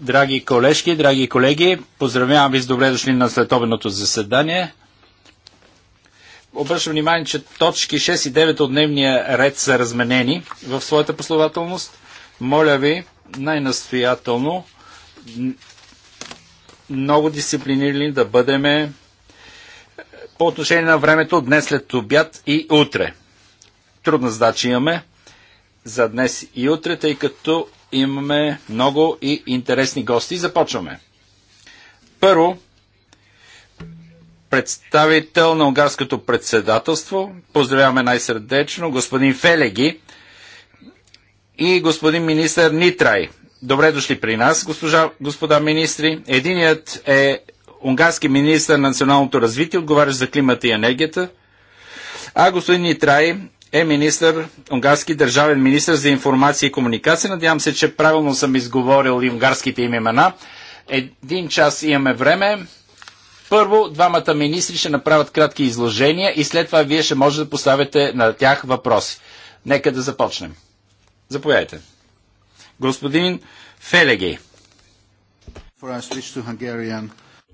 Драги колежки, драги колеги, поздравявам ви с добре дошли на следобедното заседание. Обръщам внимание, че точки 6 и 9 от дневния ред са разменени в своята последователност. Моля ви най-настоятелно много дисциплинирани да бъдеме по отношение на времето днес след обяд и утре. Трудна задача имаме за днес и утре, тъй като имаме много и интересни гости. Започваме. Първо, представител на унгарското председателство. Поздравяваме най-сърдечно господин Фелеги и господин министър Нитрай. Добре дошли при нас, госпожа, господа министри. Единият е унгарски министър на националното развитие, отговарящ за климата и енергията, а господин Нитрай е министър, унгарски държавен министр за информация и комуникация. Надявам се, че правилно съм изговорил и унгарските им имена. Един час имаме време. Първо, двамата министри ще направят кратки изложения и след това вие ще можете да поставите на тях въпроси. Нека да започнем. Заповядайте. Господин Фелеги.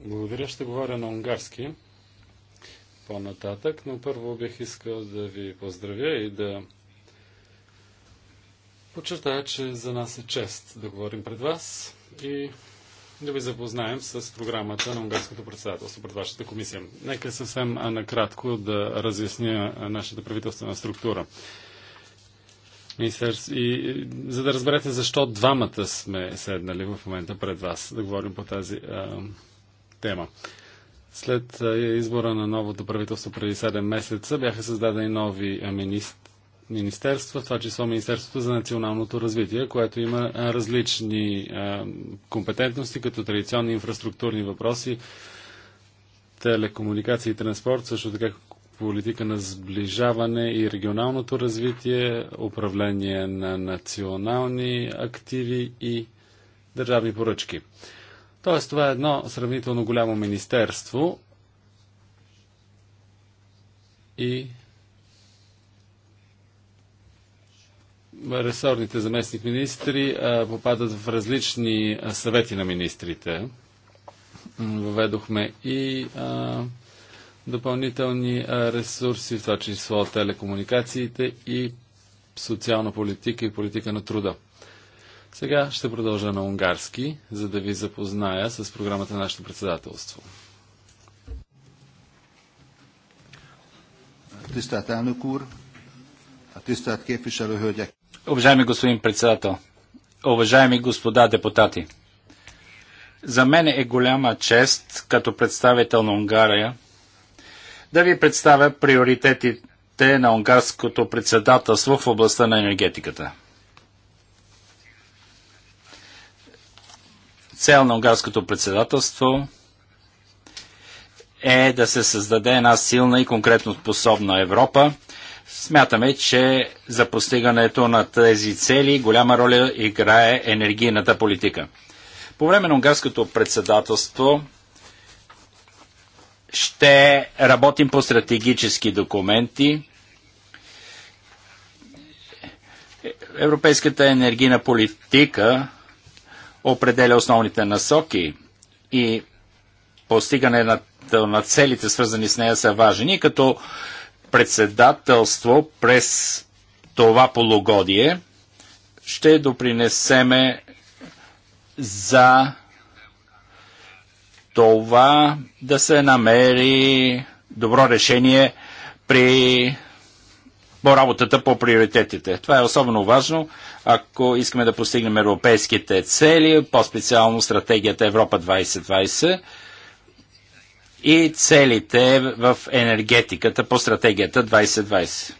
Благодаря, ще говоря на унгарски по-нататък, но първо бих искал да ви поздравя и да подчертая, че за нас е чест да говорим пред вас и да ви запознаем с програмата на Унгарското председателство пред вашата комисия. Нека съвсем накратко да разясня нашата правителствена структура. И, за да разберете защо двамата сме седнали в момента пред вас да говорим по тази а, тема. След избора на новото правителство преди 7 месеца бяха създадени нови министерства, в това число Министерството за националното развитие, което има различни компетентности, като традиционни инфраструктурни въпроси, телекомуникации и транспорт, също така политика на сближаване и регионалното развитие, управление на национални активи и държавни поръчки. Тоест, това е едно сравнително голямо министерство и ресорните заместник министри попадат в различни съвети на министрите. Въведохме и а, допълнителни а, ресурси, в това число телекомуникациите и социална политика и политика на труда. Сега ще продължа на унгарски, за да ви запозная с програмата на нашето председателство. Уважаеми господин председател, уважаеми господа депутати, за мен е голяма чест като представител на Унгария да ви представя приоритетите на унгарското председателство в областта на енергетиката. Цел на унгарското председателство е да се създаде една силна и конкретно способна Европа. Смятаме, че за постигането на тези цели голяма роля играе енергийната политика. По време на унгарското председателство ще работим по стратегически документи. Европейската енергийна политика определя основните насоки и постигане на, на целите, свързани с нея, са важни. И като председателство през това полугодие ще допринесеме за това да се намери добро решение при работата по приоритетите. Това е особено важно, ако искаме да постигнем европейските цели, по-специално стратегията Европа 2020 и целите в енергетиката по стратегията 2020.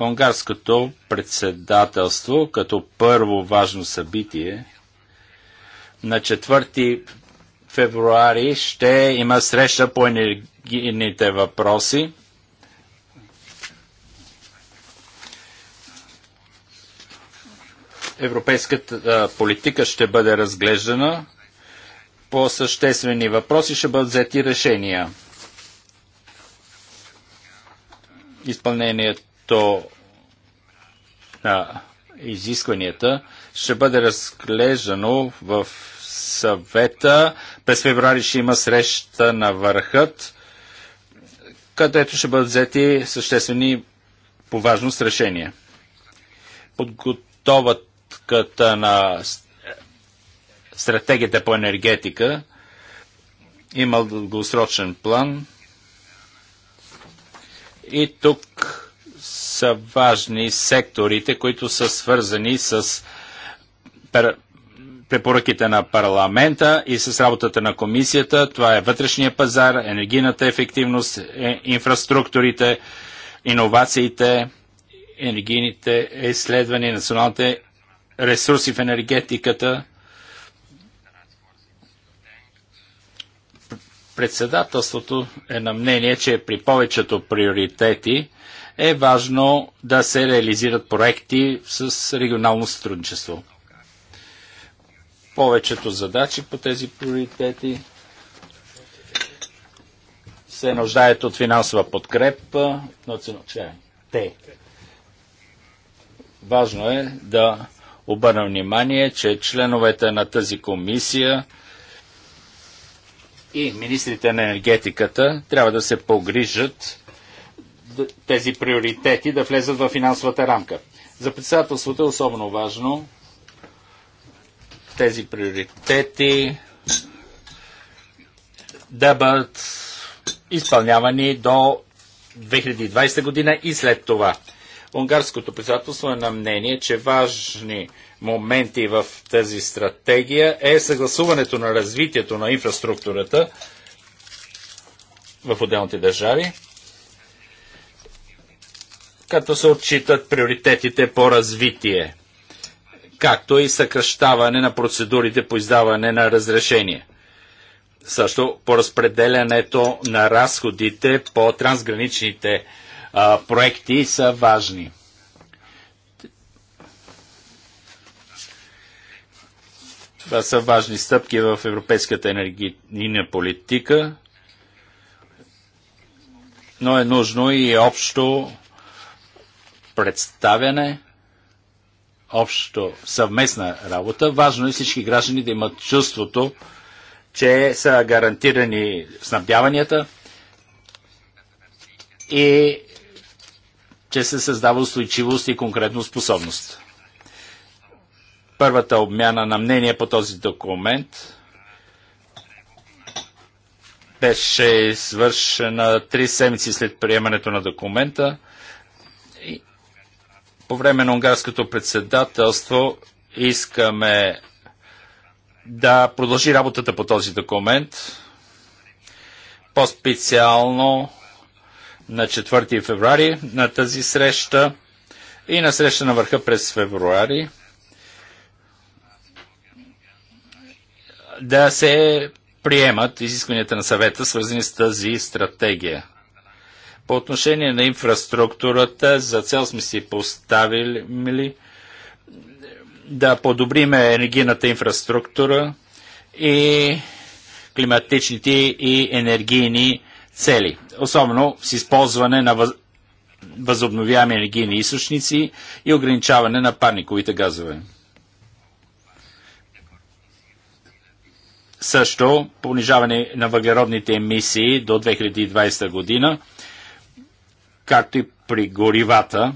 Унгарското председателство като първо важно събитие на 4 февруари ще има среща по енергийните въпроси европейската политика ще бъде разглеждана по съществени въпроси ще бъдат взети решения. Изпълнението на изискванията ще бъде разглеждано в съвета. През феврари ще има среща на върхът, където ще бъдат взети съществени по важност решения. Подготовът оценката на стратегията по енергетика. Има дългосрочен план. И тук са важни секторите, които са свързани с препоръките на парламента и с работата на комисията. Това е вътрешния пазар, енергийната ефективност, е, инфраструктурите, иновациите, енергийните изследвания, националните ресурси в енергетиката. Председателството е на мнение, че при повечето приоритети е важно да се реализират проекти с регионално сътрудничество. Повечето задачи по тези приоритети се нуждаят от финансова подкрепа. Те. Важно е да обърна внимание, че членовете на тази комисия и министрите на енергетиката трябва да се погрижат тези приоритети да влезат в финансовата рамка. За председателството е особено важно тези приоритети да бъдат изпълнявани до 2020 година и след това. Унгарското председателство е на мнение, че важни моменти в тази стратегия е съгласуването на развитието на инфраструктурата в отделните държави, като се отчитат приоритетите по развитие, както и съкръщаване на процедурите по издаване на разрешение. Също по разпределянето на разходите по трансграничните а, проекти са важни. Това са важни стъпки в европейската енергийна политика, но е нужно и общо представяне, общо съвместна работа. Важно е всички граждани да имат чувството, че са гарантирани снабдяванията и че се създава устойчивост и конкретно способност. Първата обмяна на мнение по този документ беше извършена три седмици след приемането на документа. И по време на унгарското председателство искаме да продължи работата по този документ. По-специално на 4 февруари на тази среща и на среща на върха през февруари да се приемат изискванията на съвета, свързани с тази стратегия. По отношение на инфраструктурата, за цел сме си поставили да подобриме енергийната инфраструктура и климатичните и енергийни цели особено с използване на въз... възобновяеми енергийни източници и ограничаване на парниковите газове. Също понижаване на въглеродните емисии до 2020 година, както и при горивата.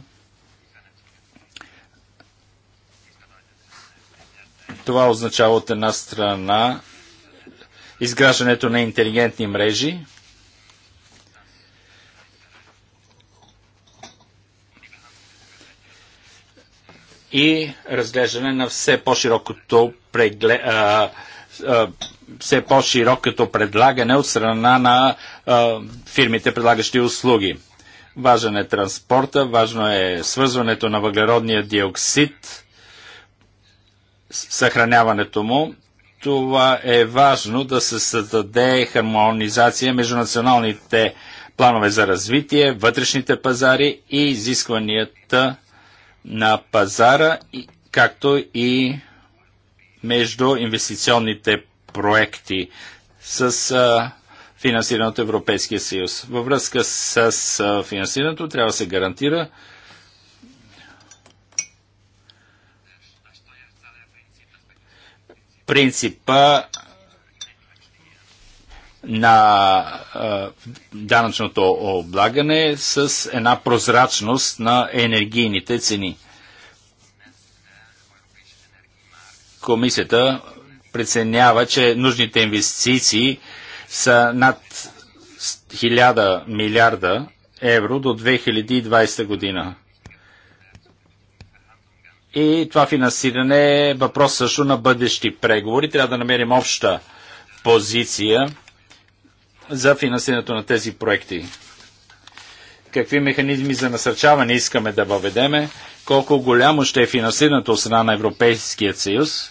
Това означава от една страна изграждането на интелигентни мрежи, и разглеждане на все по-широкото прегле... все по-широкото предлагане от страна на а, фирмите, предлагащи услуги. Важен е транспорта, важно е свързването на въглеродния диоксид, съхраняването му. Това е важно да се създаде хармонизация между националните планове за развитие, вътрешните пазари и изискванията на пазара, както и между инвестиционните проекти с а, финансиране от Европейския съюз. Във връзка с а, финансирането трябва да се гарантира принципа на а, данъчното облагане с една прозрачност на енергийните цени. Комисията преценява, че нужните инвестиции са над 1000 милиарда евро до 2020 година. И това финансиране е въпрос също на бъдещи преговори. Трябва да намерим обща позиция за финансирането на тези проекти. Какви механизми за насърчаване искаме да въведеме, колко голямо ще е финансирането от страна на Европейския съюз,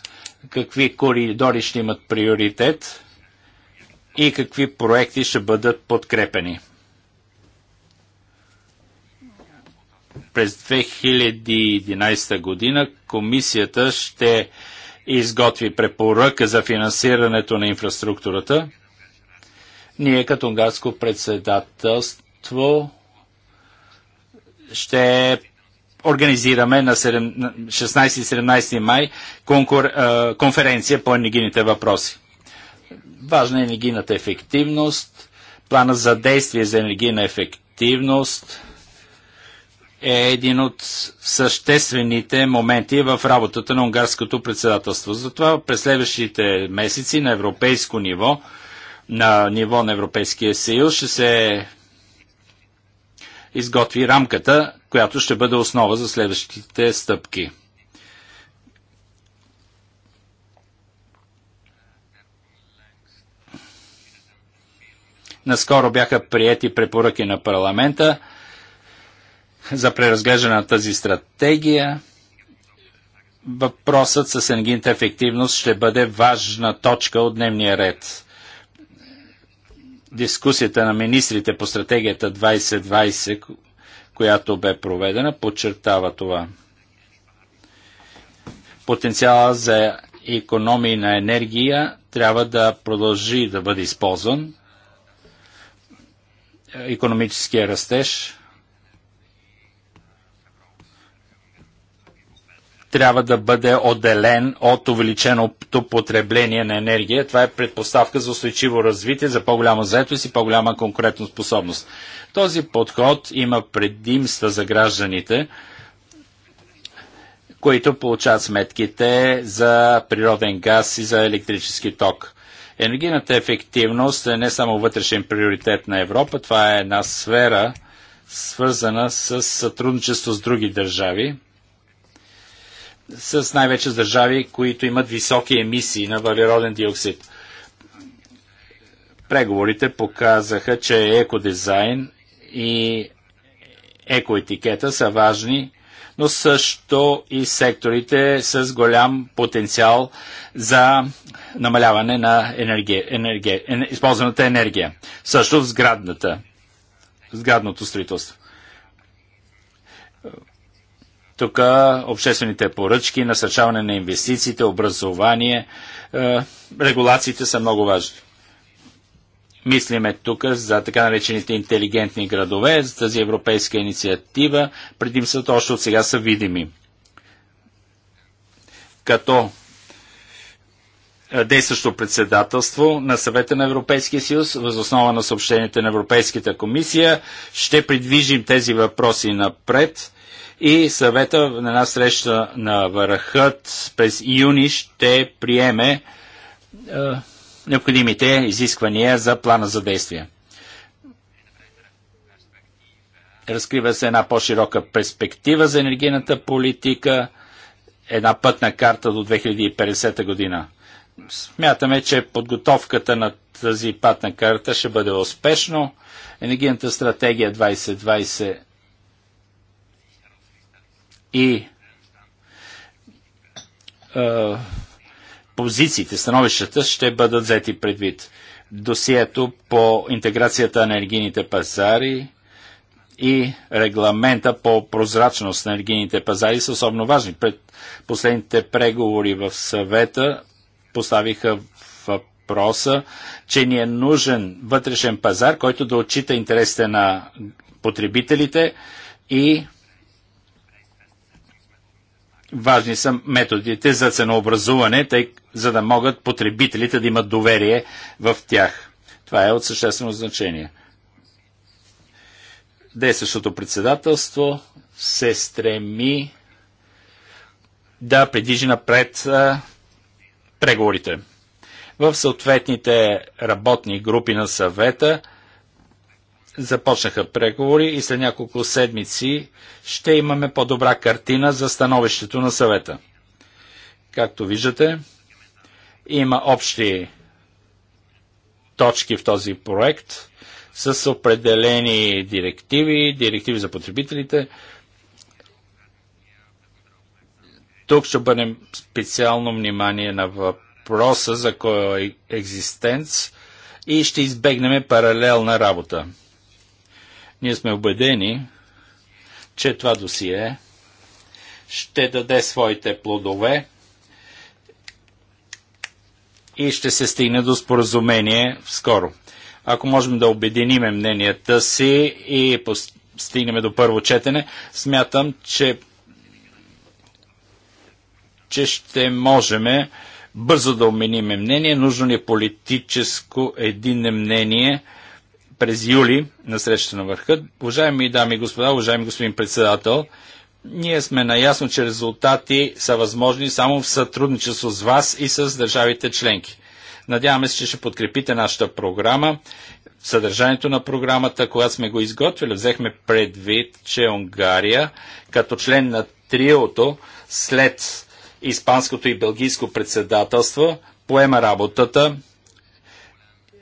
какви коридори ще имат приоритет и какви проекти ще бъдат подкрепени. През 2011 година комисията ще изготви препоръка за финансирането на инфраструктурата – ние като унгарско председателство ще организираме на 16 и 17 май конкур, конференция по енергийните въпроси. Важна е енергийната ефективност, плана за действие за енергийна ефективност е един от съществените моменти в работата на унгарското председателство. Затова през следващите месеци на европейско ниво на ниво на Европейския съюз ще се изготви рамката, която ще бъде основа за следващите стъпки. Наскоро бяха приети препоръки на парламента за преразглеждане на тази стратегия. Въпросът с енергийната ефективност ще бъде важна точка от дневния ред дискусията на министрите по стратегията 2020, която бе проведена, подчертава това. Потенциала за економии на енергия трябва да продължи да бъде използван. Економическия растеж трябва да бъде отделен от увеличеното потребление на енергия. Това е предпоставка за устойчиво развитие, за по-голяма заетост и по-голяма способност. Този подход има предимства за гражданите, които получават сметките за природен газ и за електрически ток. Енергийната ефективност е не само вътрешен приоритет на Европа, това е една сфера, свързана с сътрудничество с други държави с най-вече с държави, които имат високи емисии на въглероден диоксид. Преговорите показаха, че екодизайн и екоетикета са важни, но също и секторите с голям потенциал за намаляване на енергия, енергия, ен, използваната енергия. Също в сградната, в сградното строителство. Тук обществените поръчки, насърчаване на инвестициите, образование, е, регулациите са много важни. Мислиме тук за така наречените интелигентни градове, за тази европейска инициатива. Предимствата още от сега са видими. Като е, действащо председателство на съвета на Европейския съюз, възоснова на съобщенията на Европейската комисия. Ще придвижим тези въпроси напред и съвета на една среща на върхът през юни ще приеме е, необходимите изисквания за плана за действие. Разкрива се една по-широка перспектива за енергийната политика, една пътна карта до 2050 година. Смятаме, че подготовката на тази пътна карта ще бъде успешно. Енергийната стратегия 2020 и е, позициите, становищата ще бъдат взети предвид. Досието по интеграцията на енергийните пазари и регламента по прозрачност на енергийните пазари са особено важни. Пред последните преговори в съвета поставиха въпроса, че ни е нужен вътрешен пазар, който да отчита интересите на потребителите и важни са методите за ценообразуване, тъй, за да могат потребителите да имат доверие в тях. Това е от съществено значение. Действащото председателство се стреми да придвижи напред а, преговорите. В съответните работни групи на съвета – започнаха преговори и след няколко седмици ще имаме по-добра картина за становището на съвета. Както виждате, има общи точки в този проект с определени директиви, директиви за потребителите. Тук ще бъдем специално внимание на въпроса за кой е екзистенц и ще избегнем паралелна работа. Ние сме убедени, че това досие ще даде своите плодове и ще се стигне до споразумение скоро. Ако можем да обединиме мненията си и стигнем до първо четене, смятам, че, че ще можем бързо да обмениме мнение. Нужно ни е политическо единне мнение – през юли на среща на върха. Уважаеми дами и господа, уважаеми господин председател, ние сме наясно, че резултати са възможни само в сътрудничество с вас и с държавите членки. Надяваме се, че ще подкрепите нашата програма. Съдържанието на програмата, когато сме го изготвили, взехме предвид, че Унгария, като член на триото, след испанското и белгийско председателство, поема работата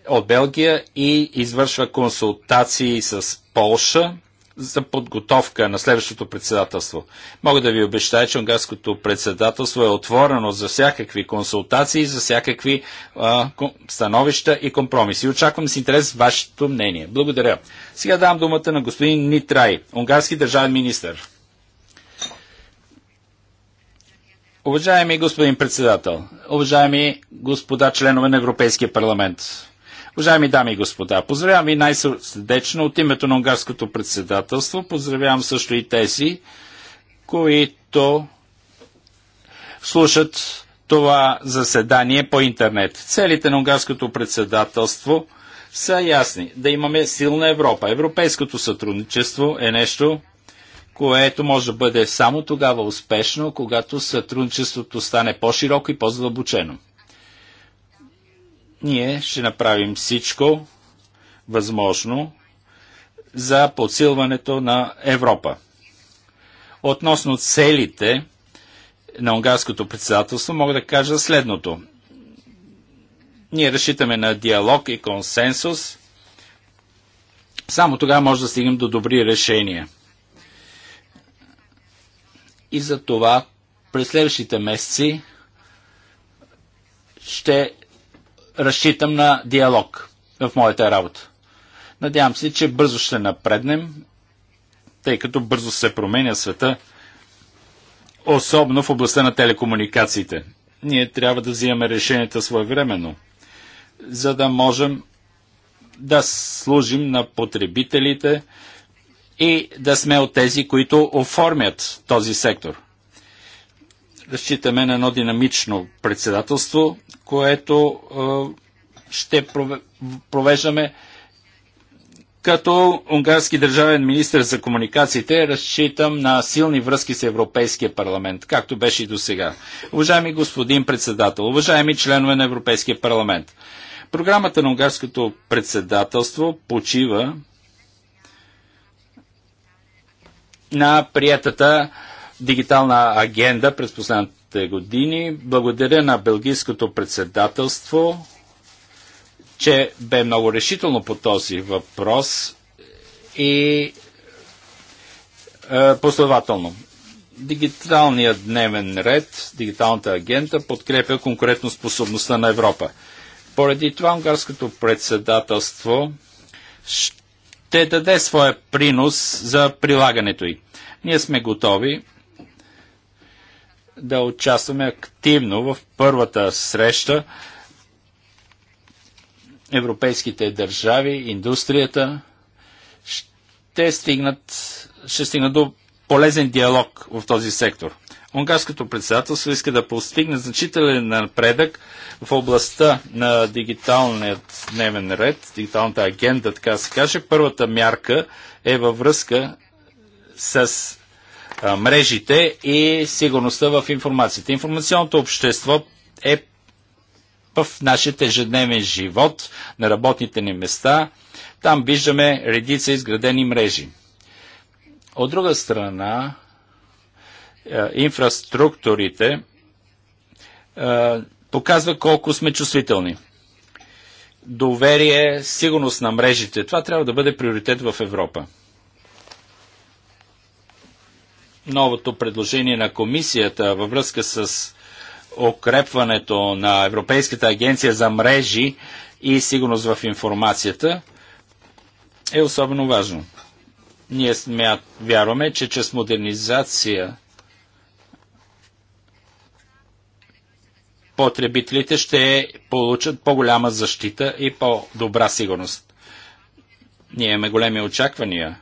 от Белгия и извършва консултации с Полша за подготовка на следващото председателство. Мога да ви обещая, че унгарското председателство е отворено за всякакви консултации, за всякакви а, становища и компромиси. Очаквам с интерес вашето мнение. Благодаря. Сега давам думата на господин Нитрай, унгарски държавен министр. Уважаеми господин председател, уважаеми господа членове на Европейския парламент, Уважаеми дами и господа, поздравявам ви най-сърдечно от името на унгарското председателство. Поздравявам също и тези, които слушат това заседание по интернет. Целите на унгарското председателство са ясни. Да имаме силна Европа. Европейското сътрудничество е нещо, което може да бъде само тогава успешно, когато сътрудничеството стане по-широко и по-задълбочено. Ние ще направим всичко възможно за подсилването на Европа. Относно целите на унгарското председателство мога да кажа следното. Ние разчитаме на диалог и консенсус. Само тогава може да стигнем до добри решения. И за това през следващите месеци ще разчитам на диалог в моята работа. Надявам се, че бързо ще напреднем, тъй като бързо се променя света, особено в областта на телекомуникациите. Ние трябва да взимаме решенията своевременно, за да можем да служим на потребителите и да сме от тези, които оформят този сектор – разчитаме на едно динамично председателство, което ще провеждаме като унгарски държавен министр за комуникациите разчитам на силни връзки с Европейския парламент, както беше и до сега. Уважаеми господин председател, уважаеми членове на Европейския парламент, програмата на унгарското председателство почива на приятата дигитална агенда през последните години. Благодаря на Белгийското председателство, че бе много решително по този въпрос и е, последователно. Дигиталният дневен ред, дигиталната агента подкрепя конкурентоспособността на Европа. Поради това унгарското председателство ще даде своя принос за прилагането й. Ние сме готови да участваме активно в първата среща европейските държави, индустрията ще стигнат, ще стигнат до полезен диалог в този сектор. Унгарското председателство иска да постигне значителен напредък в областта на дигиталният дневен ред, дигиталната агенда, така се каже. Първата мярка е във връзка с мрежите и сигурността в информацията. Информационното общество е в нашия ежедневен живот, на работните ни места. Там виждаме редица изградени мрежи. От друга страна, инфраструктурите показва колко сме чувствителни. Доверие, сигурност на мрежите. Това трябва да бъде приоритет в Европа новото предложение на комисията във връзка с укрепването на Европейската агенция за мрежи и сигурност в информацията е особено важно. Ние смят, вярваме, че чрез модернизация потребителите ще получат по-голяма защита и по-добра сигурност. Ние имаме големи очаквания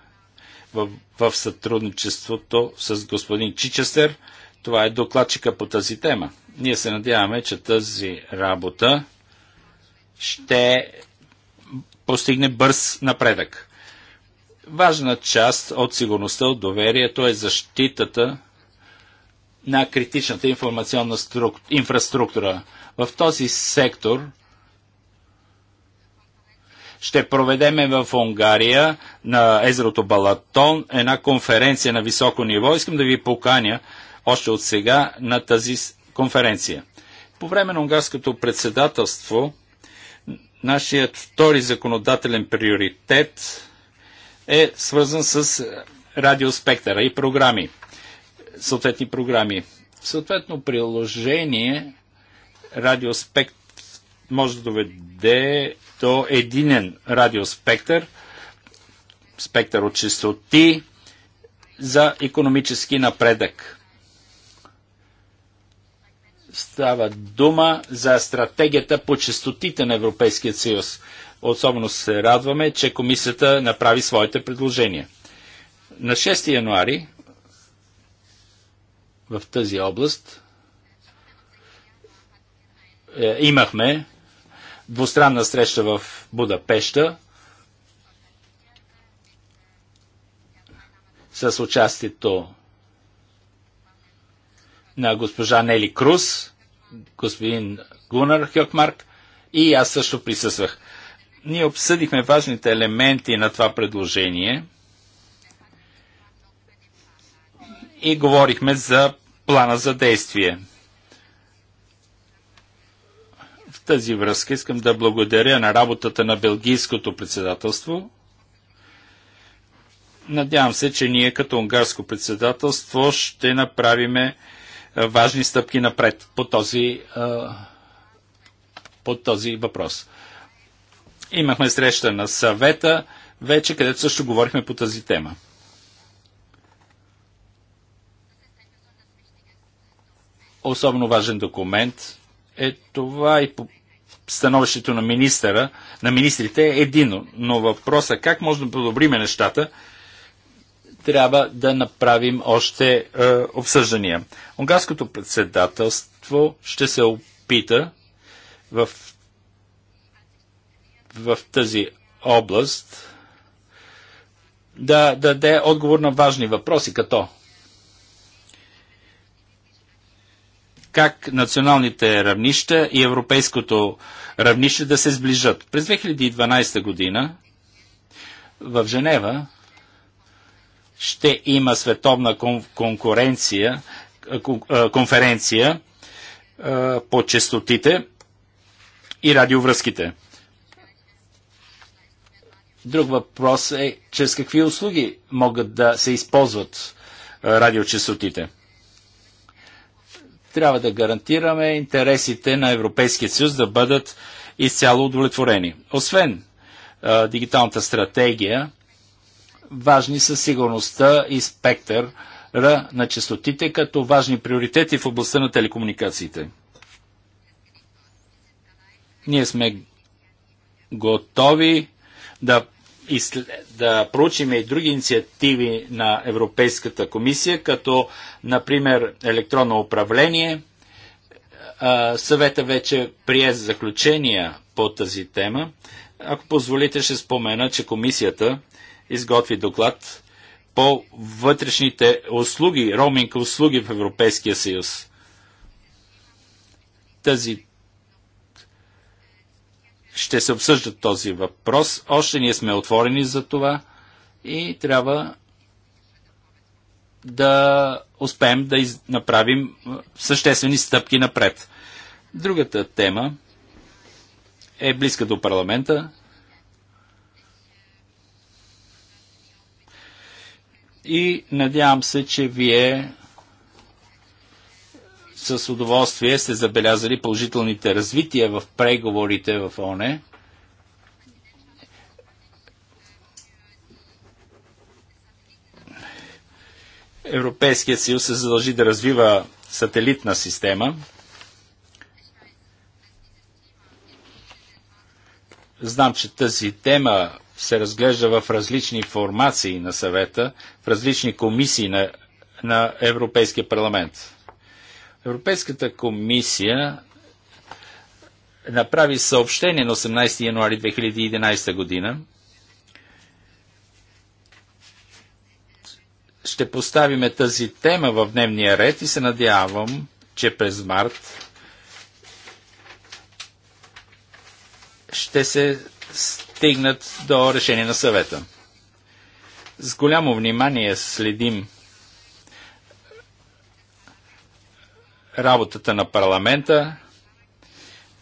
в, в сътрудничеството с господин Чичестер. Това е докладчика по тази тема. Ние се надяваме, че тази работа ще постигне бърз напредък. Важна част от сигурността, от доверието е защитата на критичната информационна инфраструктура. В този сектор ще проведеме в Унгария на езерото Балатон една конференция на високо ниво. Искам да ви поканя още от сега на тази конференция. По време на унгарското председателство нашият втори законодателен приоритет е свързан с е, радиоспектъра и програми. Съответни програми. Съответно приложение радиоспект може да доведе до единен радиоспектър, спектър от чистоти за економически напредък. Става дума за стратегията по чистотите на Европейския съюз. Особено се радваме, че комисията направи своите предложения. На 6 януари в тази област е, имахме двустранна среща в Будапеща с участието на госпожа Нели Круз, господин Гунар Хьокмарк и аз също присъствах. Ние обсъдихме важните елементи на това предложение и говорихме за плана за действие. тази връзка искам да благодаря на работата на Белгийското председателство. Надявам се, че ние като унгарско председателство ще направиме важни стъпки напред по този, е, по този въпрос. Имахме среща на съвета вече, където също говорихме по тази тема. Особено важен документ е това и по становището на министъра, на министрите е едино, но въпроса е как може да подобриме нещата, трябва да направим още е, обсъждания. Унгарското председателство ще се опита в, в тази област да, да даде отговор на важни въпроси, като как националните равнища и европейското равнище да се сближат. През 2012 година в Женева ще има световна кон- конкуренция, кон- конференция по частотите и радиовръзките. Друг въпрос е чрез какви услуги могат да се използват радиочастотите. Трябва да гарантираме интересите на Европейския съюз да бъдат изцяло удовлетворени. Освен а, дигиталната стратегия, важни са сигурността и спектър на частотите като важни приоритети в областта на телекомуникациите. Ние сме готови да да проучиме и други инициативи на Европейската комисия, като например електронно управление. Съвета вече прие заключения по тази тема. Ако позволите, ще спомена, че комисията изготви доклад по вътрешните услуги, роуминг услуги в Европейския съюз. Тази ще се обсъждат този въпрос. Още ние сме отворени за това и трябва да успеем да из... направим съществени стъпки напред. Другата тема е близка до парламента. И надявам се, че вие с удоволствие сте забелязали положителните развития в преговорите в ОНЕ. Европейският съюз се задължи да развива сателитна система. Знам, че тази тема се разглежда в различни формации на съвета, в различни комисии на, на Европейския парламент. Европейската комисия направи съобщение на 18 януари 2011 година. Ще поставиме тази тема в дневния ред и се надявам, че през март ще се стигнат до решение на съвета. С голямо внимание следим работата на парламента,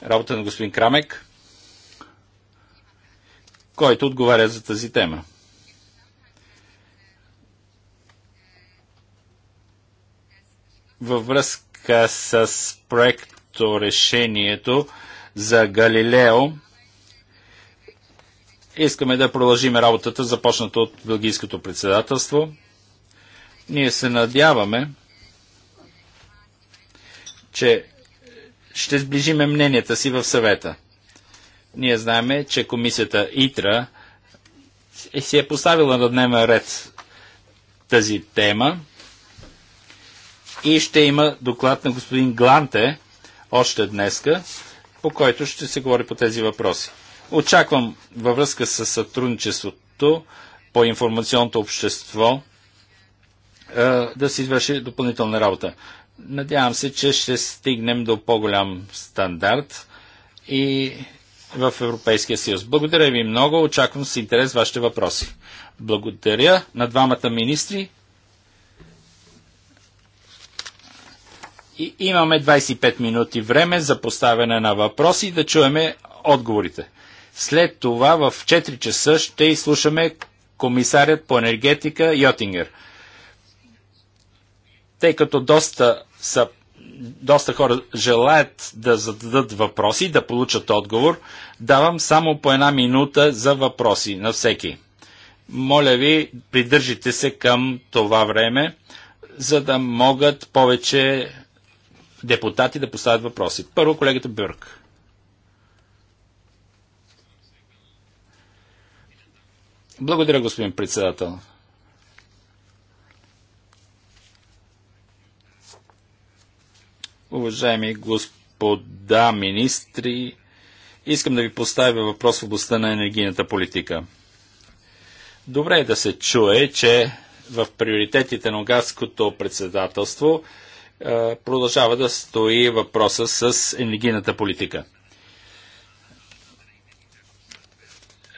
работа на господин Крамек, който отговаря за тази тема. Във връзка с проекто решението за Галилео, искаме да продължим работата, започната от Белгийското председателство. Ние се надяваме, че ще сближиме мненията си в съвета. Ние знаеме, че комисията ИТРА е си е поставила на дневен ред тази тема и ще има доклад на господин Гланте още днеска, по който ще се говори по тези въпроси. Очаквам във връзка с сътрудничеството по информационното общество да се извърши допълнителна работа. Надявам се, че ще стигнем до по-голям стандарт и в Европейския съюз. Благодаря ви много. Очаквам с интерес вашите въпроси. Благодаря на двамата министри. И имаме 25 минути време за поставяне на въпроси и да чуеме отговорите. След това в 4 часа ще изслушаме комисарят по енергетика Йотингер. Тъй като доста са доста хора желаят да зададат въпроси, да получат отговор. Давам само по една минута за въпроси на всеки. Моля ви, придържите се към това време, за да могат повече депутати да поставят въпроси. Първо колегата Бюрк. Благодаря, господин председател. Уважаеми господа министри, искам да ви поставя въпрос в областта на енергийната политика. Добре е да се чуе, че в приоритетите на унгарското председателство е, продължава да стои въпроса с енергийната политика.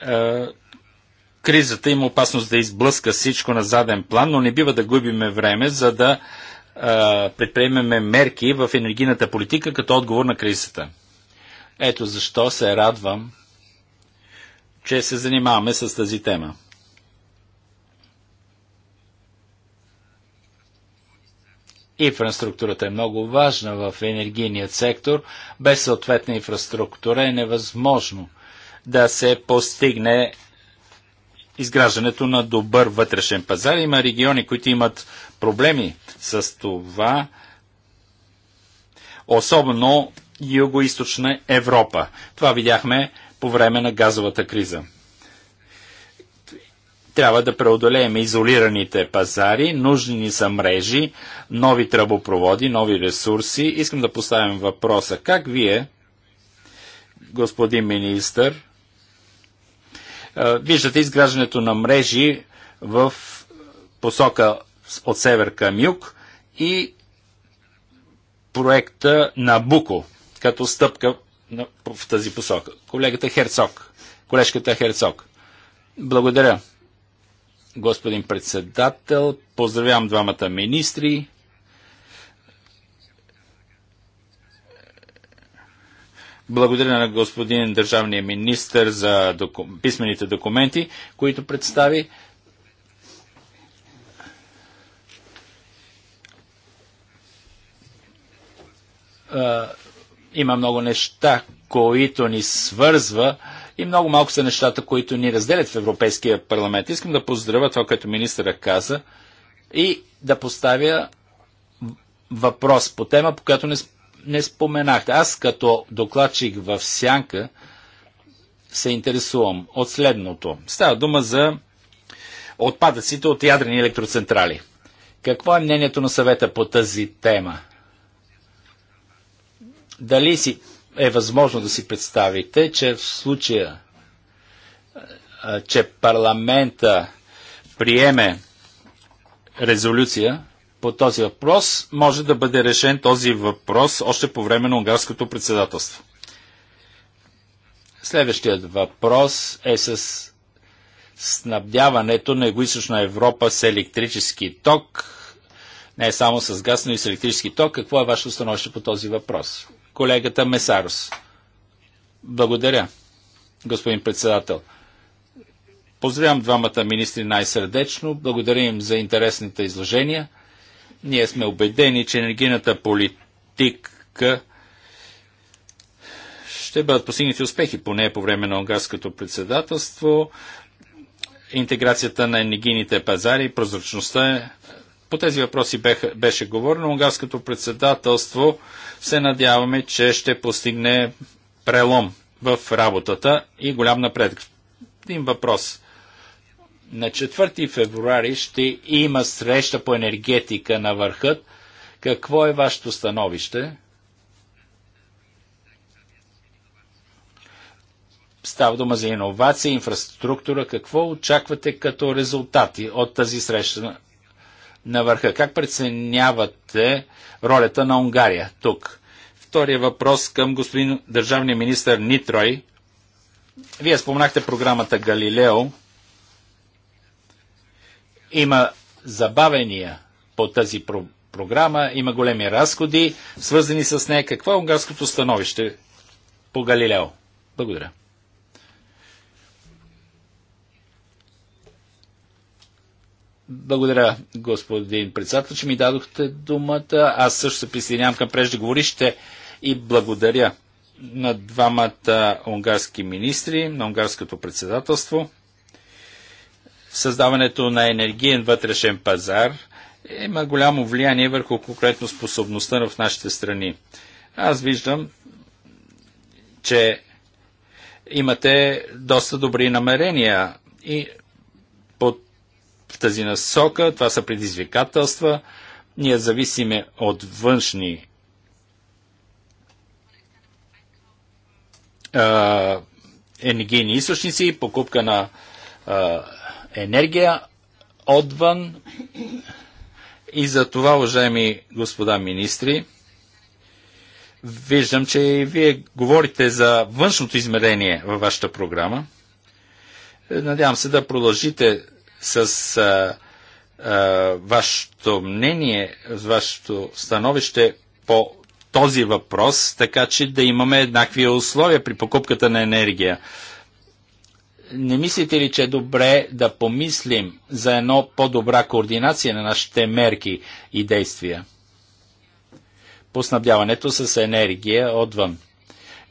Е, кризата има опасност да изблъска всичко на заден план, но не бива да губиме време, за да предприемеме мерки в енергийната политика като отговор на кризата. Ето защо се радвам, че се занимаваме с тази тема. Инфраструктурата е много важна в енергийният сектор. Без съответна инфраструктура е невъзможно да се постигне изграждането на добър вътрешен пазар. Има региони, които имат проблеми с това, особено юго-источна Европа. Това видяхме по време на газовата криза. Трябва да преодолеем изолираните пазари, нужни ни са мрежи, нови тръбопроводи, нови ресурси. Искам да поставям въпроса. Как вие, господин министър, е, виждате изграждането на мрежи в посока от север към юг и проекта на Буко като стъпка в тази посока. Колегата Херцог. Колежката Херцог. Благодаря, господин председател. Поздравявам двамата министри. Благодаря на господин държавния министр за доку... писмените документи, които представи. има много неща, които ни свързва и много малко са нещата, които ни разделят в Европейския парламент. Искам да поздравя това, което министъра каза и да поставя въпрос по тема, по която не не споменахте. Аз като докладчик в Сянка се интересувам от следното. Става дума за отпадъците от ядрени електроцентрали. Какво е мнението на съвета по тази тема? Дали си е възможно да си представите, че в случая, че парламента приеме резолюция, по този въпрос, може да бъде решен този въпрос още по време на унгарското председателство. Следващият въпрос е с снабдяването на егоисточна Европа с електрически ток, не само с газ, но и с електрически ток. Какво е вашето становище по този въпрос? Колегата Месарос. Благодаря, господин председател. Поздравям двамата министри най-сърдечно, благодаря им за интересните изложения. Ние сме убедени, че енергийната политика ще бъдат постигнати успехи, поне по време на унгарското председателство. Интеграцията на енергийните пазари, прозрачността е- по тези въпроси беше говорено. Унгарското председателство се надяваме, че ще постигне прелом в работата и голям напредък. Един въпрос. На 4 февруари ще има среща по енергетика на върхът. Какво е вашето становище? Става дума за иновация, инфраструктура. Какво очаквате като резултати от тази среща на върха? Как преценявате ролята на Унгария тук? Втория въпрос към господин държавния министр Нитрой. Вие споменахте програмата Галилео. Има забавения по тази про- програма, има големи разходи, свързани с нея. Какво е унгарското становище по Галилео? Благодаря. Благодаря, господин председател, че ми дадохте думата. Аз също се присъединявам към преждеговорище и благодаря на двамата унгарски министри, на унгарското председателство създаването на енергиен вътрешен пазар има голямо влияние върху конкретно способността в нашите страни. Аз виждам, че имате доста добри намерения и под, в тази насока това са предизвикателства. Ние зависиме от външни енергийни източници, покупка на а, енергия отвън. И за това, уважаеми господа министри, виждам, че и вие говорите за външното измерение във вашата програма. Надявам се да продължите с а, а, вашето мнение, с вашето становище по този въпрос, така че да имаме еднакви условия при покупката на енергия не мислите ли, че е добре да помислим за едно по-добра координация на нашите мерки и действия по снабдяването с енергия отвън?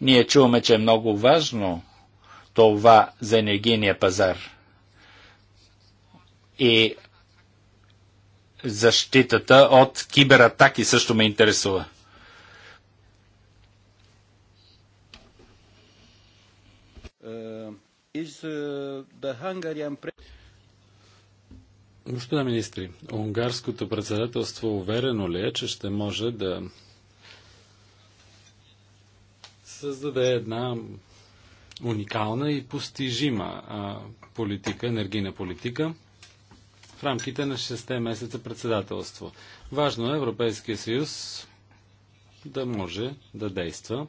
Ние чуваме, че е много важно това за енергийния пазар и защитата от кибератаки също ме интересува. is uh, the Hungarian Господа министри, унгарското председателство уверено ли е, че ще може да създаде една уникална и постижима политика, енергийна политика в рамките на 6 месеца председателство. Важно е Европейския съюз да може да действа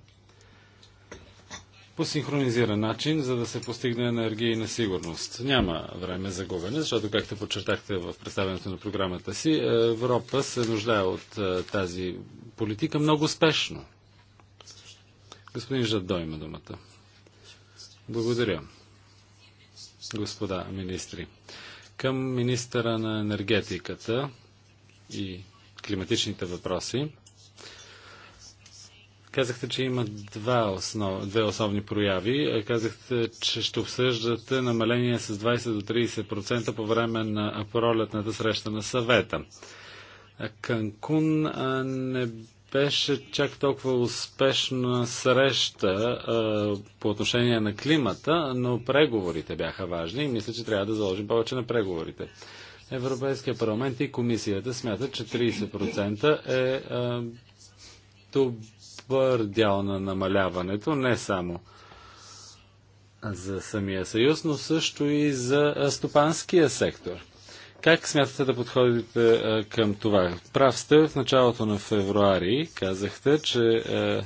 по синхронизиран начин, за да се постигне енергийна сигурност. Няма време за губене, защото, както подчертахте в представянето на програмата си, е, Европа се нуждае от е, тази политика много спешно. Господин Жадо има думата. Благодаря, господа министри. Към министъра на енергетиката и климатичните въпроси Казахте, че има два основ... две основни прояви. Казахте, че ще обсъждате намаление с 20 до 30% по време на пролетната среща на съвета. Канкун не беше чак толкова успешна среща а, по отношение на климата, но преговорите бяха важни и мисля, че трябва да заложим повече на преговорите. Европейския парламент и комисията смятат, че 30% е а, добър дял на намаляването, не само за самия съюз, но също и за стопанския сектор. Как смятате да подходите а, към това? Прав сте, в началото на февруари казахте, че а,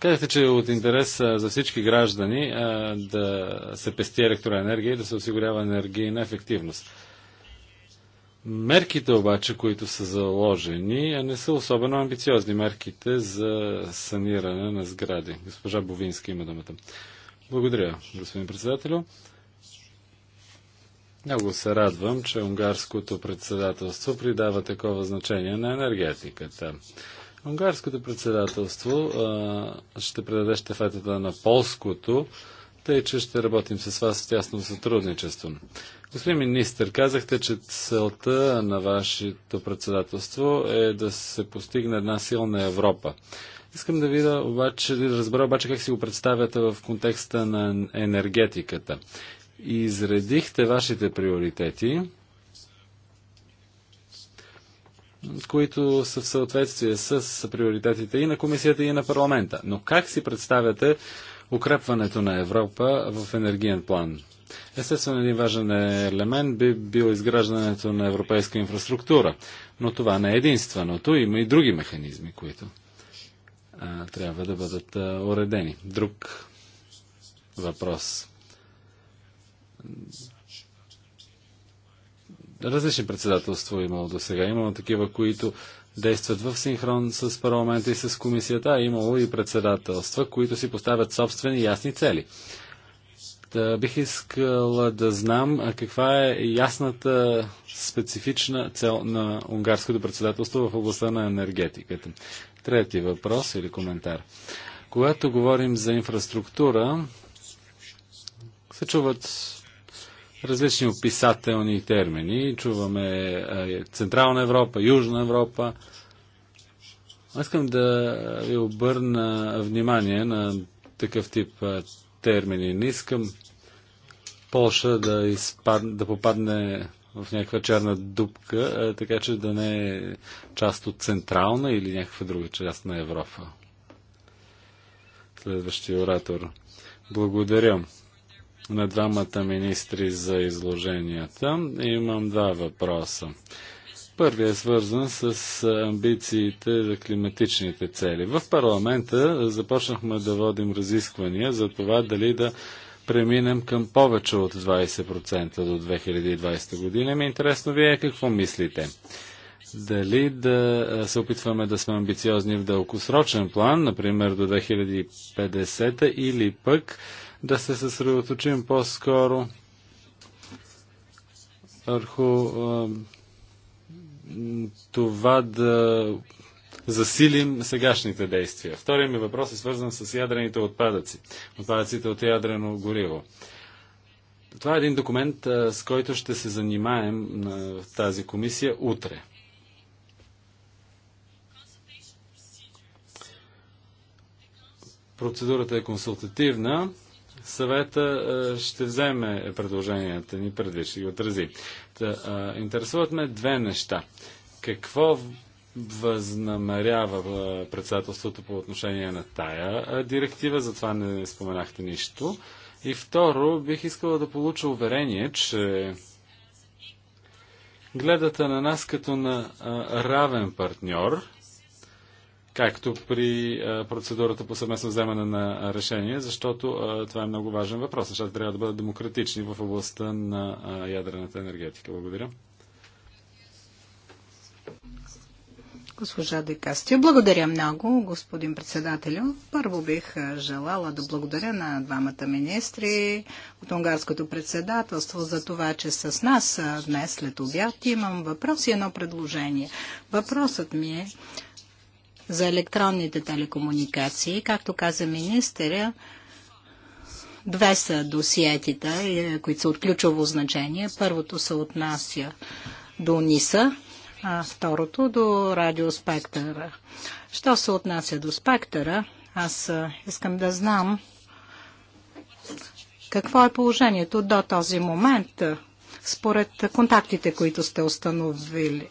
Казахте, че е от интерес а, за всички граждани а, да се пести електроенергия и да се осигурява енергийна ефективност. Мерките обаче, които са заложени, не са особено амбициозни мерките за саниране на сгради. Госпожа Бовинска има думата. Благодаря, господин председател. Много се радвам, че унгарското председателство придава такова значение на енергетиката. Унгарското председателство а, ще предаде щефетата на полското, тъй, е, че ще работим с вас в тясно сътрудничество. Господин министр, казахте, че целта на вашето председателство е да се постигне една силна Европа. Искам да видя обаче, да разбера обаче как си го представяте в контекста на енергетиката. Изредихте вашите приоритети, които са в съответствие с приоритетите и на комисията, и на парламента. Но как си представяте укрепването на Европа в енергиен план. Естествено, един важен елемент би бил изграждането на европейска инфраструктура, но това не е единственото. Има и други механизми, които а, трябва да бъдат а, уредени. Друг въпрос. Различни председателства имало до сега. Имало такива, които действат в синхрон с парламента и с комисията, а имало и председателства, които си поставят собствени ясни цели. Та, бих искала да знам каква е ясната специфична цел на унгарското председателство в областта на енергетиката. Трети въпрос или коментар. Когато говорим за инфраструктура, се чуват различни описателни термини. Чуваме Централна Европа, Южна Европа. Искам да ви обърна внимание на такъв тип термини. Не искам Полша да, изпад... да попадне в някаква черна дупка, така че да не е част от Централна или някаква друга част на Европа. Следващия оратор. Благодаря на двамата министри за изложенията. Имам два въпроса. Първият е свързан с амбициите за климатичните цели. В парламента започнахме да водим разисквания за това дали да преминем към повече от 20% до 2020 година. Ми е интересно вие какво мислите. Дали да се опитваме да сме амбициозни в дългосрочен план, например до 2050 или пък да се съсредоточим по-скоро върху това да засилим сегашните действия. Вторият ми въпрос е свързан с ядрените отпадъци, отпадъците от ядрено гориво. Това е един документ, с който ще се занимаем в тази комисия утре. Процедурата е консултативна съвета ще вземе предложенията ни предвид, ще ги отрази. Та, а, интересуват ме две неща. Какво възнамерява председателството по отношение на тая директива, затова не споменахте нищо. И второ, бих искала да получа уверение, че гледате на нас като на равен партньор както при процедурата по съвместно вземане на решение, защото това е много важен въпрос. Защото трябва да бъдат демократични в областта на ядрената енергетика. Благодаря. Госпожа Декастио, благодаря много, господин председателю. Първо бих желала да благодаря на двамата министри от унгарското председателство за това, че с нас днес след обяд имам въпрос и едно предложение. Въпросът ми е за електронните телекомуникации. Както каза министъра, две са досиетите, е, които са от ключово значение. Първото се отнася до НИСА, а второто до радиоспектъра. Що се отнася до спектъра, аз е, искам да знам какво е положението до този момент е, според контактите, които сте установили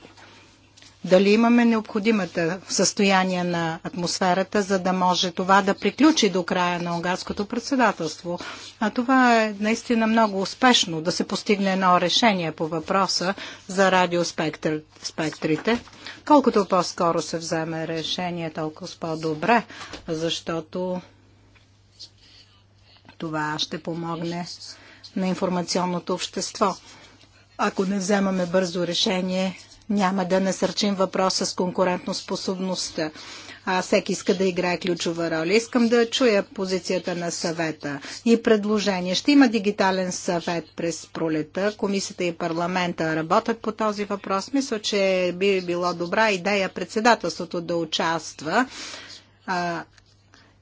дали имаме необходимата състояние на атмосферата, за да може това да приключи до края на унгарското председателство. А това е наистина много успешно да се постигне едно решение по въпроса за радиоспектрите. Колкото по-скоро се вземе решение, толкова по-добре, защото това ще помогне на информационното общество. Ако не вземаме бързо решение, няма да насърчим въпроса с конкурентноспособността, А всеки иска да играе ключова роля. Искам да чуя позицията на съвета и предложение. Ще има дигитален съвет през пролета. Комисията и парламента работят по този въпрос. Мисля, че би било добра идея председателството да участва,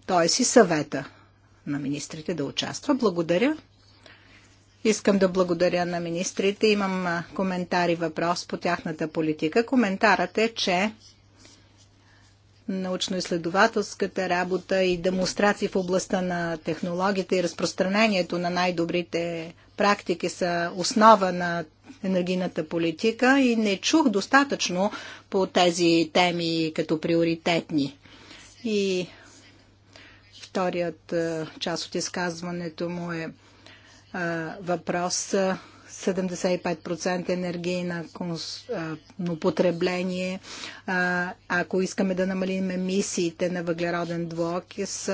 т.е. и съвета на министрите да участва. Благодаря. Искам да благодаря на министрите. Имам коментар и въпрос по тяхната политика. Коментарът е, че научно-изследователската работа и демонстрации в областта на технологията и разпространението на най-добрите практики са основа на енергийната политика и не чух достатъчно по тези теми като приоритетни. И вторият част от изказването му е въпрос. 75% енергийна потребление. Ако искаме да намалим емисиите на въглероден двуокис,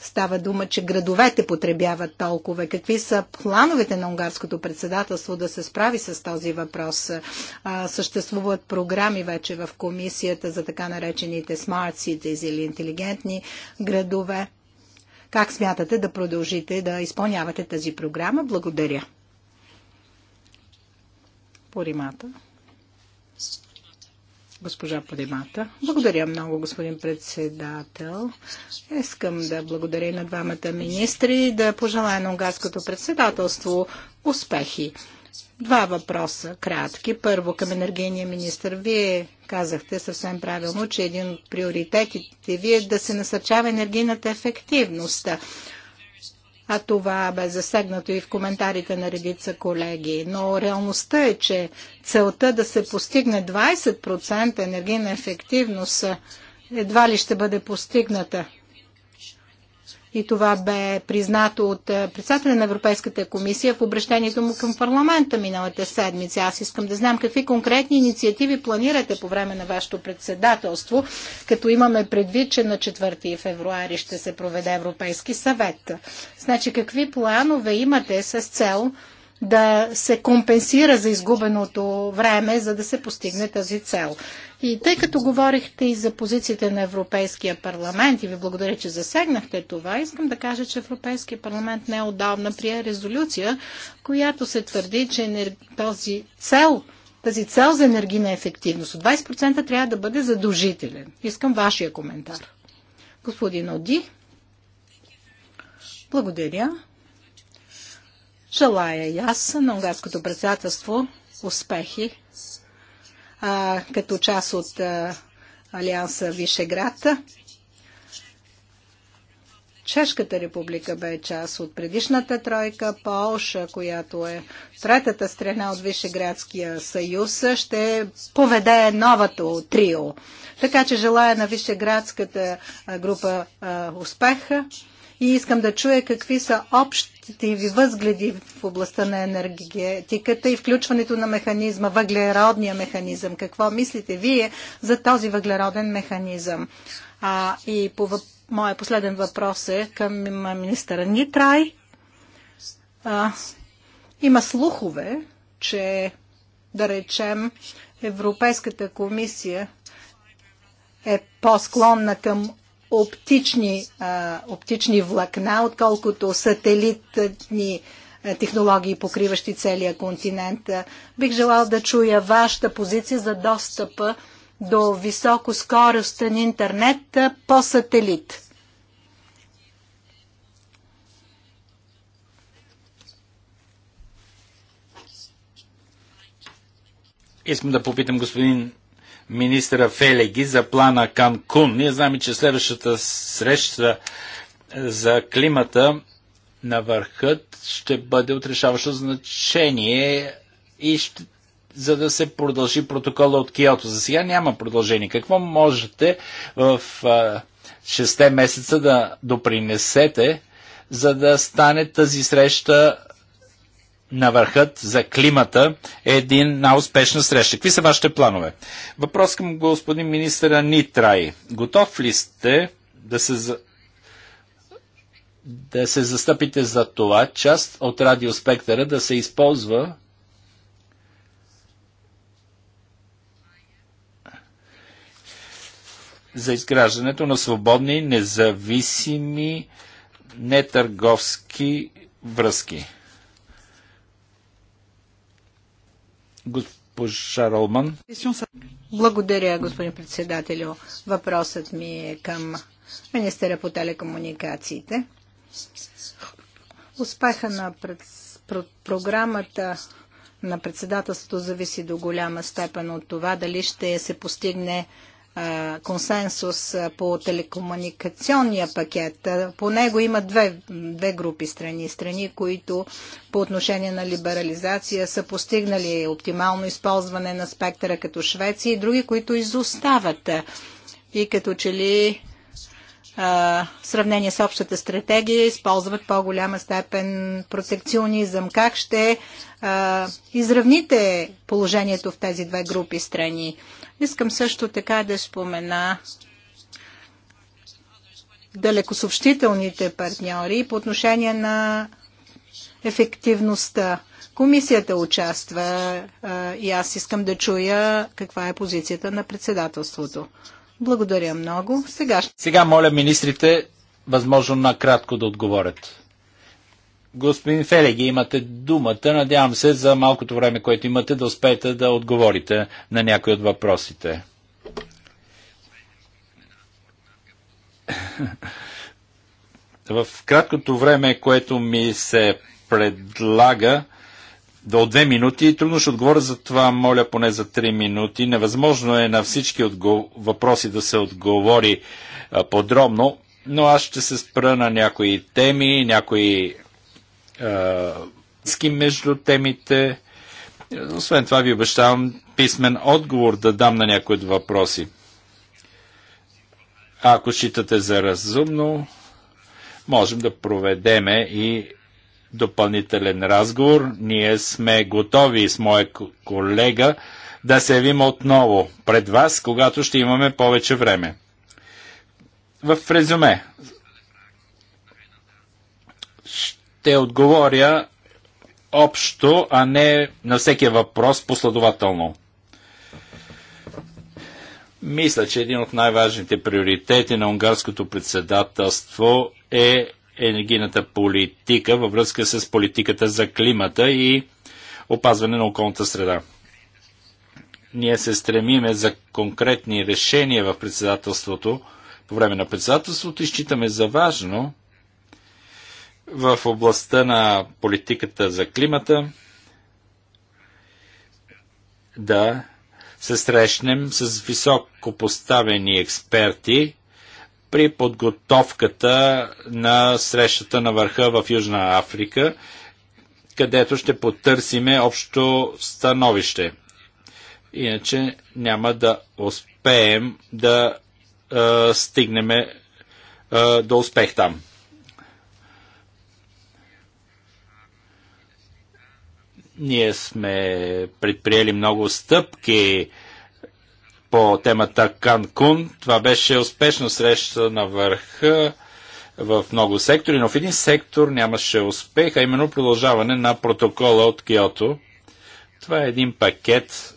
става дума, че градовете потребяват толкова. Какви са плановете на унгарското председателство да се справи с този въпрос? Съществуват програми вече в комисията за така наречените Smart Cities или интелигентни градове как смятате да продължите да изпълнявате тази програма. Благодаря. Поримата. Госпожа Подемата. Благодаря много, господин председател. Искам да благодаря на двамата министри и да пожелая на унгарското председателство успехи. Два въпроса, кратки. Първо към енергийния министр. Вие казахте съвсем правилно, че един от приоритетите ви е да се насърчава енергийната ефективност. А това бе засегнато и в коментарите на редица колеги. Но реалността е, че целта да се постигне 20% енергийна ефективност едва ли ще бъде постигната и това бе признато от е, председателя на Европейската комисия в обращението му към парламента миналата седмица. Аз искам да знам какви конкретни инициативи планирате по време на вашето председателство, като имаме предвид, че на 4 февруари ще се проведе Европейски съвет. Значи какви планове имате с цел да се компенсира за изгубеното време, за да се постигне тази цел. И тъй като говорихте и за позициите на Европейския парламент и ви благодаря, че засегнахте това, искам да кажа, че Европейския парламент не е отдавна прие резолюция, която се твърди, че този цел тази цел за енергийна ефективност от 20% трябва да бъде задължителен. Искам вашия коментар. Господин Оди. Благодаря. Желая и аз на унгарското председателство успехи а, като част от а, Алианса Вишеград. Чешката република бе част от предишната тройка, Полша, която е третата страна от Вишеградския съюз, ще поведе новото трио. Така че желая на Вишеградската група успеха и искам да чуя какви са общите ви възгледи в областта на енергетиката и включването на механизма, въглеродния механизъм. Какво мислите вие за този въглероден механизъм? А, и по въп... моя последен въпрос е към министъра Нитрай. А, има слухове, че да речем Европейската комисия е по-склонна към оптични, а, оптични влакна, отколкото сателитни технологии, покриващи целия континент. Бих желал да чуя вашата позиция за достъпа до високоскоростен интернет по сателит. Искам да попитам господин министра Фелеги за плана Канкун. Ние знаем, че следващата среща е, за климата на върхът ще бъде отрешаващо значение и ще, за да се продължи протокола от Киото. За сега няма продължение. Какво можете в а, 6 месеца да допринесете, за да стане тази среща на върхът за климата е един на успешна среща. Какви са вашите планове? Въпрос към господин министъра Нитрай. Готов ли сте да се, да се застъпите за това част от радиоспектъра да се използва за изграждането на свободни, независими, нетърговски връзки? Госпожа Ролман. Благодаря, господин председателю. Въпросът ми е към министъра по телекомуникациите. Успеха на пред... програмата на председателството зависи до голяма степен от това дали ще се постигне консенсус по телекомуникационния пакет. По него има две, две групи страни. Страни, които по отношение на либерализация са постигнали оптимално използване на спектъра като Швеция и други, които изостават. И като че ли в сравнение с общата стратегия, използват по-голяма степен протекционизъм. Как ще а, изравните положението в тези две групи страни? Искам също така да спомена далекосъобщителните партньори по отношение на ефективността. Комисията участва а, и аз искам да чуя каква е позицията на председателството. Благодаря много. Сега, Сега моля министрите възможно накратко да отговорят. Господин Фелеги, имате думата. Надявам се за малкото време, което имате, да успеете да отговорите на някои от въпросите. В краткото време, което ми се предлага, до две минути. Трудно ще отговоря за това, моля поне за три минути. Невъзможно е на всички отго... въпроси да се отговори а, подробно, но аз ще се спра на някои теми, някои а, ски между темите. Освен това ви обещавам писмен отговор да дам на някои от въпроси. А ако считате за разумно, можем да проведеме и допълнителен разговор. Ние сме готови с моя колега да се явим отново пред вас, когато ще имаме повече време. В резюме ще отговоря общо, а не на всеки въпрос последователно. Мисля, че един от най-важните приоритети на унгарското председателство е енергийната политика във връзка с политиката за климата и опазване на околната среда. Ние се стремиме за конкретни решения в председателството, по време на председателството и считаме за важно в областта на политиката за климата да се срещнем с високо поставени експерти при подготовката на срещата на върха в Южна Африка, където ще потърсиме общо становище. Иначе няма да успеем да е, стигнем е, до успех там. Ние сме предприели много стъпки по темата Канкун. Това беше успешно среща на върха в много сектори, но в един сектор нямаше успех, а именно продължаване на протокола от Киото. Това е един пакет,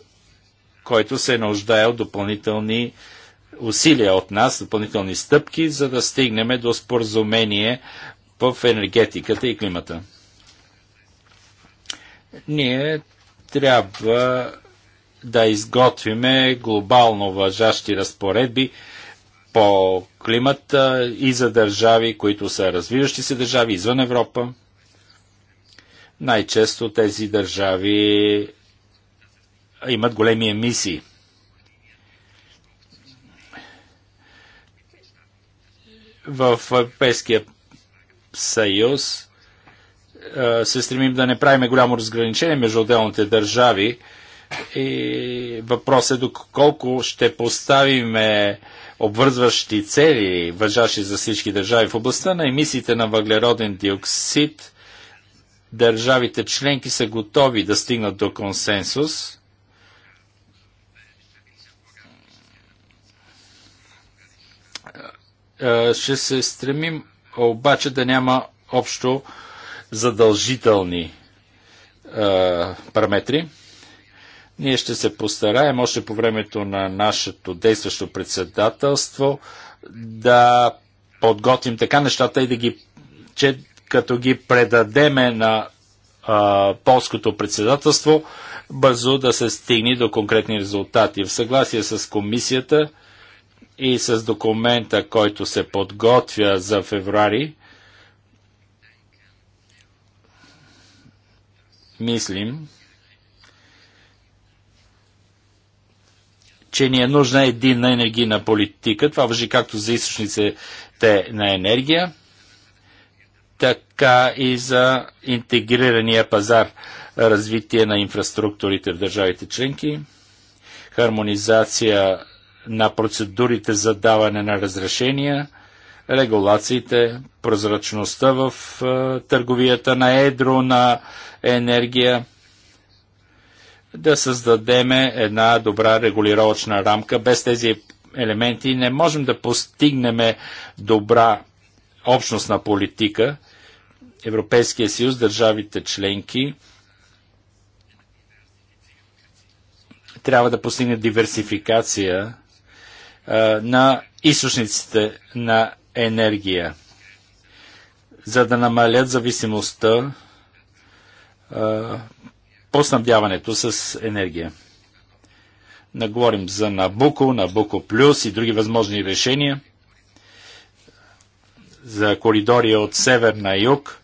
който се нуждае от допълнителни усилия от нас, допълнителни стъпки, за да стигнем до споразумение в енергетиката и климата. Ние трябва да изготвиме глобално въжащи разпоредби по климата и за държави, които са развиващи се държави извън Европа. Най-често тези държави имат големи емисии. В Европейския съюз се стремим да не правим голямо разграничение между отделните държави, и въпрос е доколко ще поставиме обвързващи цели, въжащи за всички държави в областта на емисиите на въглероден диоксид. Държавите членки са готови да стигнат до консенсус. Е, ще се стремим обаче да няма общо задължителни е, параметри. Ние ще се постараем още по времето на нашето действащо председателство да подготвим така нещата и да ги, че като ги предадеме на а, полското председателство, бързо да се стигне до конкретни резултати. В съгласие с комисията и с документа, който се подготвя за февруари, мислим, че ни е нужна единна енергийна политика. Това въжи както за източниците на енергия, така и за интегрирания пазар, развитие на инфраструктурите в държавите членки, хармонизация на процедурите за даване на разрешения, регулациите, прозрачността в е, търговията на едро на енергия – да създадеме една добра регулировачна рамка. Без тези елементи не можем да постигнем добра общностна политика. Европейския съюз, държавите членки трябва да постигне диверсификация на източниците на енергия, за да намалят зависимостта по снабдяването с енергия. Наговорим за Набуко, Набуко Плюс и други възможни решения за коридори от север на юг.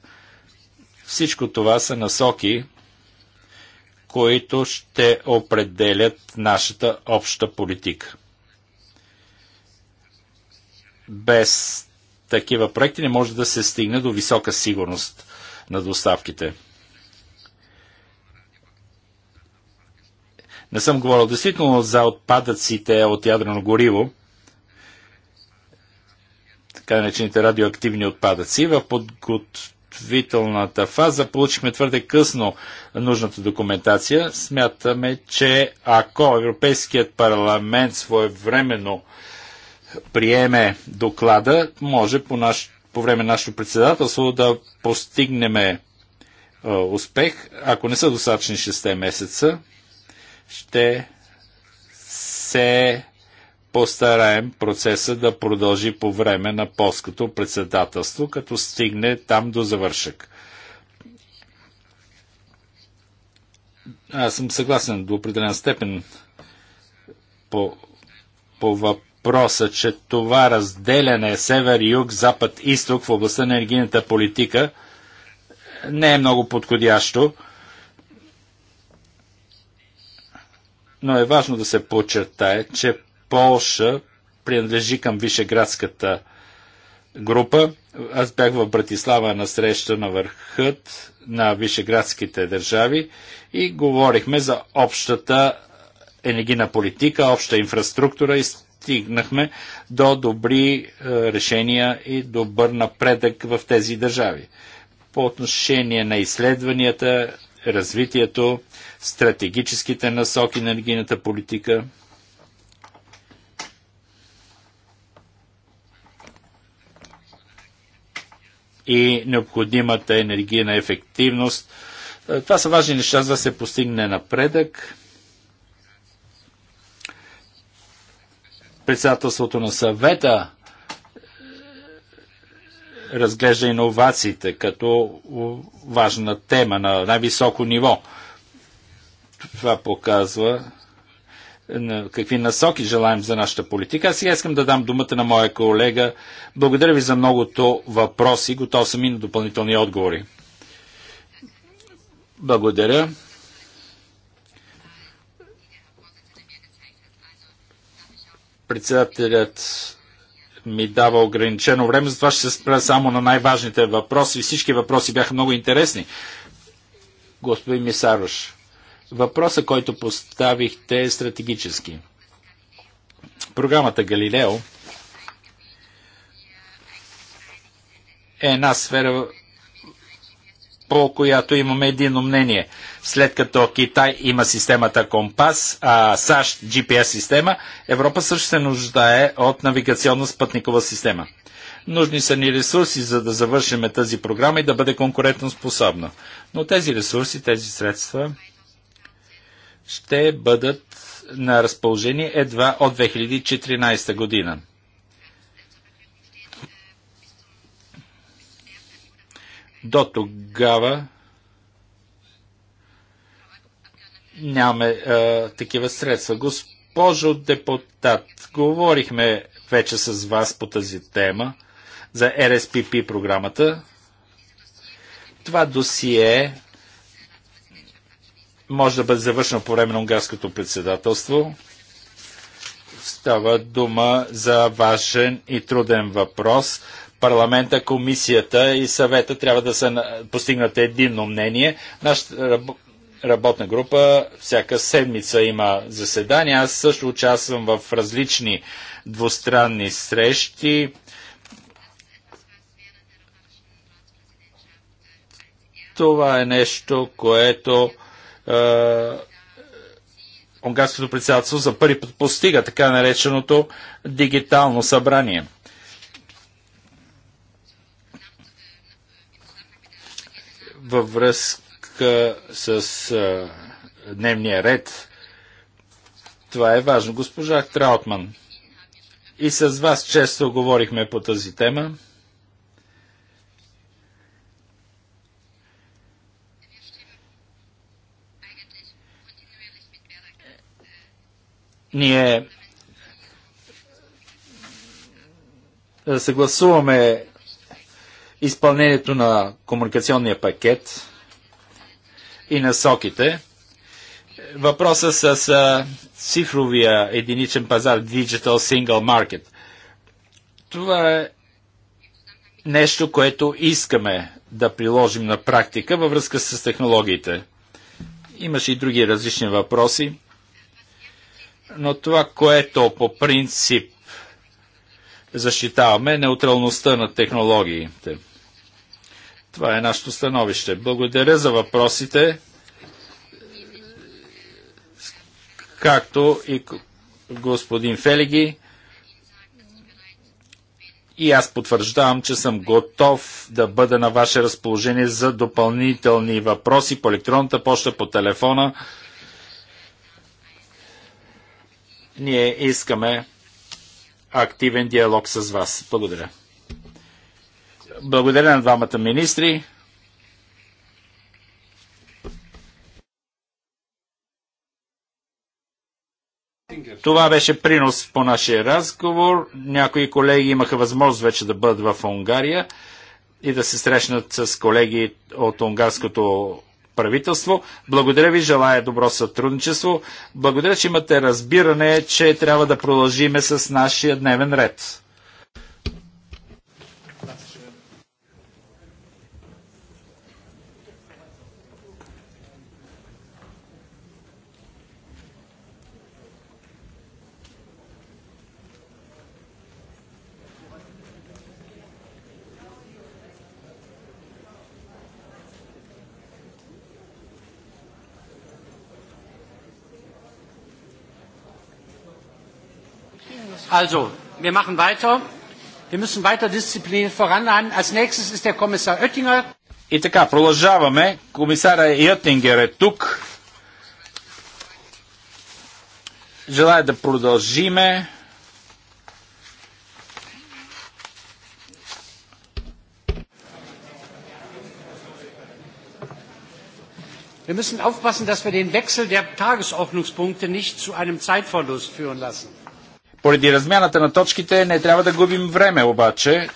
Всичко това са насоки, които ще определят нашата обща политика. Без такива проекти не може да се стигне до висока сигурност на доставките. Не съм говорил действително за отпадъците от ядрено гориво, така наречените радиоактивни отпадъци. В подготвителната фаза получихме твърде късно нужната документация. Смятаме, че ако Европейският парламент своевременно приеме доклада, може по, наш, по време на нашето председателство да постигнем успех, ако не са достатъчни 6 месеца, ще се постараем процеса да продължи по време на полското председателство, като стигне там до завършък. Аз съм съгласен до определен степен по, по въпроса, че това разделяне север-юг, запад-изток в областта на енергийната политика не е много подходящо но е важно да се подчертае, че Полша принадлежи към Вишеградската група. Аз бях в Братислава на среща на върхът на Вишеградските държави и говорихме за общата енергийна политика, обща инфраструктура и стигнахме до добри е, решения и добър напредък в тези държави. По отношение на изследванията развитието, стратегическите насоки на енергийната политика. и необходимата енергийна ефективност. Е, това са важни неща за да се постигне напредък. Председателството на съвета разглежда иновациите като важна тема на най-високо ниво. Това показва на какви насоки желаем за нашата политика. Аз сега искам да дам думата на моя колега. Благодаря ви за многото въпроси. Готов съм и на допълнителни отговори. Благодаря. Председателят ми дава ограничено време, затова ще се спра само на най-важните въпроси. Всички въпроси бяха много интересни. Господин Мисарош, въпроса, който поставихте е стратегически. Програмата Галилео е една сфера, по която имаме едино мнение. След като Китай има системата Компас, а САЩ GPS система, Европа също се нуждае от навигационна спътникова система. Нужни са ни ресурси, за да завършим тази програма и да бъде конкурентно способна. Но тези ресурси, тези средства ще бъдат на разположение едва от 2014 година. До тогава нямаме а, такива средства. Госпожо депутат, говорихме вече с вас по тази тема за РСПП програмата. Това досие може да бъде завършено по време на унгарското председателство. Става дума за важен и труден въпрос парламента, комисията и съвета трябва да се постигнат единно мнение. Нашата работна група всяка седмица има заседания. Аз също участвам в различни двустранни срещи. Това е нещо, което е, унгарското председателство за първи път постига така нареченото дигитално събрание – във връзка с а, дневния ред. Това е важно. Госпожа Траутман, и с вас често говорихме по тази тема. Ние съгласуваме изпълнението на комуникационния пакет и насоките. Въпроса с цифровия единичен пазар Digital Single Market. Това е нещо, което искаме да приложим на практика във връзка с технологиите. Имаше и други различни въпроси, но това, което по принцип защитаваме, е неутралността на технологиите – това е нашето становище. Благодаря за въпросите, както и господин Фелиги. И аз потвърждавам, че съм готов да бъда на ваше разположение за допълнителни въпроси по електронната почта, по телефона. Ние искаме активен диалог с вас. Благодаря. Благодаря на двамата министри. Това беше принос по нашия разговор. Някои колеги имаха възможност вече да бъдат в Унгария и да се срещнат с колеги от унгарското правителство. Благодаря ви, желая добро сътрудничество. Благодаря, че имате разбиране, че трябва да продължиме с нашия дневен ред. Also, wir machen weiter. Wir müssen weiter diszipliniert voranhalten. Als nächstes ist der Kommissar Oettinger. И така, продължаваме. Комисара Йотингер е тук. Желая да продължиме. Wir müssen aufpassen, dass wir den Wechsel der Tagesordnungspunkte nicht zu einem Zeitverlust führen lassen. Поради размяната на точките не трябва да губим време обаче.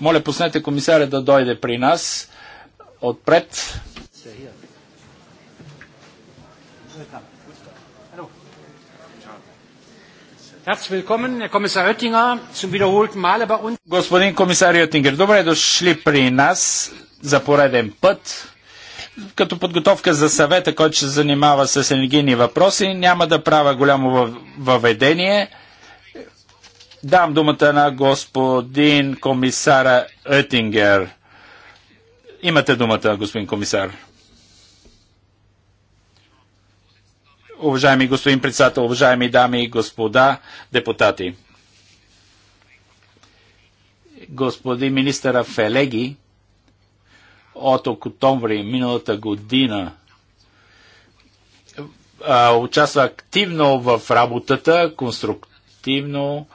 Моля, пуснете комисаря да дойде при нас отпред. Господин комисар Йотингер, добре дошли при нас за пореден път като подготовка за съвета, който се занимава с енергийни въпроси. Няма да правя голямо въведение. Дам думата на господин комисара Оетингер. Имате думата, господин комисар. Уважаеми господин председател, уважаеми дами и господа депутати. Господин министъра Фелеги от октомври миналата година а, участва активно в работата, конструктивно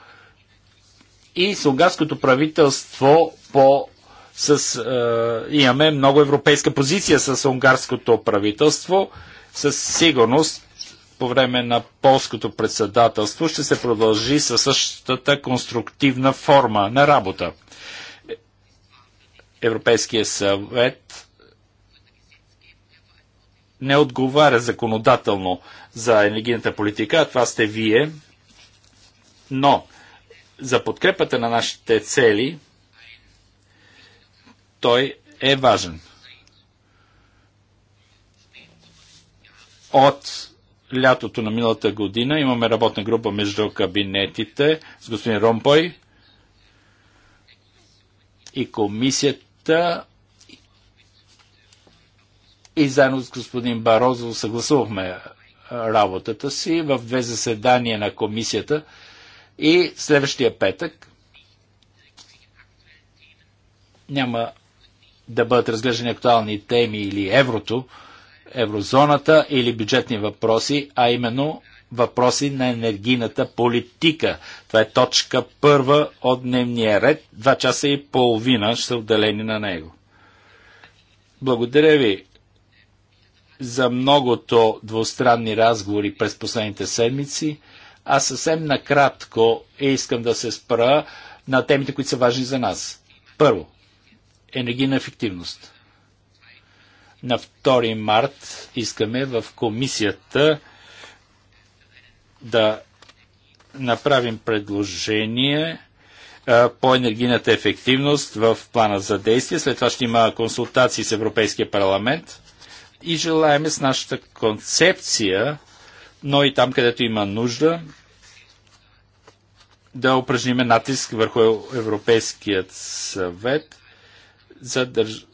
и слугарското правителство по с, а, имаме много европейска позиция с унгарското правителство. Със сигурност по време на полското председателство ще се продължи със същата конструктивна форма на работа. Европейския съвет не отговаря законодателно за енергийната политика, а това сте вие. Но за подкрепата на нашите цели той е важен. От лятото на миналата година имаме работна група между кабинетите с господин Ромпой и комисията Та и заедно с господин Барозо съгласувахме работата си в две заседания на комисията и следващия петък няма да бъдат разглеждани актуални теми или еврото, еврозоната или бюджетни въпроси, а именно въпроси на енергийната политика. Това е точка първа от дневния ред. Два часа и половина ще са отделени на него. Благодаря ви за многото двустранни разговори през последните седмици. Аз съвсем накратко искам да се спра на темите, които са важни за нас. Първо, енергийна ефективност. На 2 март искаме в комисията да направим предложение по енергийната ефективност в плана за действие. След това ще има консултации с Европейския парламент и желаеме с нашата концепция, но и там, където има нужда, да упражниме натиск върху Европейският съвет за, държ...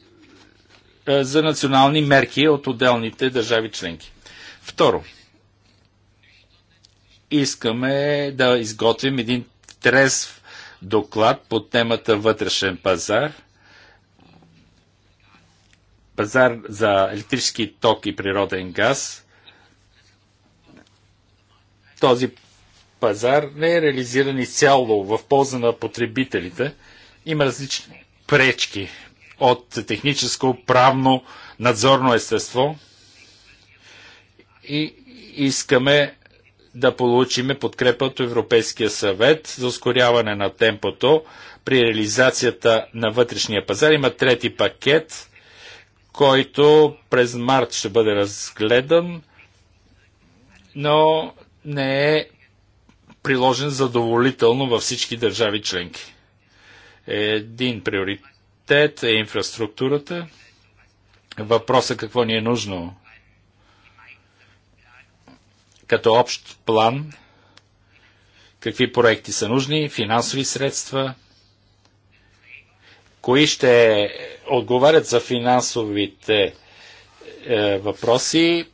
за национални мерки от отделните държави членки. Второ, искаме да изготвим един трезв доклад по темата вътрешен пазар, пазар за електрически ток и природен газ. Този пазар не е реализиран изцяло в полза на потребителите. Има различни пречки от техническо, правно, надзорно естество и искаме да получиме подкрепа от Европейския съвет за ускоряване на темпото при реализацията на вътрешния пазар. Има трети пакет, който през март ще бъде разгледан, но не е приложен задоволително във всички държави членки. Един приоритет е инфраструктурата. Въпросът е какво ни е нужно като общ план, какви проекти са нужни, финансови средства, кои ще отговарят за финансовите е, въпроси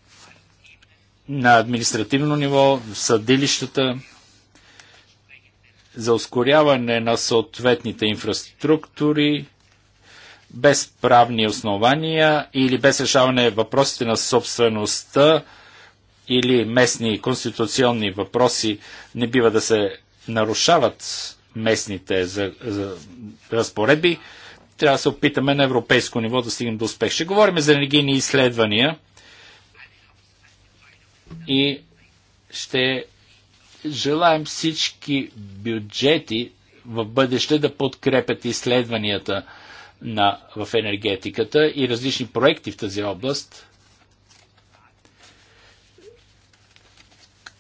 на административно ниво, в съдилищата, за ускоряване на съответните инфраструктури, без правни основания или без решаване въпросите на собствеността, или местни конституционни въпроси не бива да се нарушават местните за, за разпоредби, трябва да се опитаме на европейско ниво да стигнем до успех. Ще говорим за енергийни изследвания и ще желаем всички бюджети в бъдеще да подкрепят изследванията на, в енергетиката и различни проекти в тази област,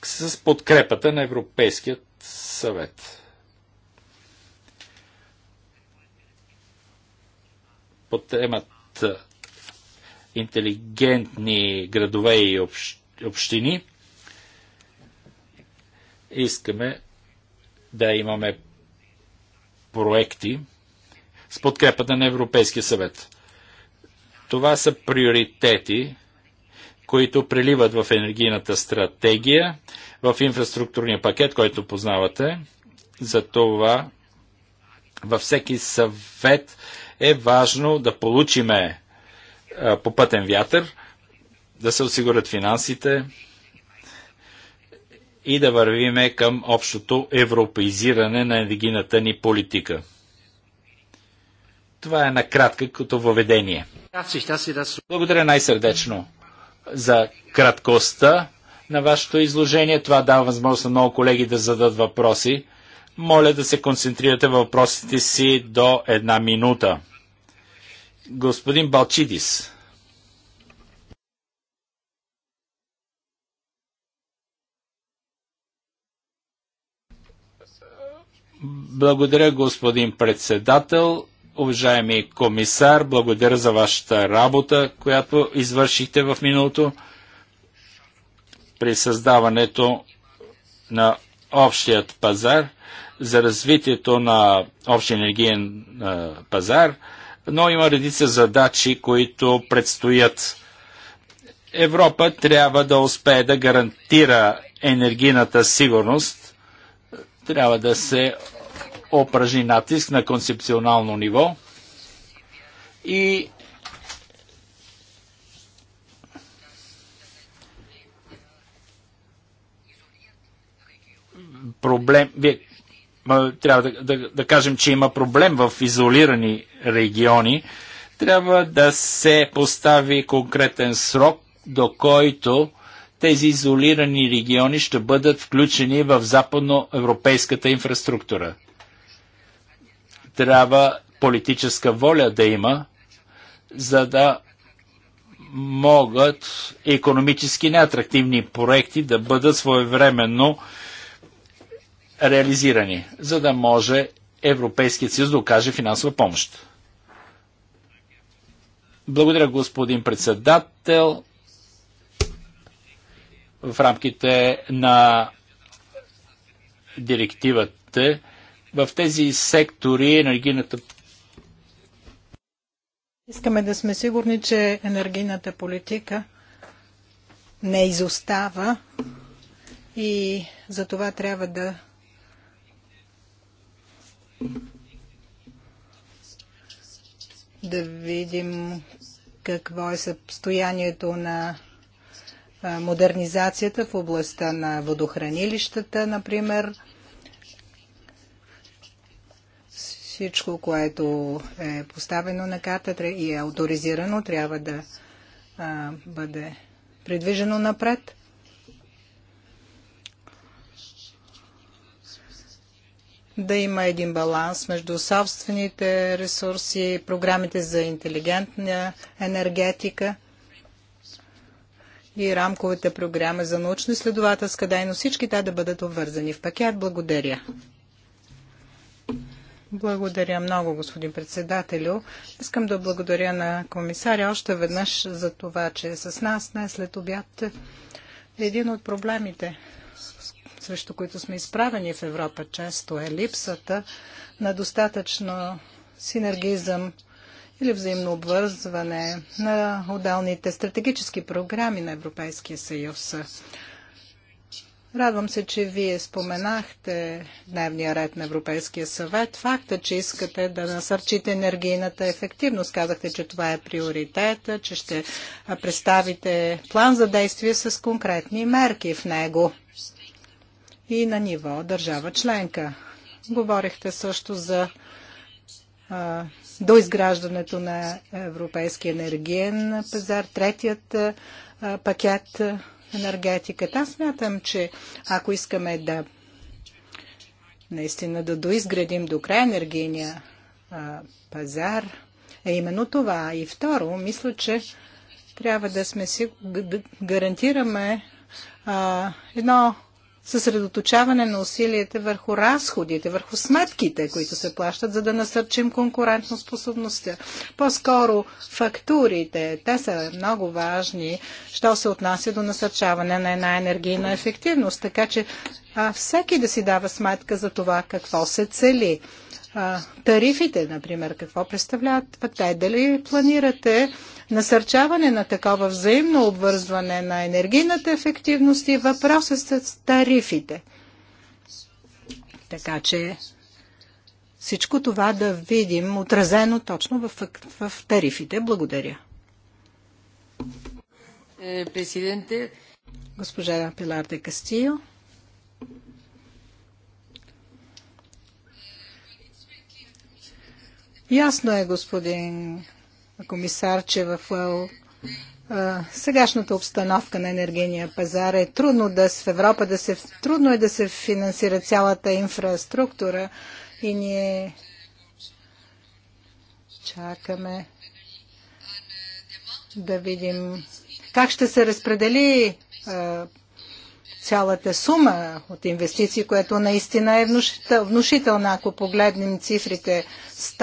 с подкрепата на Европейският съвет. По темата интелигентни градове и общини искаме да имаме проекти с подкрепата на Европейския съвет. Това са приоритети, които преливат в енергийната стратегия, в инфраструктурния пакет, който познавате. за това във всеки съвет е важно да получиме по пътен вятър, да се осигурят финансите и да вървиме към общото европеизиране на енергийната ни политика. Това е накратка като въведение. Благодаря най-сърдечно за краткостта на вашето изложение. Това дава възможност на много колеги да зададат въпроси. Моля да се концентрирате въпросите си до една минута. Господин Балчидис. Благодаря, господин председател. Уважаеми комисар, благодаря за вашата работа, която извършихте в миналото при създаването на общият пазар, за развитието на общия енергиен пазар, но има редица задачи, които предстоят. Европа трябва да успее да гарантира енергийната сигурност, трябва да се упражни натиск на концепционално ниво и проблем. Вие трябва да, да, да кажем, че има проблем в изолирани региони. Трябва да се постави конкретен срок, до който тези изолирани региони ще бъдат включени в западноевропейската инфраструктура трябва политическа воля да има, за да могат економически неатрактивни проекти да бъдат своевременно реализирани, за да може Европейският съюз да окаже финансова помощ. Благодаря, господин председател. В рамките на директивата в тези сектори енергийната Искаме да сме сигурни, че енергийната политика не изостава и за това трябва да да видим какво е състоянието на модернизацията в областта на водохранилищата, например, Всичко, което е поставено на катедра и е авторизирано, трябва да а, бъде придвижено напред. да има един баланс между собствените ресурси, програмите за интелигентна енергетика и рамковата програма за научно-изследователска дейност. Всички те да бъдат обвързани в пакет. Благодаря. Благодаря много, господин председателю. Искам да благодаря на комисаря още веднъж за това, че е с нас днес след обяд. Един от проблемите, срещу които сме изправени в Европа често, е липсата на достатъчно синергизъм или взаимно обвързване на отделните стратегически програми на Европейския съюз. Радвам се, че вие споменахте дневния ред на Европейския съвет. Факта, че искате да насърчите енергийната ефективност. Казахте, че това е приоритета, че ще представите план за действие с конкретни мерки в него и на ниво държава членка. Говорихте също за а, доизграждането на Европейския енергиен пазар, третият а, пакет а, енергетиката. Аз смятам, че ако искаме да наистина да доизградим до край енергийния а, пазар, е именно това. И второ, мисля, че трябва да сме си, да гарантираме а, едно съсредоточаване на усилията върху разходите, върху сметките, които се плащат, за да насърчим конкурентоспособността. По-скоро фактурите, те са много важни, що се отнася до насърчаване на една енергийна ефективност, така че а, всеки да си дава сметка за това какво се цели тарифите, например, какво представляват те? Дали планирате насърчаване на такова взаимно обвързване на енергийната ефективност и въпроса с тарифите? Така че всичко това да видим отразено точно в, в тарифите. Благодаря. Е, президенте. Госпожа Пилар де Кастио. Ясно е, господин комисар, че в сегашната обстановка на енергийния пазар е трудно да в Европа да се трудно е да се финансира цялата инфраструктура и ние чакаме да видим как ще се разпредели а, цялата сума от инвестиции, което наистина е внушителна, ако погледнем цифрите 100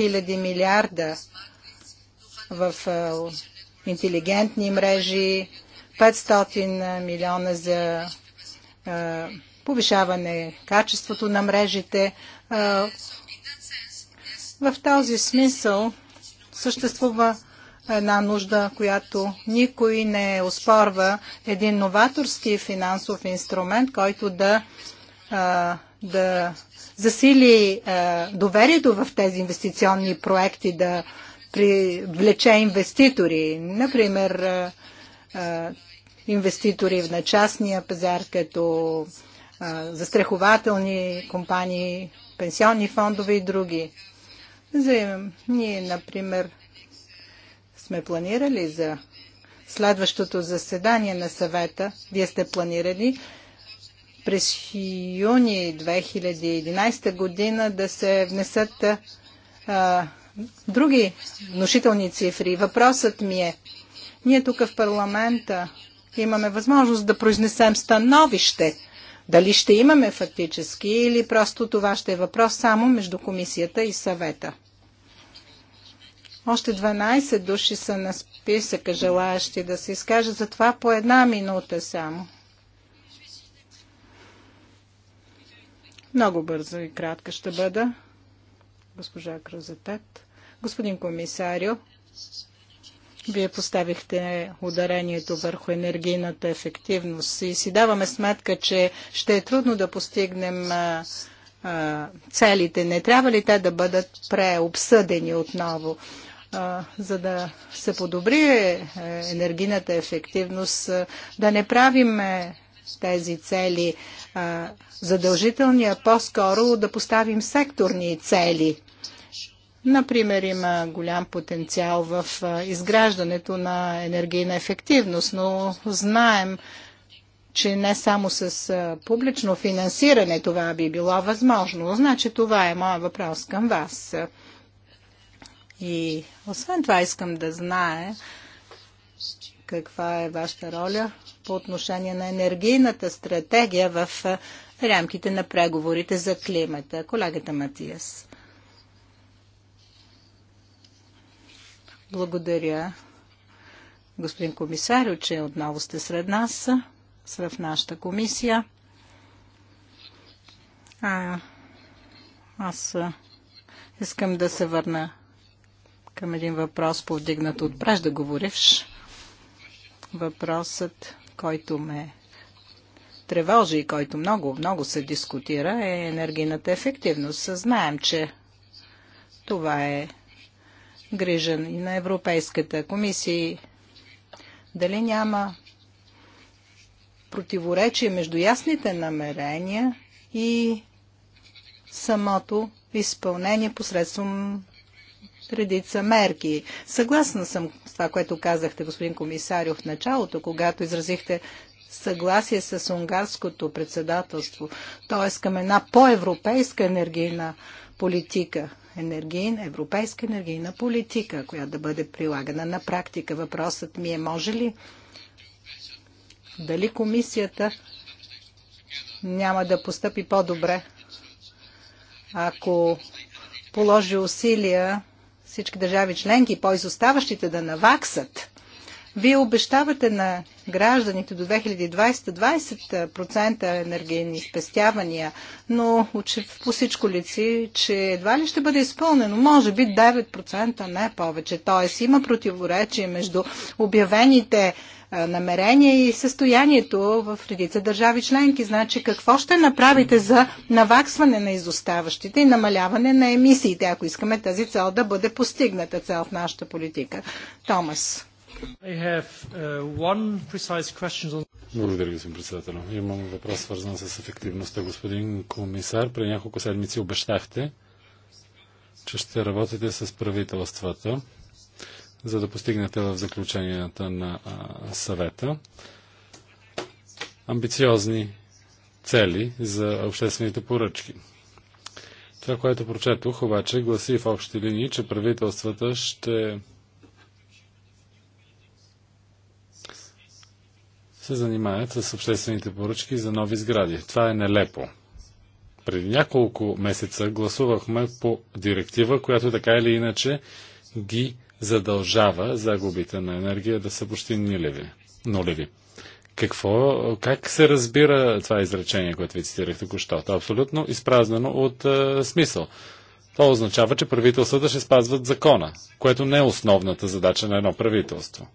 000 милиарда в е, интелигентни мрежи, 500 милиона за е, повишаване качеството на мрежите. Е, в този смисъл съществува една нужда, която никой не оспорва. Един новаторски финансов инструмент, който да, да засили доверието в тези инвестиционни проекти, да привлече инвеститори. Например, инвеститори в частния пазар, като застрахователни компании, пенсионни фондове и други. ние, например, сме планирали за следващото заседание на съвета, вие сте планирали през юни 2011 година да се внесат а, други внушителни цифри. Въпросът ми е, ние тук в парламента имаме възможност да произнесем становище. Дали ще имаме фактически или просто това ще е въпрос само между комисията и съвета? Още 12 души са на списъка желаящи да се изкажат, затова по една минута само. Много бързо и кратка ще бъда. Госпожа Крозетет. Господин комисарио, вие поставихте ударението върху енергийната ефективност и си даваме сметка, че ще е трудно да постигнем целите. Не трябва ли те да бъдат преобсъдени отново? за да се подобри е, енергийната ефективност, да не правим тези цели задължителни, а по-скоро да поставим секторни цели. Например, има голям потенциал в изграждането на енергийна ефективност, но знаем, че не само с публично финансиране това би било възможно. Значи това е моят въпрос към вас. И освен това искам да знае каква е вашата роля по отношение на енергийната стратегия в рамките на преговорите за климата. Колегата Матиас. Благодаря, господин комисар, че отново сте сред нас, в нашата комисия. А, аз искам да се върна към един въпрос, повдигнат от говориш Въпросът, който ме тревожи и който много, много се дискутира е енергийната ефективност. Знаем, че това е грижен и на Европейската комисия. Дали няма противоречие между ясните намерения и самото изпълнение посредством редица мерки. Съгласна съм с това, което казахте, господин комисарио, в началото, когато изразихте съгласие с унгарското председателство, т.е. към една по-европейска енергийна политика. Енергийна, европейска енергийна политика, която да бъде прилагана на практика. Въпросът ми е, може ли дали комисията няма да постъпи по-добре, ако положи усилия всички държави членки, по-изоставащите да наваксат. Вие обещавате на гражданите до 2020 20% енергийни спестявания, но по всичко лици, че едва ли ще бъде изпълнено, може би 9% не повече. Тоест, има противоречие между обявените намерение и състоянието в редица държави членки. Значи какво ще направите за наваксване на изоставащите и намаляване на емисиите, ако искаме тази цел да бъде постигната цел в нашата политика? Томас. Uh, Благодаря, господин председател. Имам въпрос, свързан с ефективността. Господин комисар, при няколко седмици обещахте, че ще работите с правителствата за да постигнете в заключенията на съвета амбициозни цели за обществените поръчки. Това, което прочетох, обаче, гласи в общи линии, че правителствата ще се занимаят с обществените поръчки за нови сгради. Това е нелепо. Преди няколко месеца гласувахме по директива, която така или иначе ги задължава загубите на енергия да са почти нилеви, нулеви. Какво, как се разбира това изречение, което ви цитирах току-що? Това е абсолютно изпразнено от е, смисъл. Това означава, че правителствата ще спазват закона, което не е основната задача на едно правителство.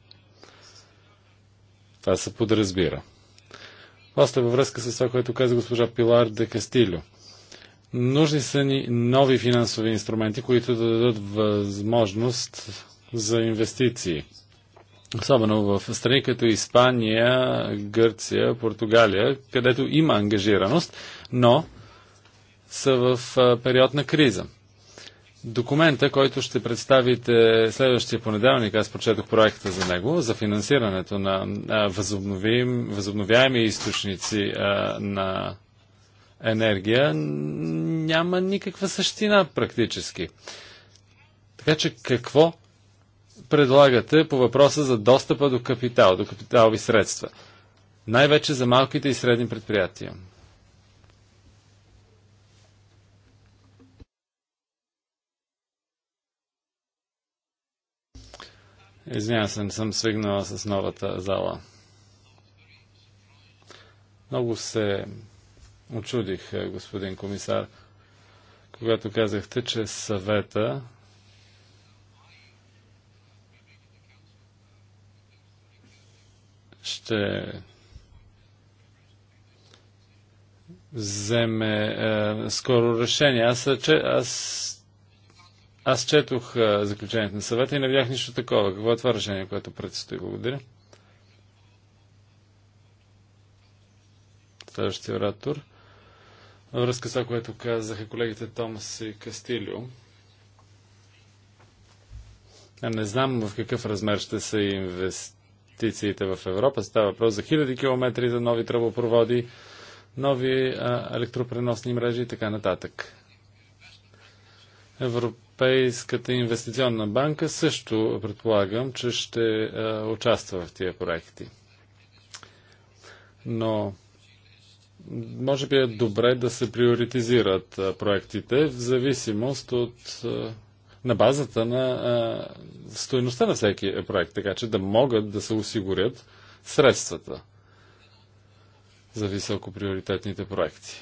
Това се подразбира. После във връзка с това, което каза госпожа Пилар де Кастилю. Нужни са ни нови финансови инструменти, които да дадат възможност за инвестиции. Особено в страни като Испания, Гърция, Португалия, където има ангажираност, но са в период на криза. Документа, който ще представите следващия понеделник, аз прочетох проекта за него, за финансирането на възобновяеми източници на енергия, няма никаква същина практически. Така че какво предлагате по въпроса за достъпа до капитал, до капиталови средства? Най-вече за малките и средни предприятия. Извинявам се, не съм свигнала с новата зала. Много се очудих, господин комисар, когато казахте, че съвета ще вземе е, скоро решение. Аз, е, че, аз, аз четох е, заключението на съвета и не видях нищо такова. Какво е това решение, което предстои? Благодаря. Следващия оратор. Във връзка с това, което казаха колегите Томас и Кастилио. А не знам в какъв размер ще се инвестира инвестициите в Европа. Става въпрос за хиляди километри за нови тръбопроводи, нови електропреносни мрежи и така нататък. Европейската инвестиционна банка също предполагам, че ще участва в тия проекти. Но може би е добре да се приоритизират проектите в зависимост от на базата на а, стоеността на всеки проект, така че да могат да се осигурят средствата за високоприоритетните проекти.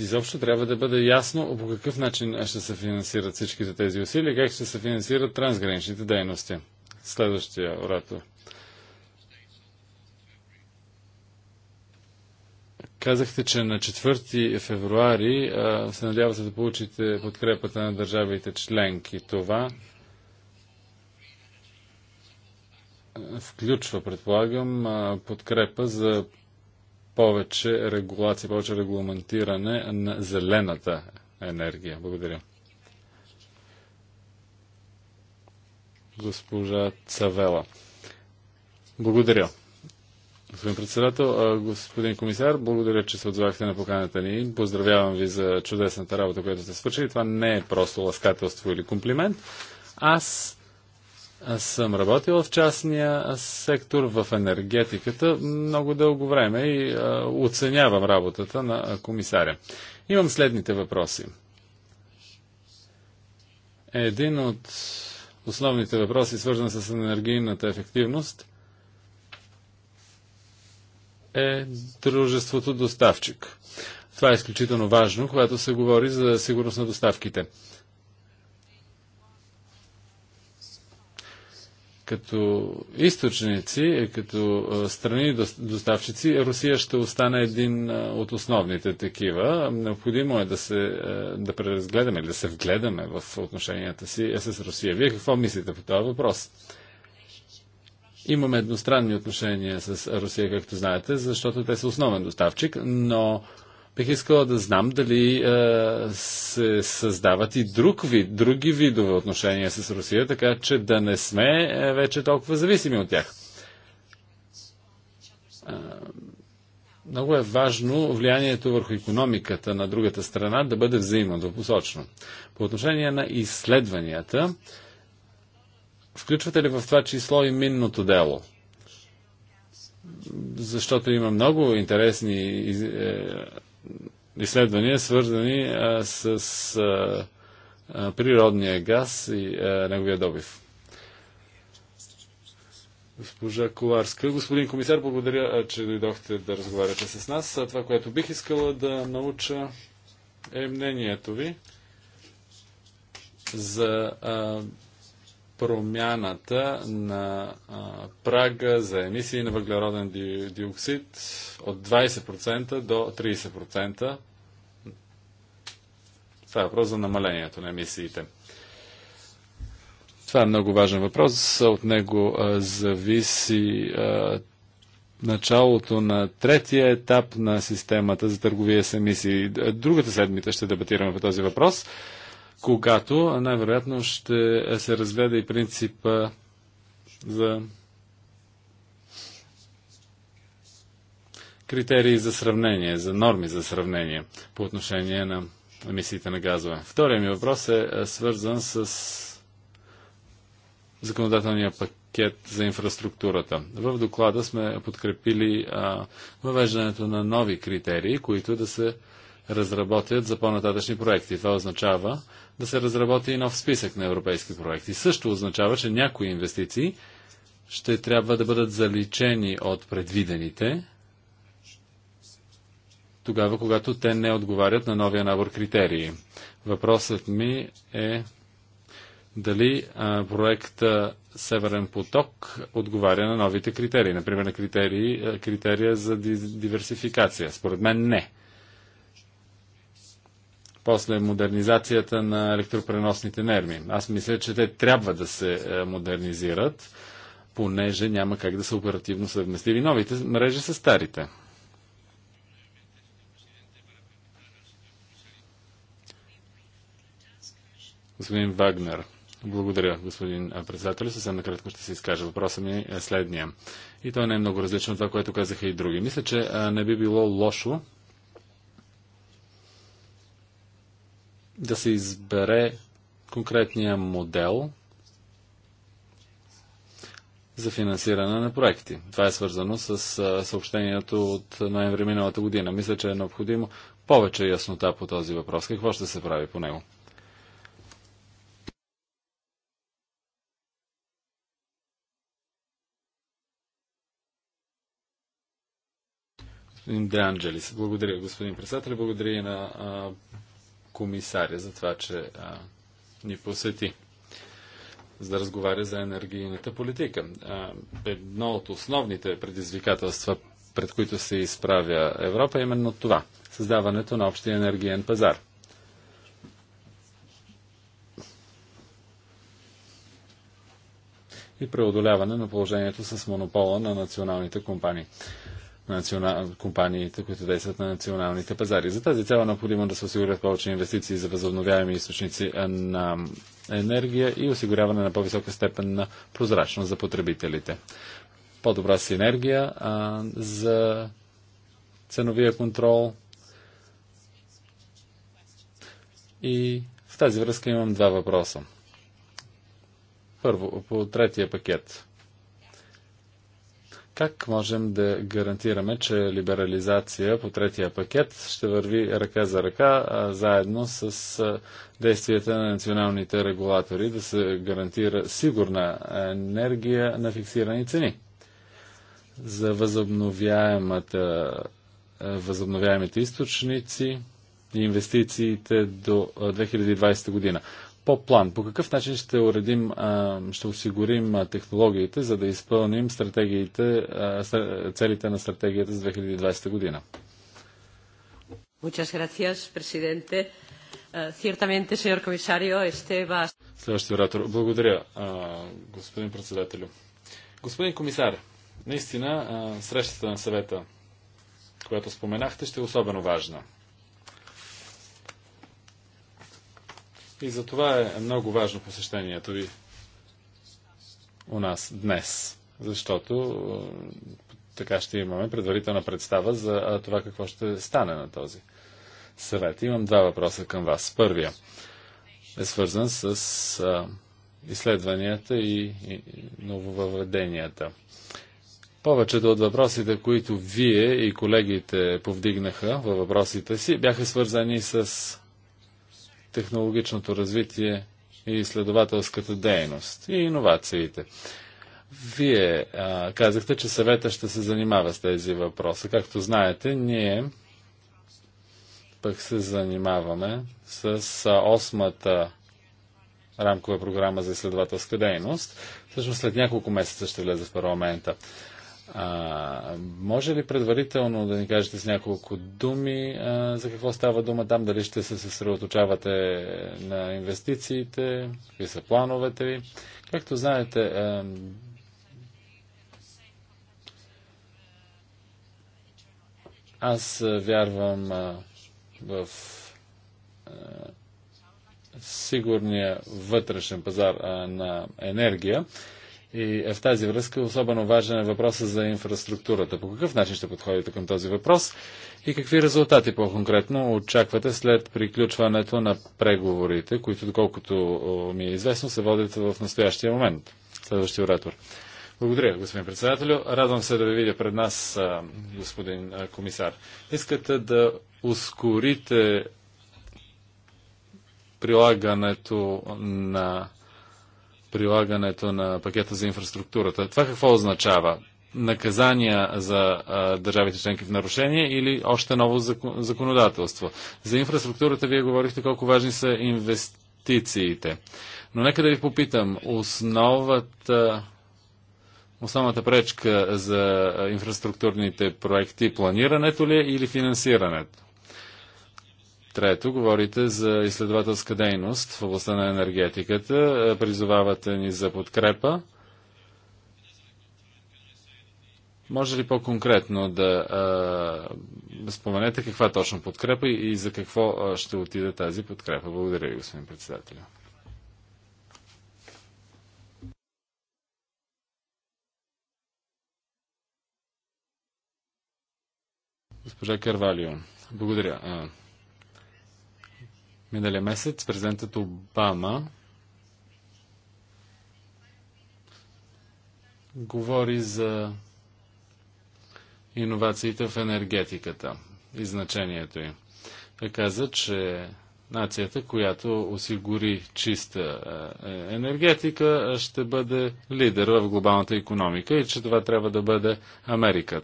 изобщо трябва да бъде ясно по какъв начин ще се финансират всичките тези усилия, как ще се финансират трансграничните дейности. Следващия оратор. Казахте, че на 4 февруари а, се надявате да получите подкрепата на държавите членки. Това включва, предполагам, подкрепа за повече регулация, повече регламентиране на зелената енергия. Благодаря. госпожа Цавела. Благодаря. Господин председател, господин комисар, благодаря, че се отзвахте на поканата ни. Поздравявам ви за чудесната работа, която сте свършили. Това не е просто ласкателство или комплимент. Аз, аз съм работил в частния сектор в енергетиката много дълго време и а, оценявам работата на комисаря. Имам следните въпроси. Един от основните въпроси, свързани с енергийната ефективност, е дружеството доставчик. Това е изключително важно, когато се говори за сигурност на доставките. като източници, е, като страни доставчици, Русия ще остане един от основните такива. Необходимо е да се да преразгледаме или да се вгледаме в отношенията си е, с Русия. Вие какво мислите по този въпрос? Имаме едностранни отношения с Русия, както знаете, защото те са основен доставчик, но Бих искала да знам дали е, се създават и друг вид, други видове отношения с Русия, така че да не сме е, вече толкова зависими от тях. Е, много е важно влиянието върху економиката на другата страна да бъде взаимно, двупосочно. По отношение на изследванията, включвате ли в това число и минното дело? Защото има много интересни е, изследвания, свързани с природния газ и неговия добив. Госпожа Коварска. Господин комисар, благодаря, че дойдохте да разговаряте с нас. Това, което бих искала да науча е мнението ви за а, промяната на а, прага за емисии на въглероден ди, диоксид от 20% до 30%. Това е въпрос за намалението на емисиите. Това е много важен въпрос. От него а, зависи а, началото на третия етап на системата за търговия с емисии. Другата седмица ще дебатираме по този въпрос когато най-вероятно ще се разгледа и принципа за критерии за сравнение, за норми за сравнение по отношение на емисиите на газове. Втория ми въпрос е, е свързан с законодателния пакет за инфраструктурата. В доклада сме подкрепили а, въвеждането на нови критерии, които да се разработят за по-нататъчни проекти. Това означава да се разработи и нов списък на европейски проекти. Също означава, че някои инвестиции ще трябва да бъдат заличени от предвидените, тогава, когато те не отговарят на новия набор критерии. Въпросът ми е дали проекта Северен поток отговаря на новите критерии, например на критерии, критерия за диверсификация. Според мен не. После модернизацията на електропреносните нерми. Аз мисля, че те трябва да се е, модернизират, понеже няма как да са оперативно съвместили новите мрежи с старите. Господин Вагнер. Благодаря, господин е, председател. Съвсем накратко ще се изкажа. Въпросът ми е следния. И той не е много различен от това, което казаха и други. Мисля, че е, не би било лошо да се избере конкретния модел за финансиране на проекти. Това е свързано с съобщението от ноември миналата година. Мисля, че е необходимо повече яснота по този въпрос. Какво ще се прави по него? Господин Де Анджелис. Благодаря, господин председател. Благодаря и на комисаря за това, че а, ни посети за да разговаря за енергийната политика. А, едно от основните предизвикателства, пред които се изправя Европа, е именно това създаването на общия енергиен пазар. и преодоляване на положението с монопола на националните компании национал... компаниите, които действат на националните пазари. За тази цел е необходимо да се осигурят повече инвестиции за възобновяеми източници на енергия и осигуряване на по-висока степен на прозрачност за потребителите. По-добра синергия а, за ценовия контрол и в тази връзка имам два въпроса. Първо, по третия пакет – как можем да гарантираме, че либерализация по третия пакет ще върви ръка за ръка, а, заедно с действията на националните регулатори, да се гарантира сигурна енергия на фиксирани цени? За възобновяемата, възобновяемите източници и инвестициите до 2020 година по план? По какъв начин ще уредим, ще осигурим технологиите, за да изпълним стратегиите, целите на стратегията за 2020 година? Muchas gracias, presidente. Ciertamente, señor comisario, este va... Следващия оратор. Благодаря, господин председателю. Господин комисар, наистина срещата на съвета, която споменахте, ще е особено важна. И за това е много важно посещението ви у нас днес, защото е, така ще имаме предварителна представа за това какво ще стане на този съвет. Имам два въпроса към вас. Първия е свързан с а, изследванията и, и нововъведенията. Повечето от въпросите, които вие и колегите повдигнаха във въпросите си, бяха свързани с технологичното развитие и изследователската дейност и иновациите. Вие а, казахте, че съвета ще се занимава с тези въпроси. Както знаете, ние пък се занимаваме с осмата рамкова програма за изследователска дейност. Всъщност след няколко месеца ще влезе в парламента. А, може ли предварително да ни кажете с няколко думи а, за какво става дума там? Дали ще се съсредоточавате на инвестициите? Какви са плановете ви? Както знаете, а, аз вярвам а, в а, сигурния вътрешен пазар а, на енергия. И е, в тази връзка особено важен е въпросът за инфраструктурата. По какъв начин ще подходите към този въпрос и какви резултати по-конкретно очаквате след приключването на преговорите, които, доколкото ми е известно, се водят в настоящия момент? Следващия оратор. Благодаря, господин председателю. Радвам се да ви видя пред нас, господин комисар. Искате да ускорите прилагането на прилагането на пакета за инфраструктурата. Това какво означава? наказания за а, държавите членки в нарушение или още ново закон, законодателство. За инфраструктурата вие говорихте колко важни са инвестициите. Но нека да ви попитам, основата, основната пречка за инфраструктурните проекти планирането ли е или финансирането? Трето, говорите за изследователска дейност в областта на енергетиката. Е, призовавате ни за подкрепа. Може ли по-конкретно да а, е, споменете каква точно подкрепа и, за какво е, ще отиде тази подкрепа? Благодаря ви, господин председател. Госпожа Карвалио. Благодаря. Миналия месец президентът Обама говори за иновациите в енергетиката и значението им. Той каза, че нацията, която осигури чиста е, е, енергетика, ще бъде лидер в глобалната економика и че това трябва да бъде Америка.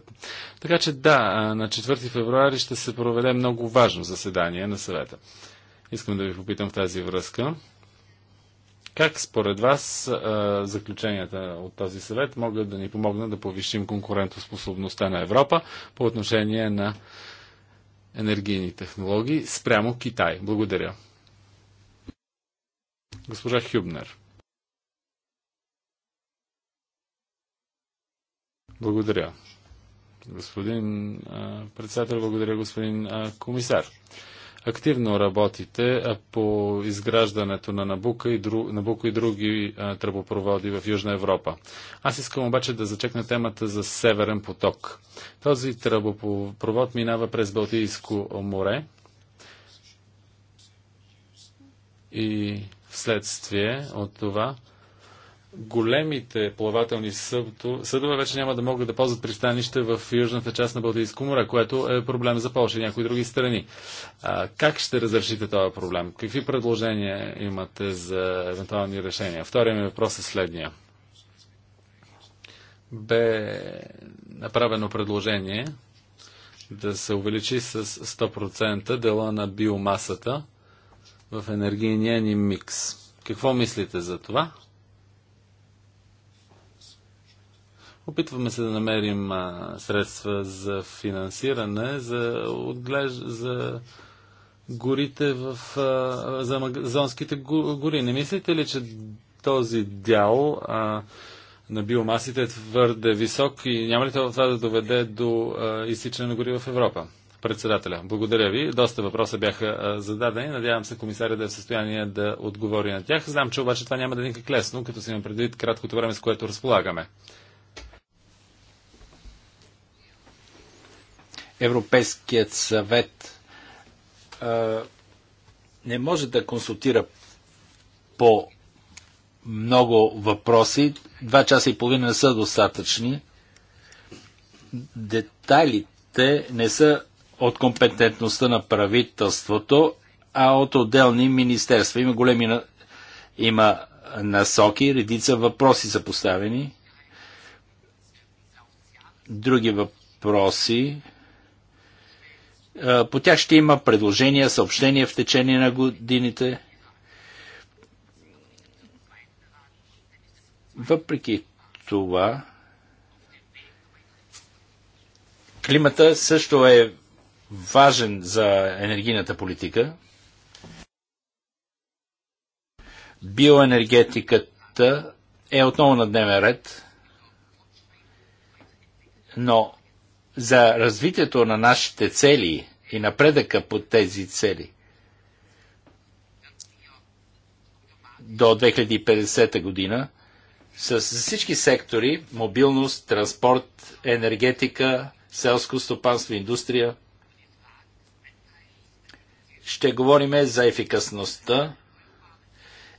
Така че да, е, на 4 февруари ще се проведе много важно заседание на съвета. Искам да ви попитам в тази връзка. Как според вас заключенията от този съвет могат да ни помогнат да повишим конкурентоспособността на Европа по отношение на енергийни технологии спрямо Китай? Благодаря. Госпожа Хюбнер. Благодаря. Господин председател, благодаря господин комисар активно работите по изграждането на Набука и, дру... Набуко и други тръбопроводи в Южна Европа. Аз искам обаче да зачекна темата за Северен поток. Този тръбопровод минава през Балтийско море и вследствие от това големите плавателни съдове вече няма да могат да ползват пристанище в южната част на Балтийско море, което е проблем за Польша и някои други страни. А, как ще разрешите този проблем? Какви предложения имате за евентуални решения? Втория ми въпрос е следния. Бе направено предложение да се увеличи с 100% дела на биомасата в енергийния ни микс. Какво мислите за това? Опитваме се да намерим а, средства за финансиране, за, отглеж... за горите в а, за амазонските гори. Не мислите ли, че този дял а, на биомасите е твърде висок и няма ли това да доведе до а, изсичане на гори в Европа? Председателя, благодаря ви. Доста въпроса бяха а, зададени. Надявам се комисаря да е в състояние да отговори на тях. Знам, че обаче това няма да е никак лесно, като си имам предвид краткото време, с което разполагаме. Европейският съвет а, не може да консултира по много въпроси. Два часа и половина не са достатъчни. Детайлите не са от компетентността на правителството, а от отделни министерства. Има големи има насоки, редица въпроси са поставени. Други въпроси по тях ще има предложения, съобщения в течение на годините. Въпреки това, климата също е важен за енергийната политика. Биоенергетиката е отново на дневен ред, но за развитието на нашите цели и напредъка по тези цели до 2050 година с всички сектори мобилност, транспорт, енергетика, селско стопанство, индустрия. Ще говорим за ефикасността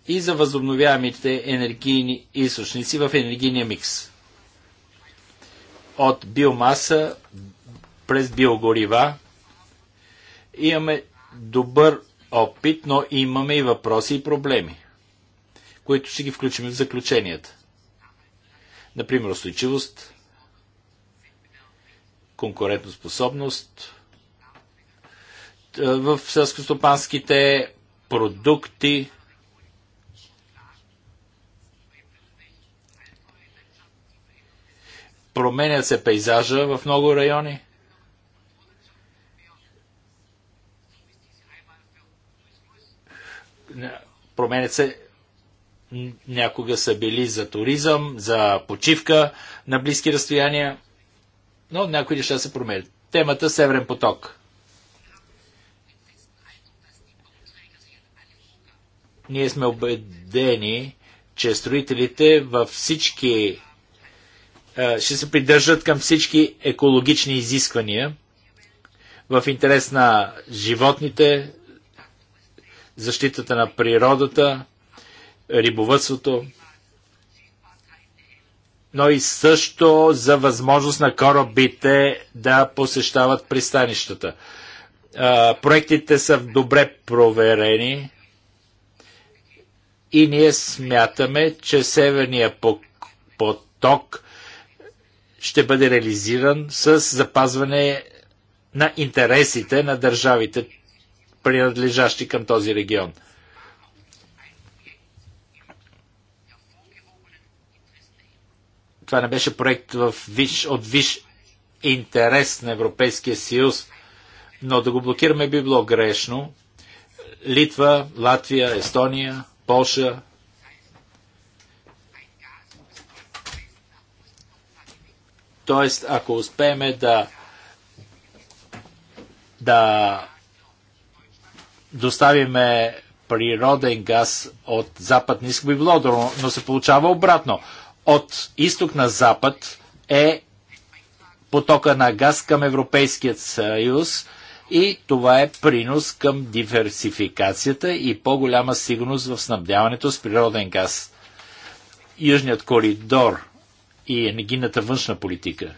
и за възобновяемите енергийни източници в енергийния микс от биомаса през биогорива. Имаме добър опит, но имаме и въпроси и проблеми, които ще ги включим в заключенията. Например, устойчивост, конкурентоспособност, е, в селскостопанските продукти, променя се пейзажа в много райони. Променят се някога са били за туризъм, за почивка на близки разстояния, но някои неща се променят. Темата Северен поток. Ние сме убедени, че строителите във всички е, ще се придържат към всички екологични изисквания в интерес на животните, защитата на природата, рибовътството, но и също за възможност на корабите да посещават пристанищата. Е, проектите са добре проверени и ние смятаме, че Северния поток ще бъде реализиран с запазване на интересите на държавите, принадлежащи към този регион. Това не беше проект в виш, от виш интерес на Европейския съюз, но да го блокираме би било грешно. Литва, Латвия, Естония, Полша, Тоест, ако успееме да, да доставиме природен газ от запад не би било, но се получава обратно. От изток на запад е потока на газ към Европейският съюз и това е принос към диверсификацията и по-голяма сигурност в снабдяването с природен газ. Южният коридор и енергийната външна политика.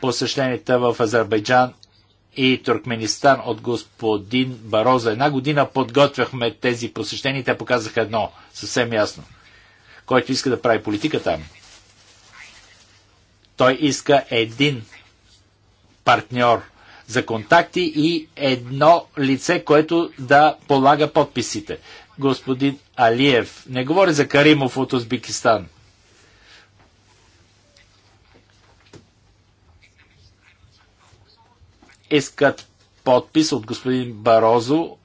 Посещенията в Азербайджан и Туркменистан от господин Бароза. Една година подготвяхме тези посещения и те показаха едно съвсем ясно. Който иска да прави политика там, той иска един партньор за контакти и едно лице, което да полага подписите. Господин Алиев не говори за Каримов от Узбекистан – искат подпис от господин Барозо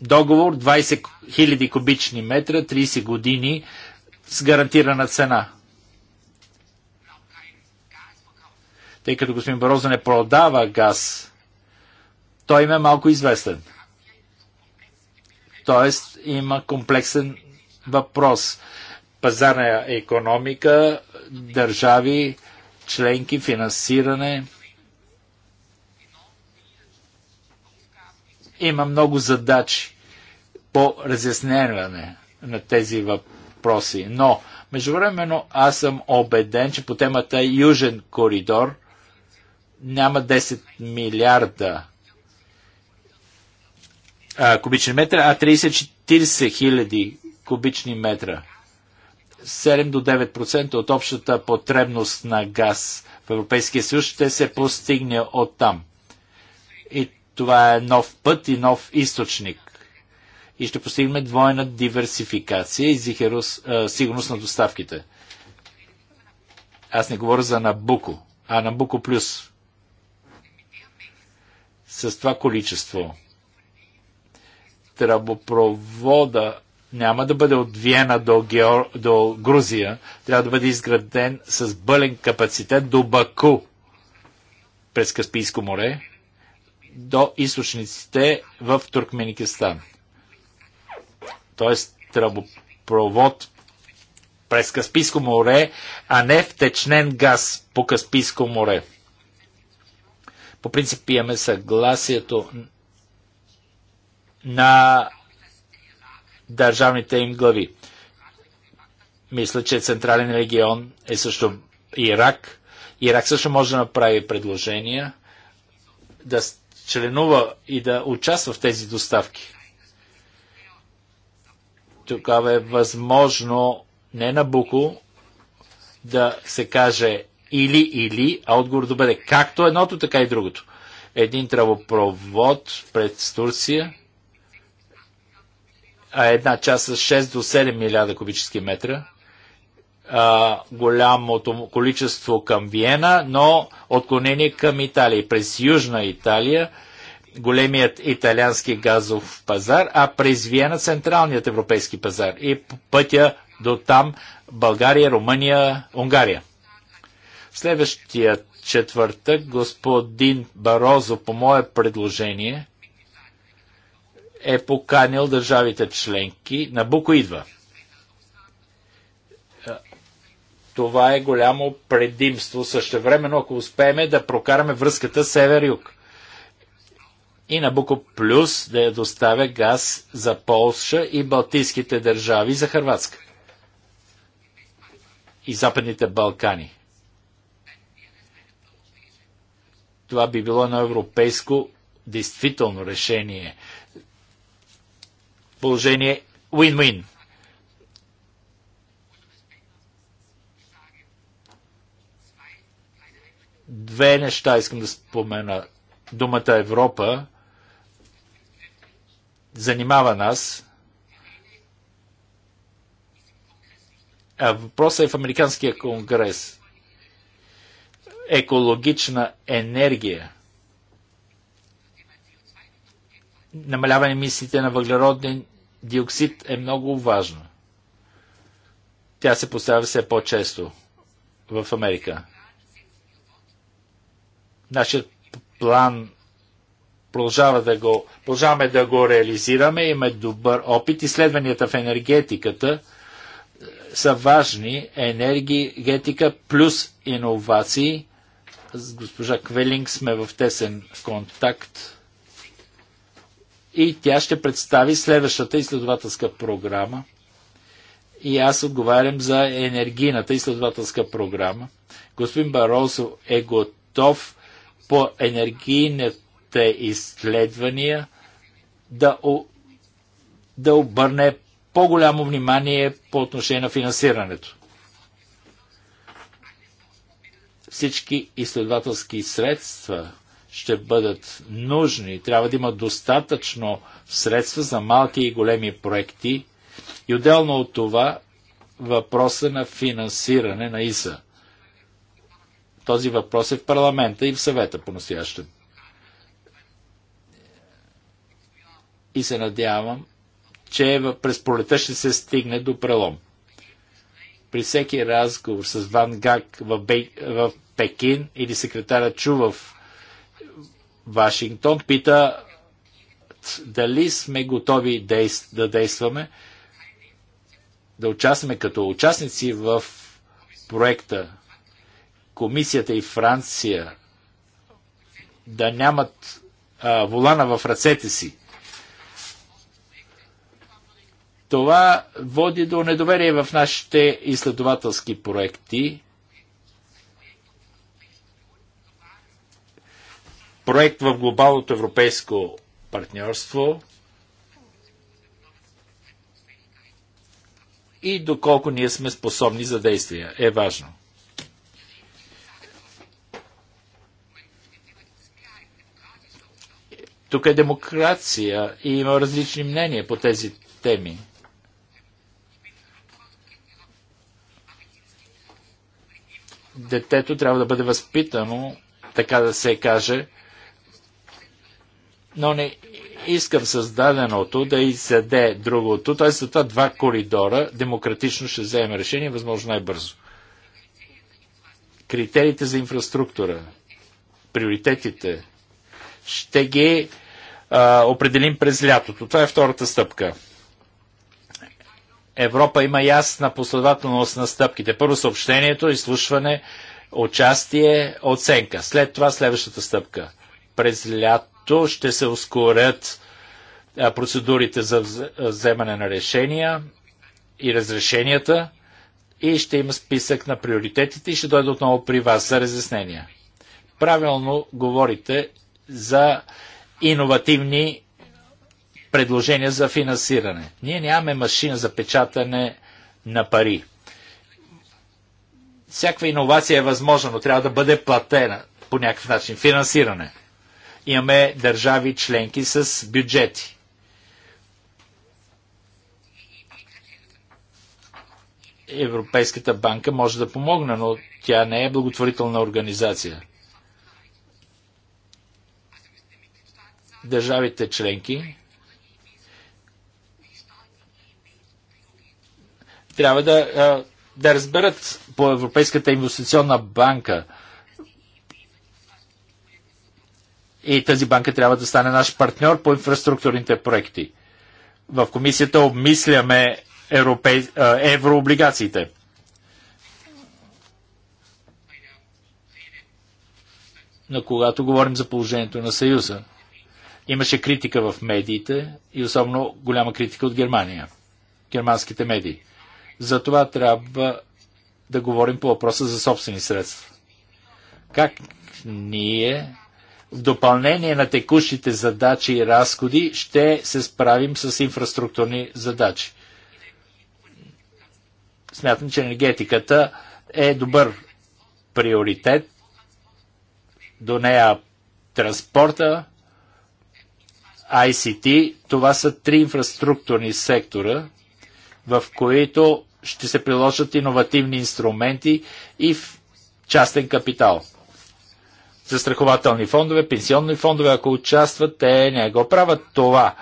договор 20 000 кубични метра, 30 години с гарантирана цена. Тъй като господин Барозо не продава газ, той им е малко известен. Тоест има комплексен въпрос. Пазарна економика, държави, членки, финансиране – Има много задачи по разясняване на тези въпроси. Но, междувременно, аз съм убеден, че по темата Южен коридор няма 10 милиарда а, кубични метра, а 30-40 хиляди кубични метра. 7 до 9% от общата потребност на газ в Европейския съюз ще се постигне от там. И това е нов път и нов източник. И ще постигнем двойна диверсификация и зихерос, а, сигурност на доставките. Аз не говоря за Набуко, а Набуко Плюс. С това количество тръбопровода няма да бъде от Виена до, Геор... до Грузия, трябва да бъде изграден с бълен капацитет до Баку през Каспийско море до източниците в Туркменикистан. Тоест тръбопровод през Каспийско море, а не втечнен газ по Каспийско море. По принцип имаме съгласието на държавните им глави. Мисля, че Централен регион е също Ирак. Ирак също може да направи предложения да членува и да участва в тези доставки, тогава е възможно не на Буко да се каже или, или, а отговор да бъде както едното, така и другото. Един тръбопровод пред Турция, а една част с 6 до 7 милиарда кубически метра, а, голямото количество към Виена, но отклонение към Италия. През Южна Италия големият италиански газов пазар, а през Виена централният европейски пазар и пътя до там България, Румъния, Унгария. Следващия четвъртък господин Барозо по мое предложение е поканил държавите членки. Буко идва – Това е голямо предимство. Същевременно, ако успеем да прокараме връзката север-юг. И Набуко Плюс да я доставя газ за Полша и Балтийските държави за Хрватска. И Западните Балкани. Това би било на европейско действително решение. Положение win-win. Две неща искам да спомена. Думата Европа занимава нас. А въпросът е в Американския конгрес. Екологична енергия. Намаляване емисиите на въглероден диоксид е много важно. Тя се поставя все по-често в Америка. Нашият план продължава да го, продължаваме да го реализираме, имаме добър опит. Изследванията в енергетиката е, са важни. Енергетика плюс иновации. С госпожа Квелинг сме в тесен контакт. И тя ще представи следващата изследователска програма. И аз отговарям за енергийната изследователска програма. Господин Баросо е готов по енергийните изследвания да, да обърне по-голямо внимание по отношение на финансирането. Всички изследователски средства ще бъдат нужни. Трябва да има достатъчно средства за малки и големи проекти. И отделно от това въпроса на финансиране на ИСА. Този въпрос е в парламента и в съвета по настояще. И се надявам, че през пролета ще се стигне до прелом. При всеки разговор с Ван Гак в, Бей, в Пекин или секретаря Чу в Вашингтон пита дали сме готови да действаме, да участваме като участници в проекта комисията и Франция да нямат а, волана в ръцете си, това води до недоверие в нашите изследователски проекти. Проект в глобалното европейско партньорство и доколко ние сме способни за действия е важно. Тук е демокрация и има различни мнения по тези теми. Детето трябва да бъде възпитано, така да се каже, но не искам създаденото да изяде другото, т.е. за това два коридора демократично ще вземем решение, възможно най-бързо. Критериите за инфраструктура, приоритетите, ще ги определим през лятото. Това е втората стъпка. Европа има ясна последователност на стъпките. Първо съобщението, изслушване, участие, оценка. След това следващата стъпка. През лято ще се ускорят процедурите за вземане на решения и разрешенията и ще има списък на приоритетите и ще дойде отново при вас за разяснения. Правилно говорите за иновативни предложения за финансиране. Ние нямаме машина за печатане на пари. Всяка иновация е възможна, но трябва да бъде платена по някакъв начин. Финансиране. Имаме държави членки с бюджети. Европейската банка може да помогне, но тя не е благотворителна организация. държавите членки трябва да, да разберат по Европейската инвестиционна банка. И тази банка трябва да стане наш партньор по инфраструктурните проекти. В комисията обмисляме европей... еврооблигациите. Но когато говорим за положението на Съюза, Имаше критика в медиите и особено голяма критика от Германия, германските медии. За това трябва да говорим по въпроса за собствени средства. Как ние в допълнение на текущите задачи и разходи ще се справим с инфраструктурни задачи. Смятам, че енергетиката е добър приоритет. До нея транспорта, ICT, това са три инфраструктурни сектора, в които ще се приложат иновативни инструменти и в частен капитал. Застрахователни фондове, пенсионни фондове, ако участват, те не го правят това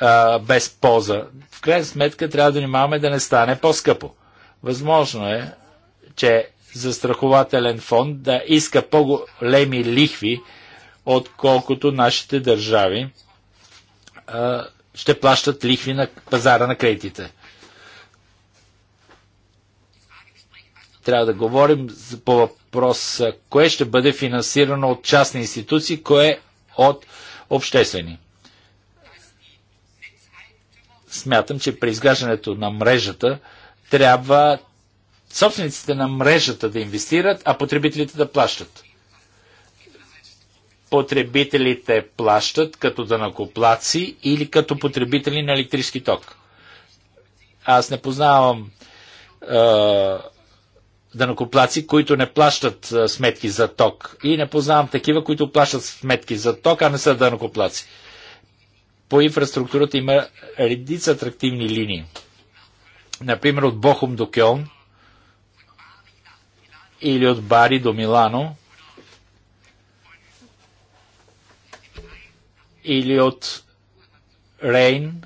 а, без полза. В крайна сметка трябва да внимаваме да не стане по-скъпо. Възможно е, че застрахователен фонд да иска по-големи лихви, отколкото нашите държави ще плащат лихви на пазара на кредитите. Трябва да говорим по въпрос кое ще бъде финансирано от частни институции, кое от обществени. Смятам, че при изграждането на мрежата трябва собствениците на мрежата да инвестират, а потребителите да плащат потребителите плащат като данакоплаци или като потребители на електрически ток. Аз не познавам е, данакоплаци, които не плащат е, сметки за ток. И не познавам такива, които плащат сметки за ток, а не са данакоплаци. По инфраструктурата има редица атрактивни линии. Например, от Бохум до Кьон, или от Бари до Милано – или от Рейн.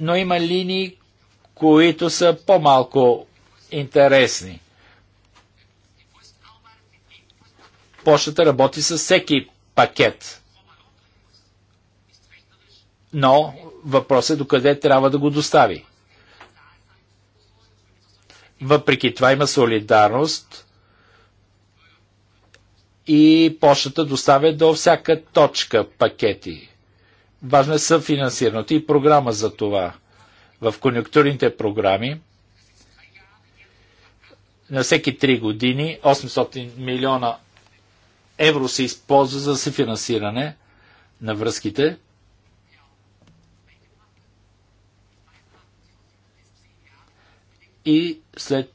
Но има линии, които са по-малко интересни. Почтата работи с всеки пакет. Но въпросът е докъде трябва да го достави. Въпреки това има солидарност и почтата доставя до всяка точка пакети. Важно е съфинансирането и програма за това. В конъюнктурните програми на всеки 3 години 800 милиона евро се използва за съфинансиране на връзките. И след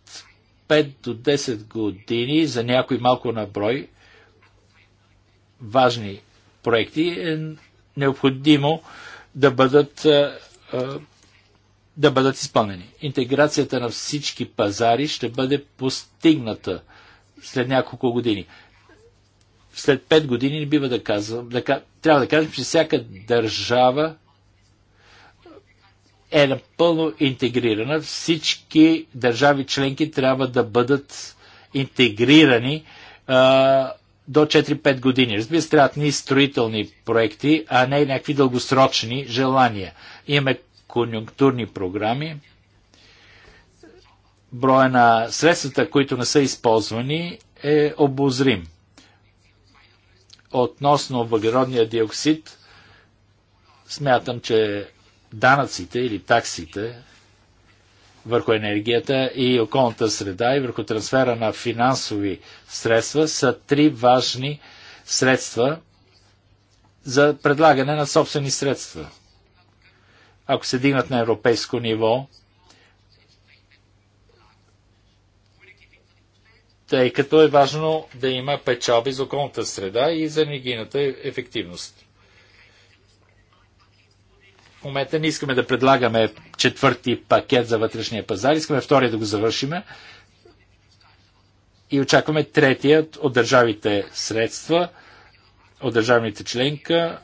5 до 10 години за някой малко наброй важни проекти, е необходимо да бъдат, е, е, да бъдат изпълнени. Интеграцията на всички пазари ще бъде постигната след няколко години. След 5 години не бива да казвам, да, трябва да кажем, че всяка държава е напълно интегрирана. Всички държави членки трябва да бъдат интегрирани а, до 4-5 години. Разбира се, трябват ни строителни проекти, а не някакви дългосрочни желания. Имаме конъюнктурни програми, броя на средствата, които не са използвани, е обозрим. Относно въглеродния диоксид, смятам, че данъците или таксите върху енергията и околната среда и върху трансфера на финансови средства са три важни средства за предлагане на собствени средства. Ако се дигнат на европейско ниво, тъй като е важно да има печалби за околната среда и за енергийната ефективност момента не искаме да предлагаме четвърти пакет за вътрешния пазар, искаме втория да го завършиме и очакваме третият от държавите средства, от държавните членка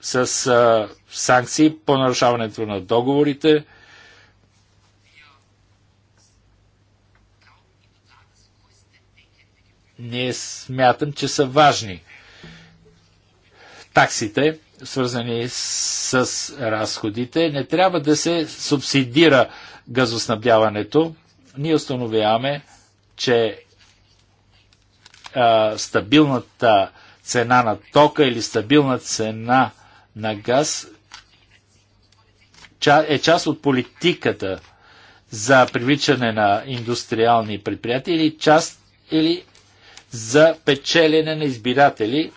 с а, санкции по нарушаването на договорите. Ние смятам, че са важни таксите свързани с разходите. Не трябва да се субсидира газоснабдяването. Ние установяваме, че а, стабилната цена на тока или стабилна цена на газ е част от политиката за привличане на индустриални предприятия или част или за печелене на избиратели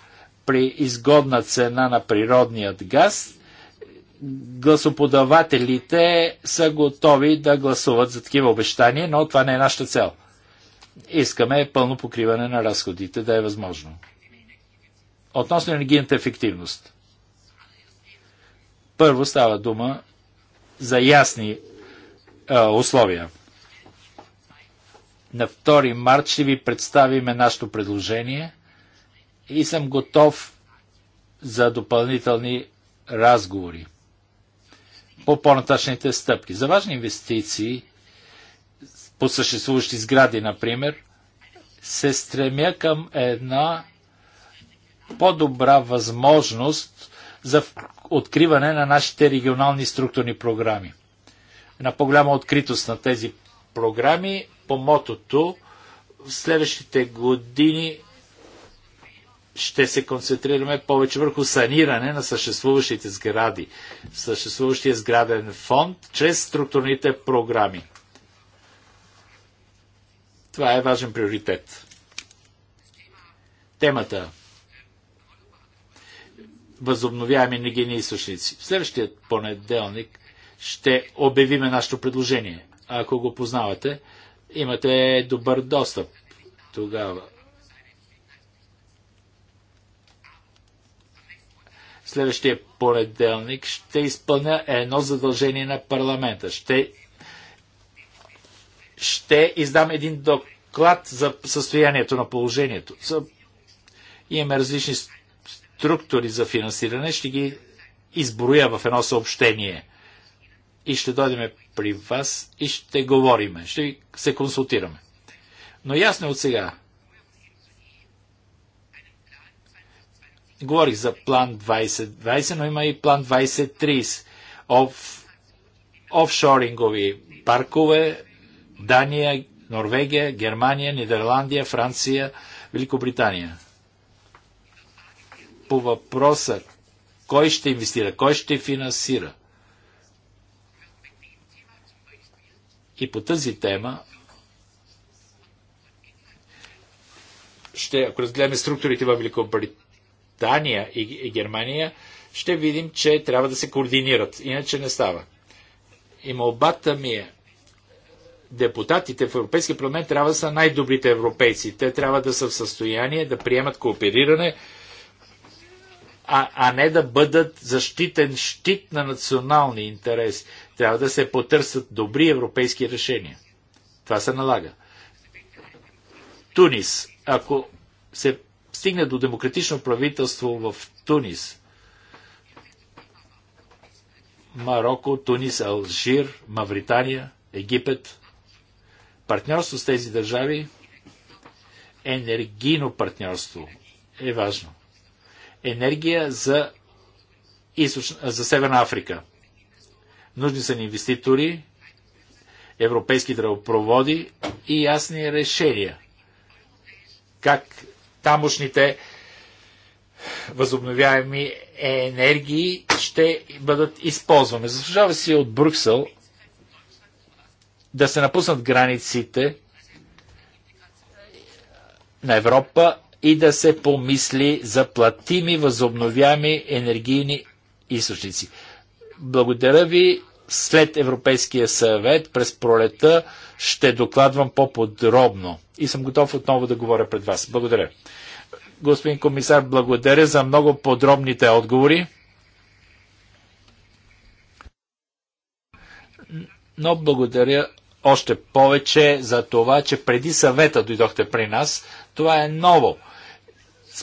при изгодна цена на природният газ, гласоподавателите са готови да гласуват за такива обещания, но това не е нашата цел. Искаме пълно покриване на разходите да е възможно. Относно енергийната ефективност. Първо става дума за ясни е, условия. На 2 март ще ви представиме нашето предложение – и съм готов за допълнителни разговори по по-нататъчните стъпки. За важни инвестиции по съществуващи сгради, например, се стремя към една по-добра възможност за откриване на нашите регионални структурни програми. На по-голяма откритост на тези програми по мотото в следващите години ще се концентрираме повече върху саниране на съществуващите сгради, съществуващия сграден фонд, чрез структурните програми. Това е важен приоритет. Темата Възобновяеми енергийни източници. В следващия понеделник ще обявиме нашето предложение. Ако го познавате, имате добър достъп тогава следващия понеделник ще изпълня едно задължение на парламента. Ще, ще издам един доклад за състоянието на положението. За... Имаме различни структури за финансиране. Ще ги изброя в едно съобщение. И ще дойдем при вас и ще говориме. Ще се консултираме. Но ясно е от сега, Говорих за план 2020, но има и план 2030. Оф, офшорингови паркове, Дания, Норвегия, Германия, Нидерландия, Франция, Великобритания. По въпроса кой ще инвестира, кой ще финансира. И по тази тема ще, ако разгледаме структурите в Великобритания, Дания и, и Германия, ще видим, че трябва да се координират. Иначе не става. И молбата ми е, депутатите в Европейския парламент трябва да са най-добрите европейци. Те трябва да са в състояние да приемат коопериране, а, а не да бъдат защитен щит на национални интерес. Трябва да се потърсят добри европейски решения. Това се налага. Тунис, ако се стигне до демократично правителство в Тунис, Марокко, Тунис, Алжир, Мавритания, Египет, партньорство с тези държави, енергийно партньорство е важно. Енергия за, източ... за Северна Африка. Нужни са ни инвеститори, европейски тръбопроводи и ясни решения. Как тамошните възобновяеми енергии ще бъдат използвани. Заслужава си от Брюксел да се напуснат границите на Европа и да се помисли за платими възобновяеми енергийни източници. Благодаря ви след Европейския съвет през пролета ще докладвам по-подробно. И съм готов отново да говоря пред вас. Благодаря. Господин комисар, благодаря за много подробните отговори. Но благодаря още повече за това, че преди съвета дойдохте при нас. Това е ново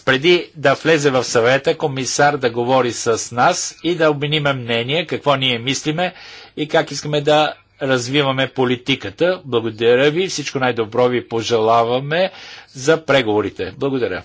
преди да влезе в съвета, комисар да говори с нас и да обмениме мнение, какво ние мислиме и как искаме да развиваме политиката. Благодаря ви, всичко най-добро ви пожелаваме за преговорите. Благодаря.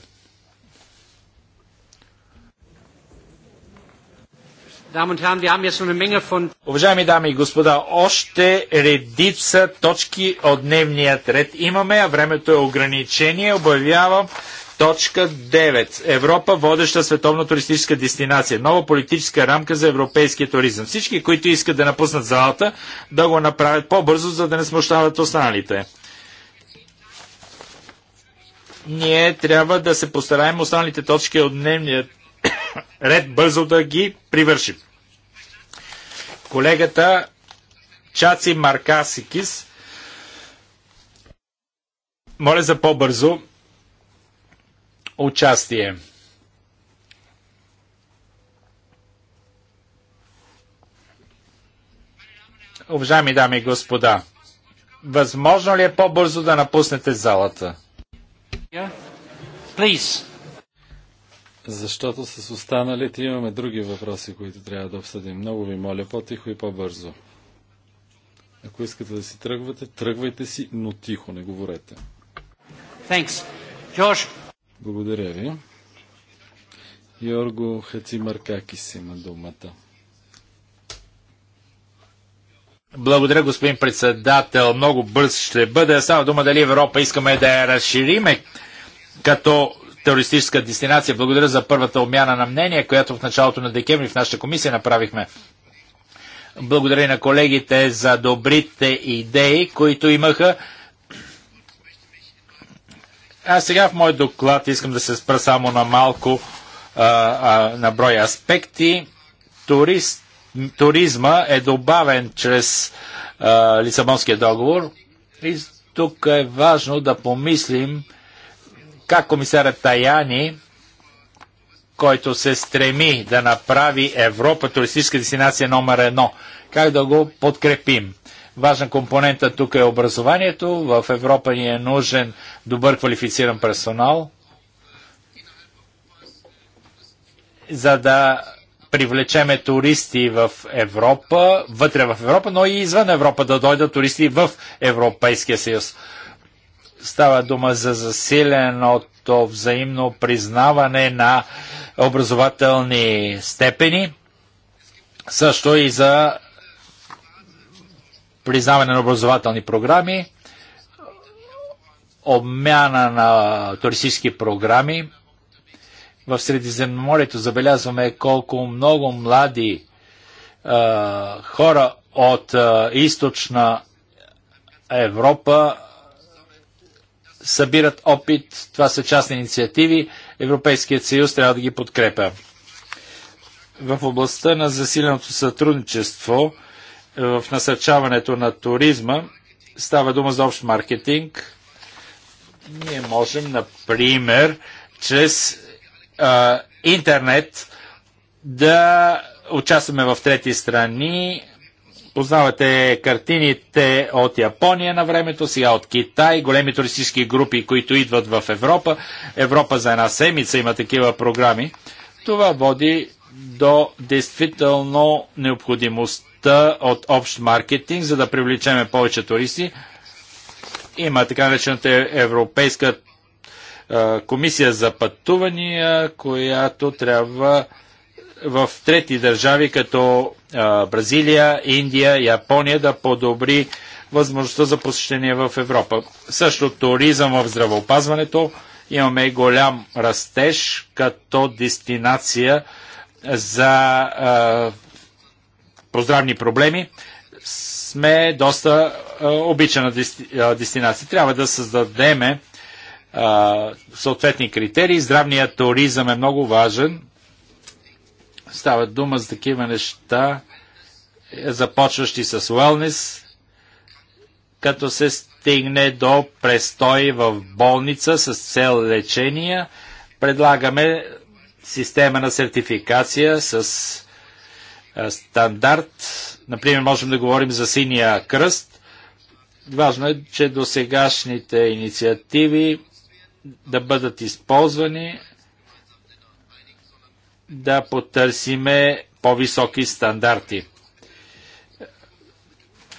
Уважаеми дами и господа, още редица точки от дневният ред имаме, а времето е ограничение. Обявявам Точка 9. Европа водеща световна туристическа дестинация. Нова политическа рамка за европейския туризъм. Всички, които искат да напуснат залата, да го направят по-бързо, за да не смущават останалите. Ние трябва да се постараем останалите точки от дневния ред бързо да ги привършим. Колегата Чаци Маркасикис моля за по-бързо участие. Уважаеми дами и господа, възможно ли е по-бързо да напуснете залата? Please. Защото с останалите имаме други въпроси, които трябва да обсъдим. Много ви моля, по-тихо и по-бързо. Ако искате да си тръгвате, тръгвайте си, но тихо, не говорете. Thanks. George, благодаря ви. Йорго Хацимаркакис има думата. Благодаря, господин председател. Много бърз ще бъде. Става дума дали Европа искаме да я разшириме като терористическа дестинация. Благодаря за първата обмяна на мнение, която в началото на декември в нашата комисия направихме. Благодаря и на колегите за добрите идеи, които имаха а сега в мой доклад искам да се спра само на малко а, а, на брой аспекти. Турист, туризма е добавен чрез а, Лисабонския договор и тук е важно да помислим как комисарът Таяни, който се стреми да направи Европа туристическа дестинация номер едно, как да го подкрепим. Важен компонент е тук е образованието. В Европа ни е нужен добър квалифициран персонал, за да привлечеме туристи в Европа, вътре в Европа, но и извън Европа да дойдат туристи в Европейския съюз. Става дума за засиленото взаимно признаване на образователни степени, също и за признаване на образователни програми, обмяна на туристически програми. В Средиземноморието забелязваме колко много млади е, хора от е, източна Европа събират опит. Това са частни инициативи. Европейският съюз трябва да ги подкрепя. В областта на засиленото сътрудничество в насърчаването на туризма. Става дума за общ маркетинг. Ние можем, например, чрез а, интернет да участваме в трети страни. Познавате картините от Япония на времето, сега от Китай, големи туристически групи, които идват в Европа. Европа за една седмица има такива програми. Това води до действително необходимост частта от общ маркетинг, за да привлечеме повече туристи. Има така наречената Европейска комисия за пътувания, която трябва в трети държави, като Бразилия, Индия, Япония, да подобри възможността за посещение в Европа. Също туризъм в здравеопазването. Имаме голям растеж като дестинация за по здравни проблеми, сме доста а, обичана дестинация. Трябва да създадеме а, съответни критерии. Здравният туризъм е много важен. Става дума за такива неща, е, започващи с уелнес, като се стигне до престой в болница с цел лечения. Предлагаме система на сертификация с е, стандарт. Например, можем да говорим за синия кръст. Важно е, че до сегашните инициативи да бъдат използвани, да потърсиме по-високи стандарти.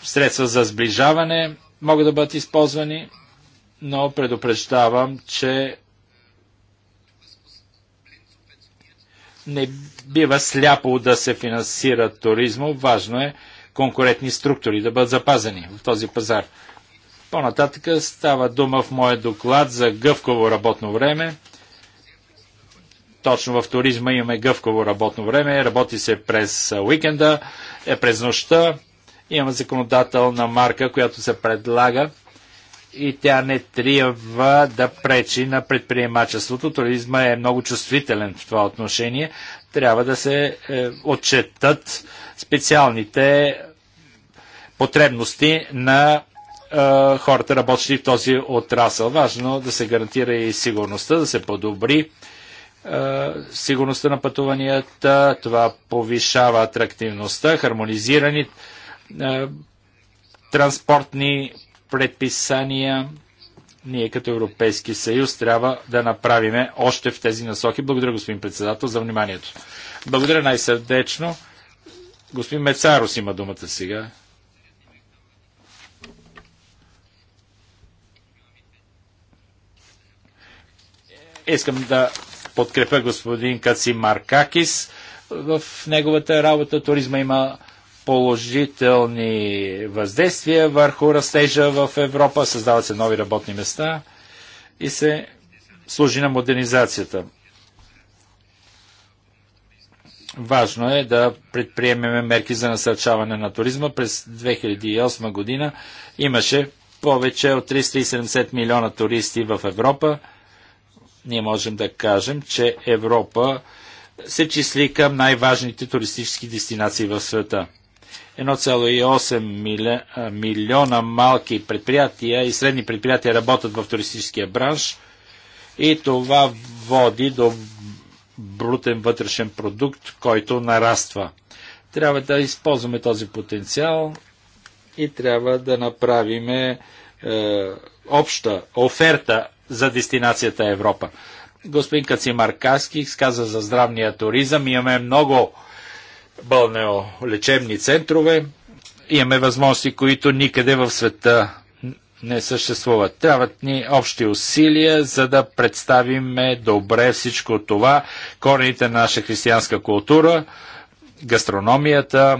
Средства за сближаване могат да бъдат използвани, но предупреждавам, че не бива сляпо да се финансира туризма, важно е конкурентни структури да бъдат запазени в този пазар. По-нататък става дума в моят доклад за гъвково работно време. Точно в туризма имаме гъвково работно време. Работи се през уикенда, е през нощта. Имаме законодателна марка, която се предлага и тя не трябва да пречи на предприемачеството. Туризма е много чувствителен в това отношение трябва да се е, отчетат специалните потребности на е, хората, работещи в този отрасъл. Важно да се гарантира и сигурността, да се подобри е, сигурността на пътуванията, това повишава атрактивността, хармонизирани е, транспортни предписания, ние като Европейски съюз трябва да направиме още в тези насоки. Благодаря, господин председател, за вниманието. Благодаря най-сърдечно. Господин Мецарос има думата сега. Искам да подкрепя господин Каци Маркакис в неговата работа. Туризма има положителни въздействия върху растежа в Европа, създават се нови работни места и се служи на модернизацията. Важно е да предприемеме мерки за насърчаване на туризма. През 2008 година имаше повече от 370 милиона туристи в Европа. Ние можем да кажем, че Европа се числи към най-важните туристически дестинации в света. 1,8 милиона малки предприятия и средни предприятия работят в туристическия бранш и това води до брутен вътрешен продукт, който нараства. Трябва да използваме този потенциал и трябва да направим е, обща оферта за дестинацията Европа. Господин Кацимаркаски сказа за здравния туризъм. Имаме много балнео лечебни центрове. Имаме възможности, които никъде в света не съществуват. Трябват ни общи усилия, за да представиме добре всичко това, корените на наша християнска култура, гастрономията,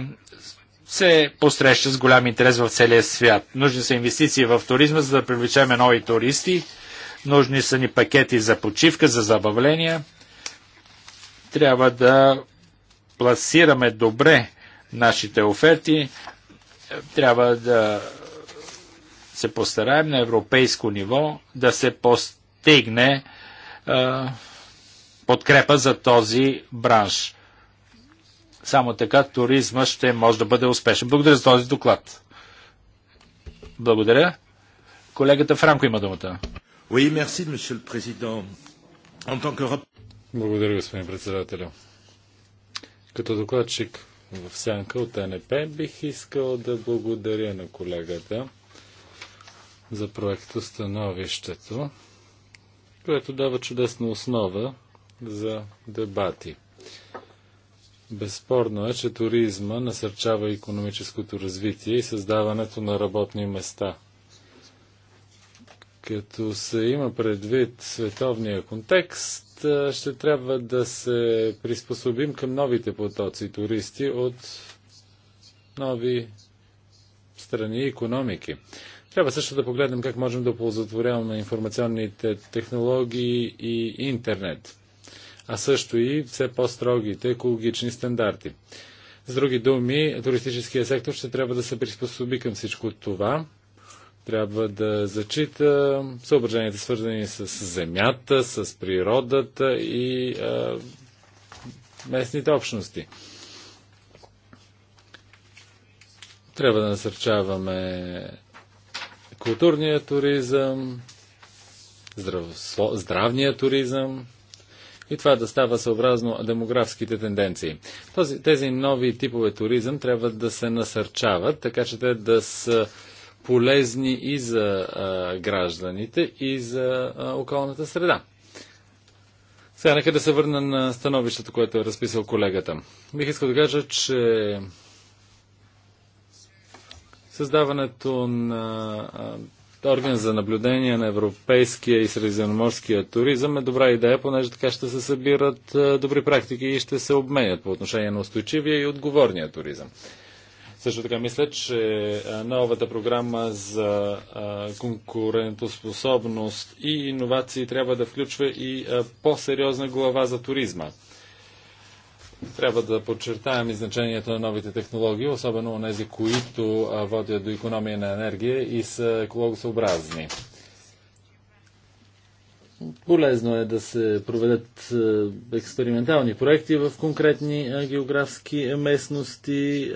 се посреща с голям интерес в целия свят. Нужни са инвестиции в туризма, за да привлечеме нови туристи. Нужни са ни пакети за почивка, за забавления. Трябва да пласираме добре нашите оферти, е, трябва да се постараем на европейско ниво да се постигне а, е, подкрепа за този бранш. Само така туризма ще може да бъде успешен. Благодаря за този доклад. Благодаря. Колегата Франко има думата. Благодаря, господин председател. Като докладчик в сянка от НП бих искал да благодаря на колегата за проекта Становището, което дава чудесна основа за дебати. Безспорно е, че туризма насърчава економическото развитие и създаването на работни места. Като се има предвид световния контекст, ще трябва да се приспособим към новите потоци туристи от нови страни и економики. Трябва също да погледнем как можем да ползотворяваме информационните технологии и интернет, а също и все по-строгите екологични стандарти. С други думи, туристическия сектор ще трябва да се приспособи към всичко това трябва да зачита съображенията, свързани с земята, с природата и а, местните общности. Трябва да насърчаваме културния туризъм, здравосло, здравния туризъм и това да става съобразно демографските тенденции. Този, тези нови типове туризъм трябва да се насърчават, така че те да са полезни и за а, гражданите, и за а, околната среда. Сега нека да се върна на становището, което е разписал колегата. Бих искал да кажа, че създаването на орган за наблюдение на европейския и средиземноморския туризъм е добра идея, понеже така ще се събират добри практики и ще се обменят по отношение на устойчивия и отговорния туризъм. Също така мисля, че новата програма за конкурентоспособност и иновации трябва да включва и по-сериозна глава за туризма. Трябва да подчертаем и значението на новите технологии, особено тези, които водят до економия на енергия и са екологосъобразни. Полезно е да се проведат е, експериментални проекти в конкретни е, географски местности. Е,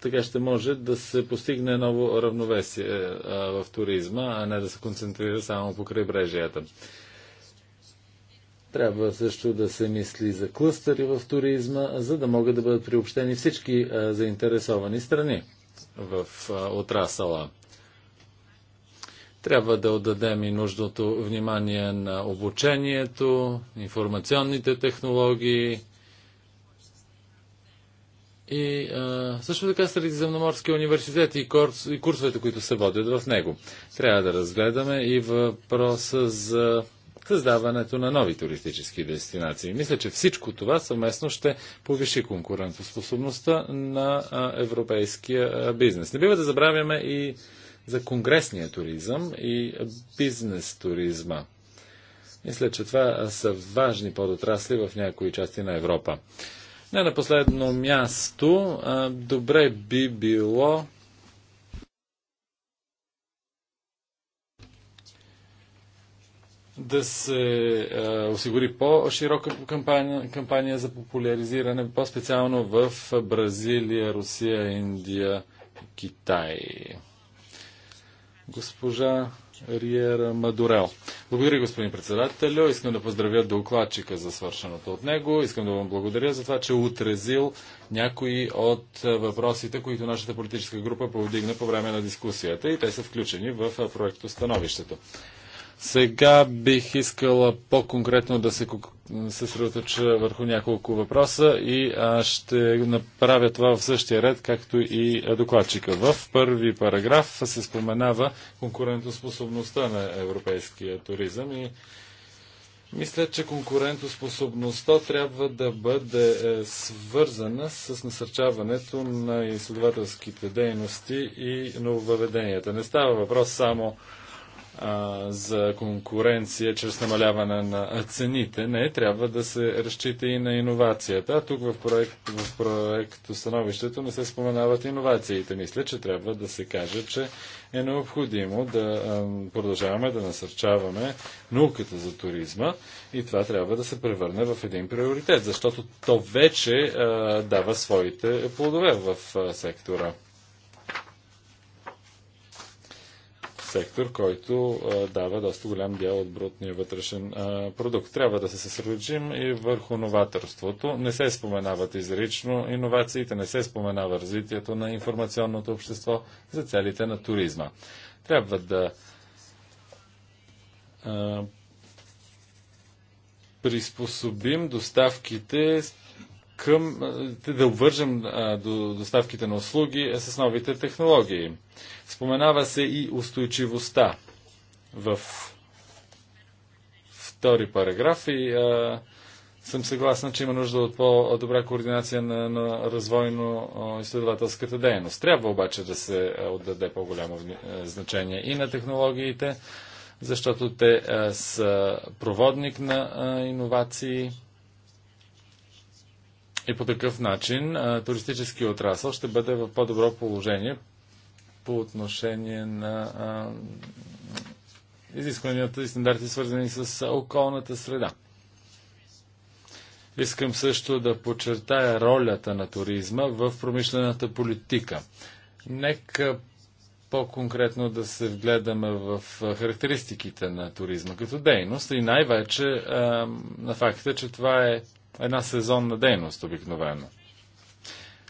така ще може да се постигне ново равновесие в туризма, а не да се концентрира само по крайбрежията. Трябва също да се мисли за клъстъри в туризма, за да могат да бъдат приобщени всички заинтересовани страни в отрасала. Трябва да отдадем и нужното внимание на обучението, информационните технологии и а, също така Средиземноморския университет и, курс, и курсовете, които се водят в него. Трябва да разгледаме и въпроса за създаването на нови туристически дестинации. Мисля, че всичко това съвместно ще повиши конкурентоспособността на а, европейския а, бизнес. Не бива да забравяме и за конгресния туризъм и бизнес туризма. Мисля, че това са важни подотрасли в някои части на Европа. Не на последно място, добре би било да се осигури по-широка кампания, кампания за популяризиране, по-специално в Бразилия, Русия, Индия, Китай госпожа Риера Мадурел. Благодаря, господин председател. Искам да поздравя докладчика за свършеното от него. Искам да вам благодаря за това, че е отрезил някои от въпросите, които нашата политическа група повдигна по време на дискусията и те са включени в проекто становището. Сега бих искала по-конкретно да се съсредоточа върху няколко въпроса и аз ще направя това в същия ред, както и докладчика. В първи параграф се споменава конкурентоспособността на европейския туризъм и мисля, че конкурентоспособността трябва да бъде е, свързана с насърчаването на изследователските дейности и нововъведенията. Не става въпрос само за конкуренция чрез намаляване на цените. Не, трябва да се разчита и на иновацията. А тук в, проект, в проекто не се споменават иновациите. Мисля, че трябва да се каже, че е необходимо да продължаваме да насърчаваме науката за туризма и това трябва да се превърне в един приоритет, защото то вече дава своите плодове в сектора. сектор, който а, дава доста голям дял от брутния вътрешен а, продукт. Трябва да се съсредоточим и върху новаторството. Не се споменават изрично иновациите, не се споменава развитието на информационното общество за целите на туризма. Трябва да а, приспособим доставките към, да обвържем до доставките на услуги е, с новите технологии. Споменава се и устойчивостта в втори параграф и а, съм съгласен, че има нужда от по-добра координация на, на развойно-изследователската дейност. Трябва обаче да се отдаде по-голямо значение и на технологиите, защото те а, са проводник на а, иновации и по такъв начин туристически отрасъл ще бъде в по-добро положение по отношение на изискванията и стандарти, свързани с околната среда. Искам също да подчертая ролята на туризма в промишлената политика. Нека по-конкретно да се вгледаме в характеристиките на туризма като дейност и най-вече на факта, че това е една сезонна дейност обикновено.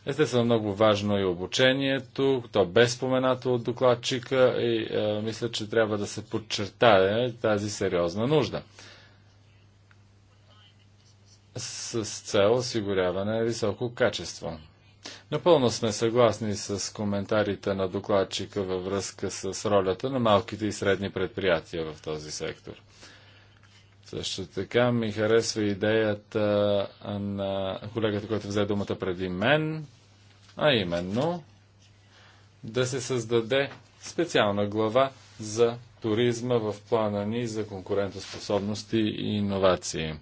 Естествено, много важно е обучението. То бе споменато от докладчика и е, мисля, че трябва да се подчертае тази сериозна нужда. С, с цел осигуряване на високо качество. Напълно сме съгласни с коментарите на докладчика във връзка с ролята на малките и средни предприятия в този сектор. Също така ми харесва идеята на колегата, който взе думата преди мен, а именно да се създаде специална глава за туризма в плана ни за конкурентоспособности и иновации.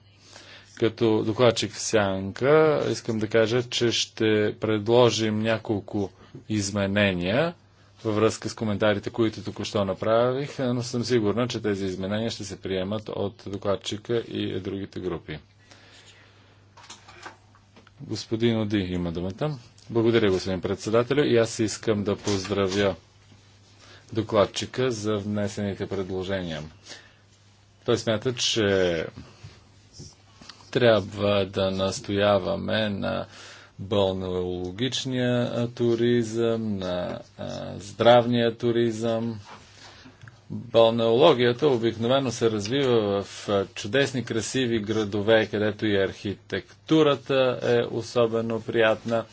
Като докладчик в Сянка искам да кажа, че ще предложим няколко изменения – във връзка с коментарите, които току-що направих, е, но съм сигурна, че тези изменения ще се приемат от докладчика и другите групи. Господин Оди има думата. Благодаря, господин председателю. И аз искам да поздравя докладчика за внесените предложения. Той смята, че трябва да настояваме на балнеологичния туризъм, на здравния туризъм. Балнеологията обикновено се развива в чудесни, красиви градове, където и архитектурата е особено приятна.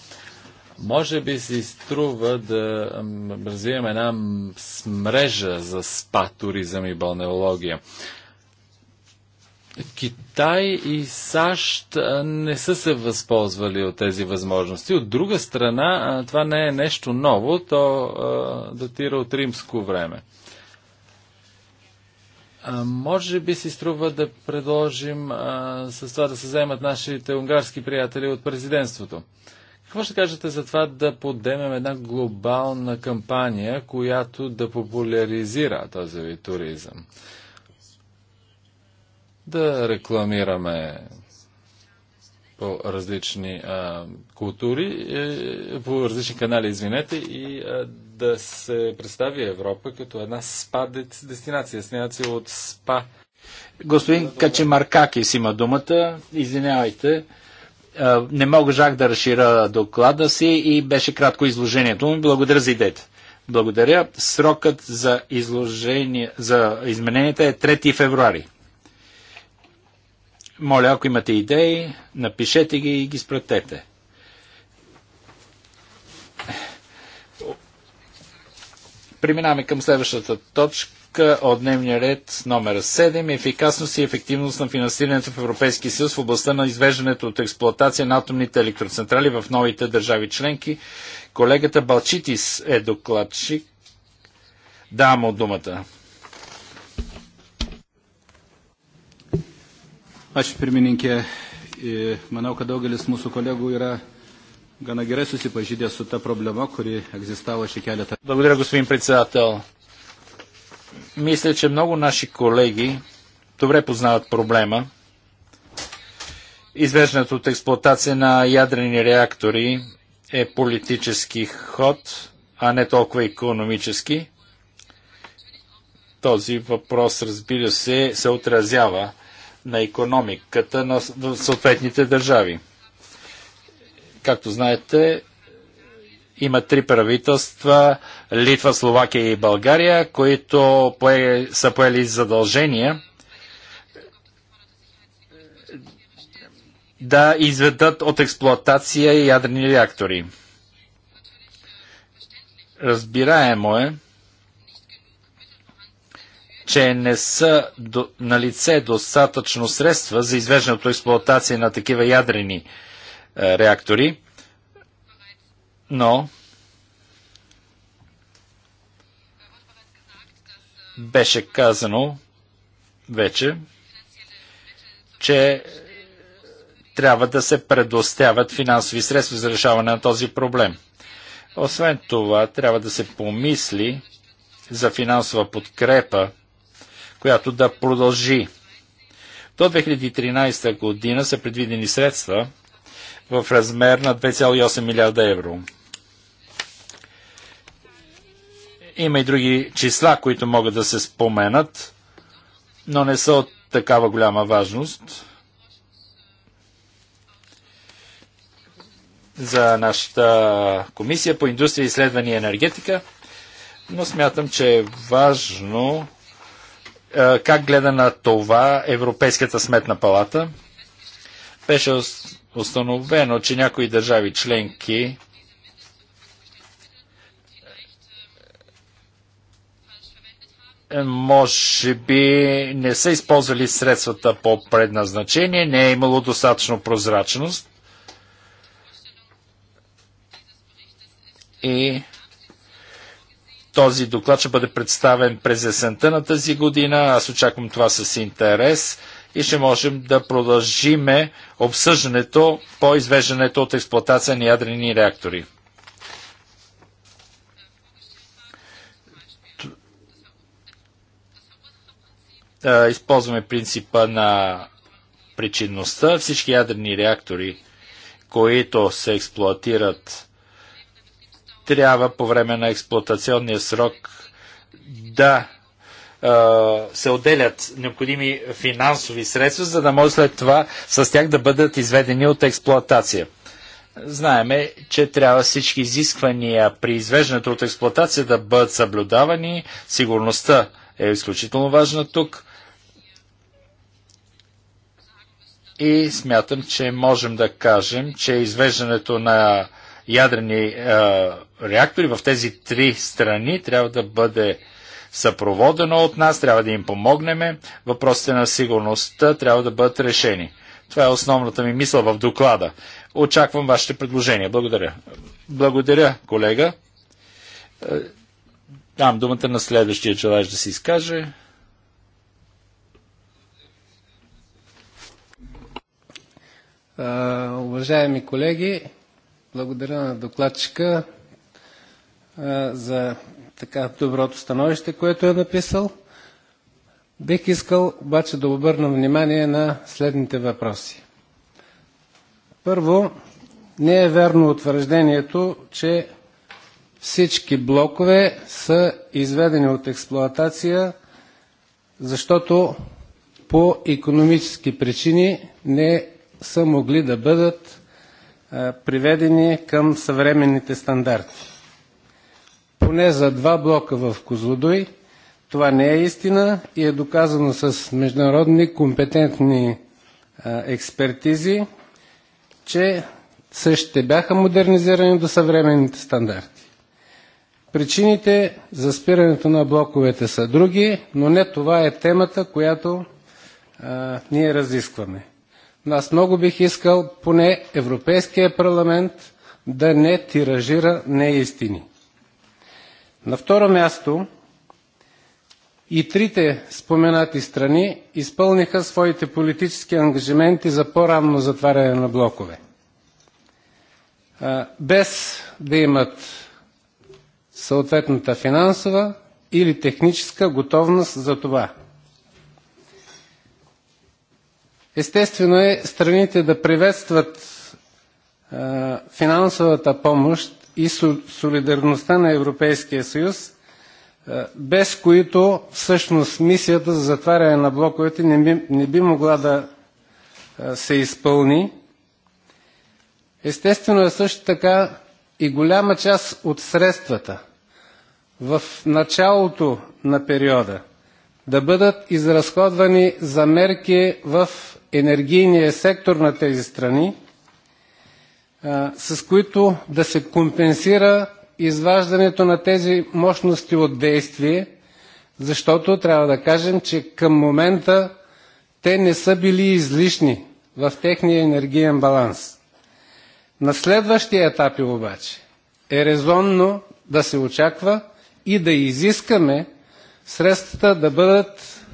Може би си струва да развием една мрежа за спа туризъм и балнеология. Китай и САЩ не са се възползвали от тези възможности. От друга страна, това не е нещо ново, то датира от римско време. може би си струва да предложим с това да се вземат нашите унгарски приятели от президентството. Какво ще кажете за това да подемем една глобална кампания, която да популяризира този вид туризъм? да рекламираме по различни а, култури, е, по различни канали, извинете, и а, да се представи Европа като една спа дестинация, дестинация от спа. Господин Качемаркакис има думата. Извинявайте. А, не мога жак да разширя доклада си и беше кратко изложението му. Благодаря за идеята. Благодаря. Срокът за, изложение, за измененията е 3 февруари. Моля, ако имате идеи, напишете ги и ги спратете. Преминаваме към следващата точка от дневния ред номер 7. Ефикасност и ефективност на финансирането в Европейския съюз в областта на извеждането от експлоатация на атомните електроцентрали в новите държави членки. Колегата Балчитис е докладчик. Да, от думата. Aš pirmininkė, e, manau, kad daugelis mūsų kolegų yra gana gerai susipažydę su ta problema, kuri egzistavo šį keletą. Благодаря, господин председател. Мисля, че много наши колеги добре познават проблема. Извеждането от експлоатация на ядрени реактори е политически ход, а не толкова економически. Този въпрос, разбира се, се отразява на економиката на съответните държави. Както знаете, има три правителства Литва, Словакия и България, които пое, са поели задължения да изведат от експлоатация ядрени реактори. Разбираемо е, че не са до, на лице достатъчно средства за извеждането експлоатация на такива ядрени е, реактори, но беше казано вече, че трябва да се предоставят финансови средства за решаване на този проблем. Освен това, трябва да се помисли за финансова подкрепа която да продължи. До 2013 година са предвидени средства в размер на 2,8 милиарда евро. Има и други числа, които могат да се споменат, но не са от такава голяма важност за нашата комисия по индустрия, изследвания и енергетика, но смятам, че е важно е, как гледа на това Европейската сметна палата. Беше установено, че някои държави членки може би не са използвали средствата по предназначение, не е имало достатъчно прозрачност и този доклад ще бъде представен през есента на тази година. Аз очаквам това с интерес и ще можем да продължиме обсъждането по извеждането от експлоатация на ядрени реактори. Използваме принципа на причинността. Всички ядрени реактори, които се експлоатират трябва по време на експлуатационния срок да се отделят необходими финансови средства, за да може след това с тях да бъдат изведени от експлоатация. Знаеме, че трябва всички изисквания при извеждането от експлоатация да бъдат съблюдавани. Сигурността е изключително важна тук. И смятам, че можем да кажем, че извеждането на ядрени е, реактори в тези три страни трябва да бъде съпроводено от нас, трябва да им помогнем. Въпросите на сигурността трябва да бъдат решени. Това е основната ми мисъл в доклада. Очаквам вашите предложения. Благодаря. Благодаря, колега. Е, дам думата на следващия желаящ да се изкаже. Е, уважаеми колеги, благодаря на докладчика за така доброто становище, което е написал. Бих искал обаче да обърна внимание на следните въпроси. Първо, не е верно утвърждението, че всички блокове са изведени от експлоатация, защото по економически причини не са могли да бъдат приведени към съвременните стандарти поне за два блока в Козлодой. Това не е истина и е доказано с международни компетентни а, експертизи, че същите бяха модернизирани до съвременните стандарти. Причините за спирането на блоковете са други, но не това е темата, която а, ние разискваме. Но аз много бих искал поне Европейския парламент да не тиражира неистини. На второ място, и трите споменати страни изпълниха своите политически ангажименти за по равно затваряне на блокове. Без да имат съответната финансова или техническа готовност за това. Естествено е страните да приветстват финансовата помощ и солидарността на Европейския съюз, е, без които всъщност мисията за затваряне на блоковете не би, не би могла да е, се изпълни. Естествено е също така и голяма част от средствата в началото на периода да бъдат изразходвани за мерки в енергийния сектор на тези страни, с които да се компенсира изваждането на тези мощности от действие, защото трябва да кажем, че към момента те не са били излишни в техния енергиен баланс. На следващия етап обаче е резонно да се очаква и да изискаме средствата да бъдат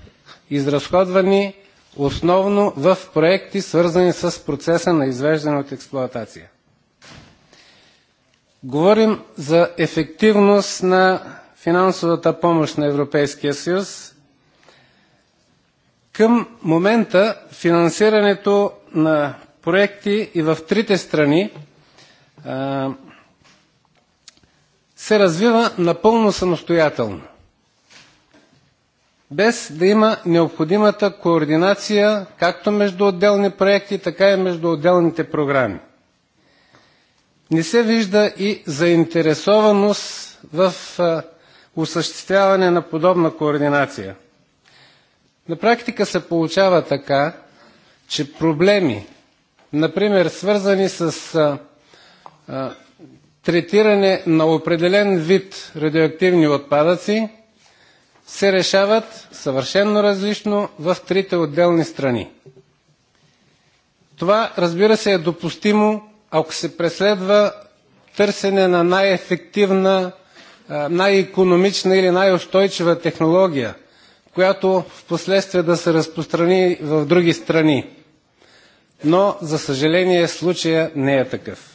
изразходвани основно в проекти, свързани с процеса на извеждане от експлоатация. Говорим за ефективност на финансовата помощ на Европейския съюз. Към момента финансирането на проекти и в трите страни а, се развива напълно самостоятелно, без да има необходимата координация както между отделни проекти, така и между отделните програми не се вижда и заинтересованост в осъществяване на подобна координация. На практика се получава така, че проблеми, например свързани с а, а, третиране на определен вид радиоактивни отпадъци, се решават съвършенно различно в трите отделни страни. Това, разбира се, е допустимо ако се преследва търсене на най-ефективна, най-економична или най-устойчива технология, която в последствие да се разпространи в други страни. Но, за съжаление, случая не е такъв.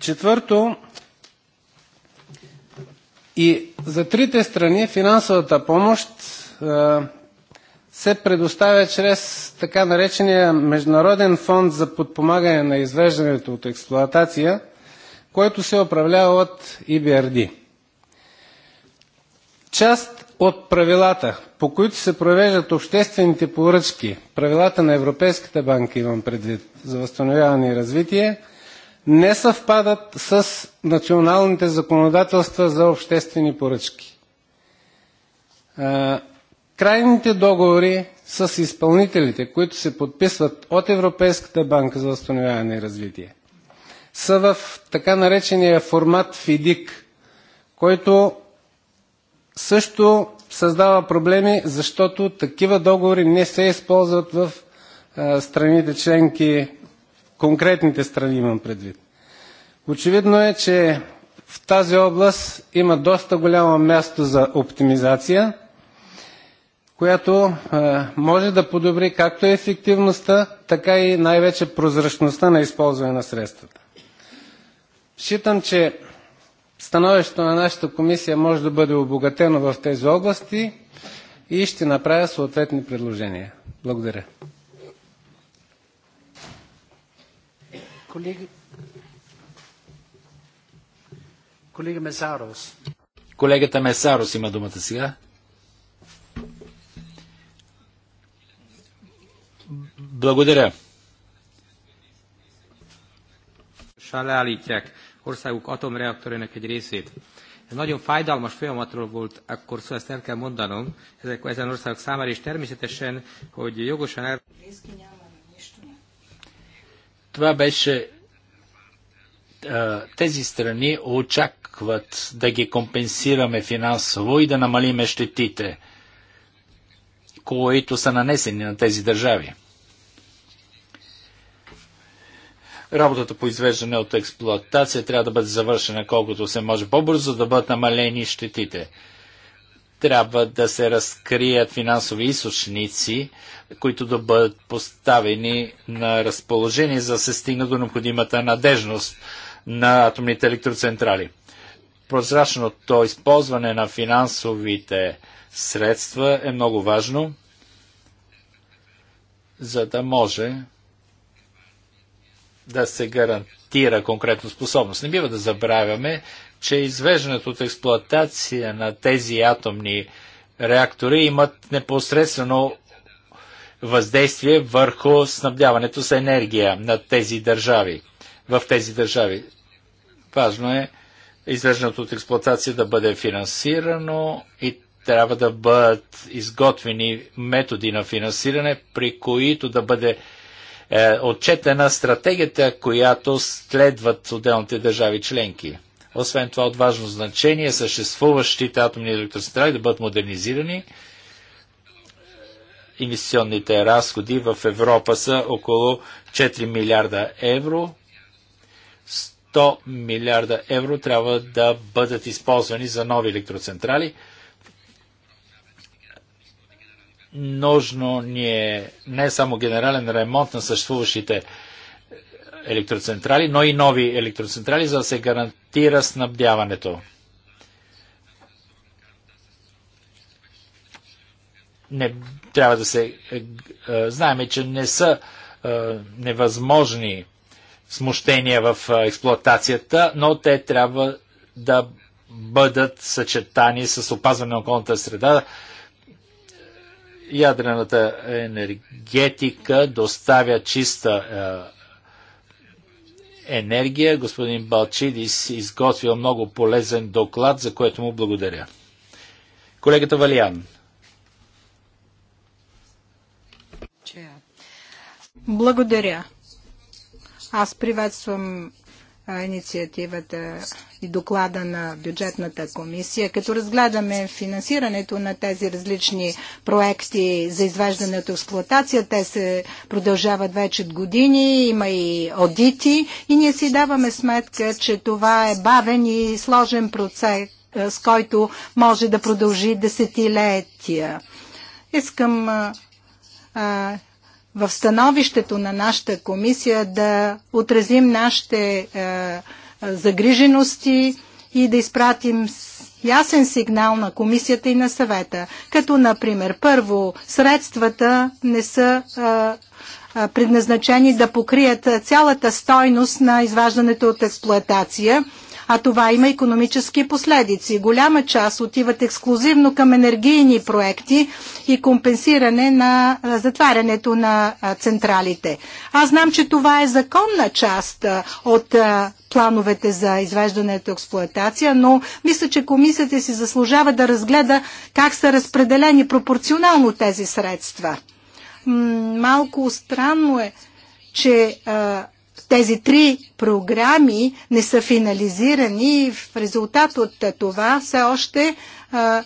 Четвърто, и за трите страни финансовата помощ се предоставя чрез така наречения Международен фонд за подпомагане на извеждането от експлоатация, който се управлява от EBRD. Част от правилата, по които се провеждат обществените поръчки, правилата на Европейската банка имам предвид за възстановяване и развитие, не съвпадат с националните законодателства за обществени поръчки крайните договори с изпълнителите, които се подписват от Европейската банка за възстановяване и развитие, са в така наречения формат ФИДИК, който също създава проблеми, защото такива договори не се използват в страните членки, конкретните страни имам предвид. Очевидно е, че в тази област има доста голямо място за оптимизация – която е, може да подобри както ефективността, така и най-вече прозрачността на използване на средствата. Считам, че становището на нашата комисия може да бъде обогатено в тези области и ще направя съответни предложения. Благодаря. Колега Месарос. Колегата Месарос има думата сега. Благодаря. leállítják országuk atomreaktorének egy részét. Ez nagyon fájdalmas folyamatról volt akkor szó, ezt el kell mondanom, ezek, ezen országok számára, is természetesen, hogy jogosan el... Това беше тези страни очакват да ги компенсираме финансово и да намалиме щетите, които са нанесени на тези държави. Работата по извеждане от експлоатация трябва да бъде завършена колкото се може по-бързо, за да бъдат намалени щетите. Трябва да се разкрият финансови източници, които да бъдат поставени на разположение, за да се стигне до необходимата надежност на атомните електроцентрали. Прозрачното използване на финансовите средства е много важно, за да може да се гарантира конкретно способност. Не бива да забравяме, че извеждането от експлоатация на тези атомни реактори имат непосредствено въздействие върху снабдяването с енергия на тези държави. В тези държави. Важно е извеждането от експлоатация да бъде финансирано и трябва да бъдат изготвени методи на финансиране, при които да бъде е отчетена стратегията, която следват отделните държави членки. Освен това от важно значение съществуващите атомни електроцентрали да бъдат модернизирани. Инвестиционните разходи в Европа са около 4 милиарда евро. 100 милиарда евро трябва да бъдат използвани за нови електроцентрали – нужно ни е не само генерален ремонт на съществуващите електроцентрали, но и нови електроцентрали, за да се гарантира снабдяването. Не трябва да се. Е, е, знаеме, че не са е, невъзможни смущения в експлоатацията, но те трябва да бъдат съчетани с опазване на околната среда, ядрената енергетика доставя чиста е, енергия. Господин Балчидис изготвил много полезен доклад, за което му благодаря. Колегата Валиан. Благодаря. Аз приветствам инициативата и доклада на бюджетната комисия, като разгледаме финансирането на тези различни проекти за извеждане от експлуатация. Те се продължават вече години, има и аудити и ние си даваме сметка, че това е бавен и сложен процес, е, с който може да продължи десетилетия. Искам в становището на нашата комисия да отразим нашите е, загрижености и да изпратим ясен сигнал на комисията и на съвета. Като, например, първо, средствата не са предназначени да покрият цялата стойност на изваждането от експлоатация а това има економически последици. Голяма част отиват ексклюзивно към енергийни проекти и компенсиране на затварянето на централите. Аз знам, че това е законна част от плановете за извеждането експлоатация, но мисля, че комисията си заслужава да разгледа как са разпределени пропорционално тези средства. Малко странно е, че а, тези три програми не са финализирани и в резултат от това все още а,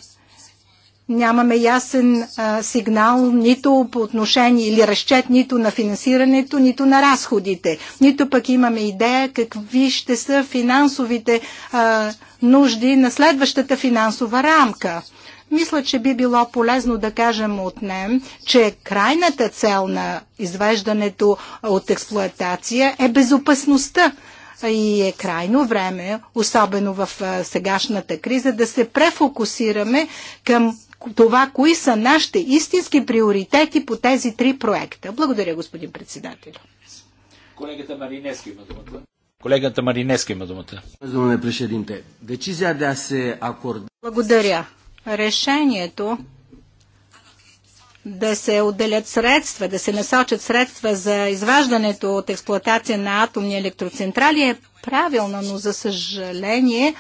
нямаме ясен а, сигнал нито по отношение или разчет нито на финансирането, нито на разходите. Нито пък имаме идея какви ще са финансовите а, нужди на следващата финансова рамка. Мисля, че би било полезно да кажем от нем, че крайната цел на извеждането от експлоатация е безопасността и е крайно време, особено в сегашната криза, да се префокусираме към това, кои са нашите истински приоритети по тези три проекта. Благодаря, господин председател. Колегата Маринески има думата. Колегата Маринески има думата. Благодаря решението да се отделят средства, да се насочат средства за изваждането от експлуатация на атомни електроцентрали е правилно, но за съжаление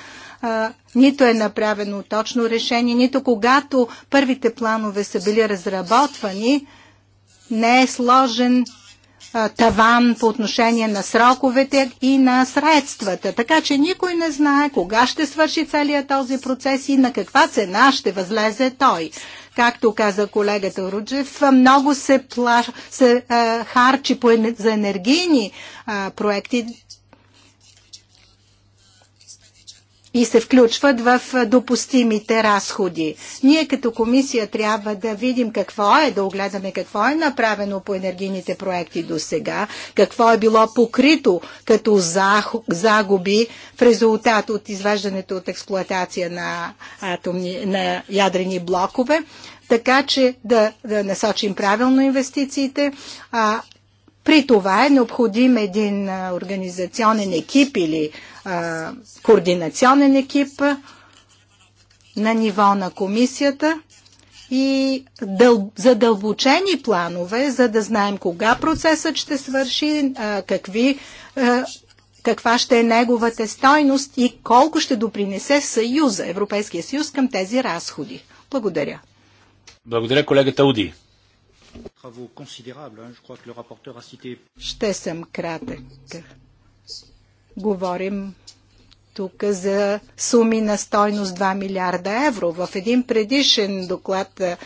нито е направено точно решение, нито когато първите планове са били разработвани, не е сложен таван по отношение на сроковете и на средствата. Така че никой не знае кога ще свърши целият този процес и на каква цена ще възлезе той. Както каза колегата Руджев, много се, плаш, се а, харчи по... за енергийни а, проекти и се включват в допустимите разходи. Ние като комисия трябва да видим какво е, да огледаме какво е направено по енергийните проекти до сега, какво е било покрито като загуби в резултат от извеждането от експлуатация на, атомни, на ядрени блокове, така че да, да насочим правилно инвестициите, а, при това е необходим един организационен екип или координационен екип на ниво на комисията и дъл... задълбочени планове, за да знаем кога процесът ще свърши, а, какви, а, каква ще е неговата стойност и колко ще допринесе Съюза, Европейския съюз към тези разходи. Благодаря. Благодаря колегата Уди. Ще съм кратък. Говорим тук за суми на стойност 2 милиарда евро. В един предишен доклад а,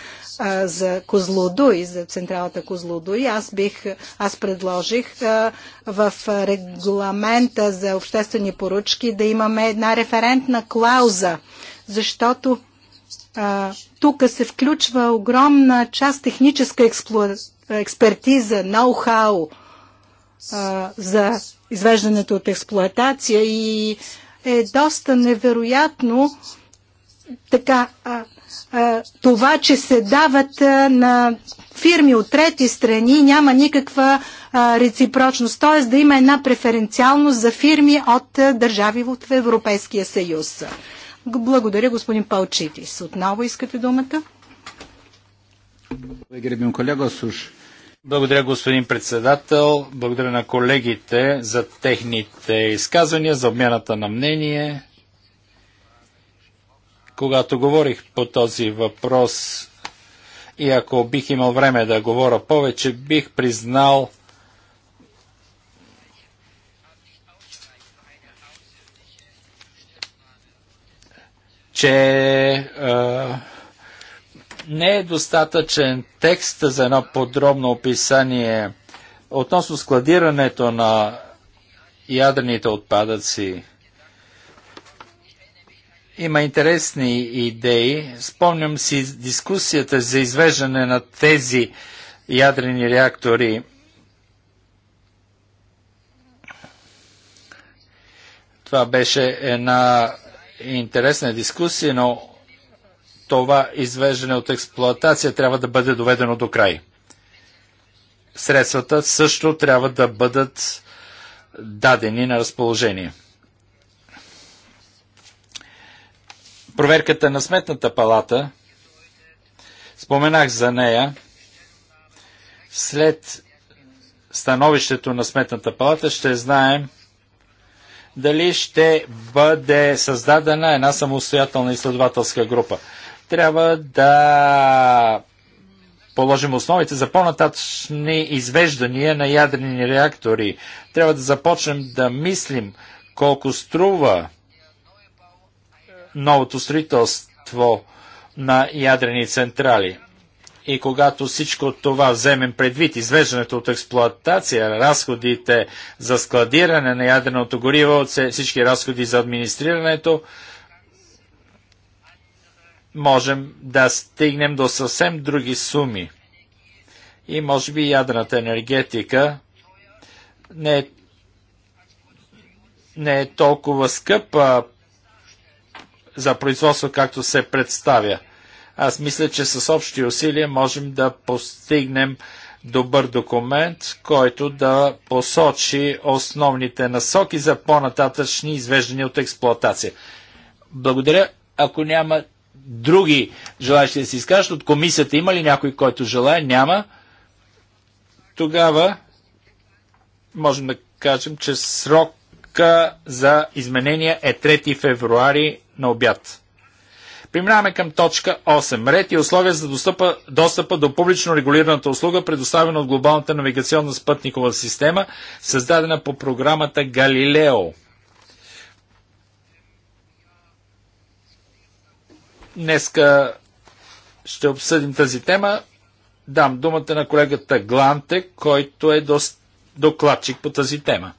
за Козлодуй, за централата Козлодуй, аз, бих, аз предложих а, в регламента за обществени поръчки да имаме една референтна клауза, защото тук се включва огромна част техническа експлуатация експертиза, ноу-хау, за извеждането от експлоатация и е доста невероятно така а, а, това, че се дават а, на фирми от трети страни няма никаква а, реципрочност, т.е. да има една преференциалност за фирми от а, държави от Европейския съюз. Благодаря, господин Палчитис. Отново искате думата? Благодаря, колега Слушай. Благодаря, господин председател. Благодаря на колегите за техните изказвания, за обмяната на мнение. Когато говорих по този въпрос и ако бих имал време да говоря повече, бих признал, че е, не е достатъчен текст за едно подробно описание относно складирането на ядрените отпадъци. Има интересни идеи. Спомням си дискусията за извеждане на тези ядрени реактори. Това беше една интересна дискусия, но това извеждане от експлоатация трябва да бъде доведено до край. Средствата също трябва да бъдат дадени на разположение. Проверката на сметната палата, споменах за нея, след становището на сметната палата ще знаем дали ще бъде създадена една самостоятелна изследователска група трябва да положим основите за по-нататъчни извеждания на ядрени реактори. Трябва да започнем да мислим колко струва новото строителство на ядрени централи. И когато всичко това вземем предвид, извеждането от експлоатация, разходите за складиране на ядреното гориво, всички разходи за администрирането, можем да стигнем до съвсем други суми. И може би ядрената енергетика не е, не е толкова скъпа за производство, както се представя. Аз мисля, че с общи усилия можем да постигнем добър документ, който да посочи основните насоки за по-нататъчни извеждания от експлоатация. Благодаря. Ако няма други желаящи да се изкажат? От комисията има ли някой, който желая? Няма. Тогава можем да кажем, че срока за изменения е 3 февруари на обяд. Преминаваме към точка 8. Ред и условия за достъпа, достъпа до публично регулираната услуга, предоставена от глобалната навигационна спътникова система, създадена по програмата Галилео. Днеска ще обсъдим тази тема. Дам думата на колегата Гланте, който е докладчик по тази тема.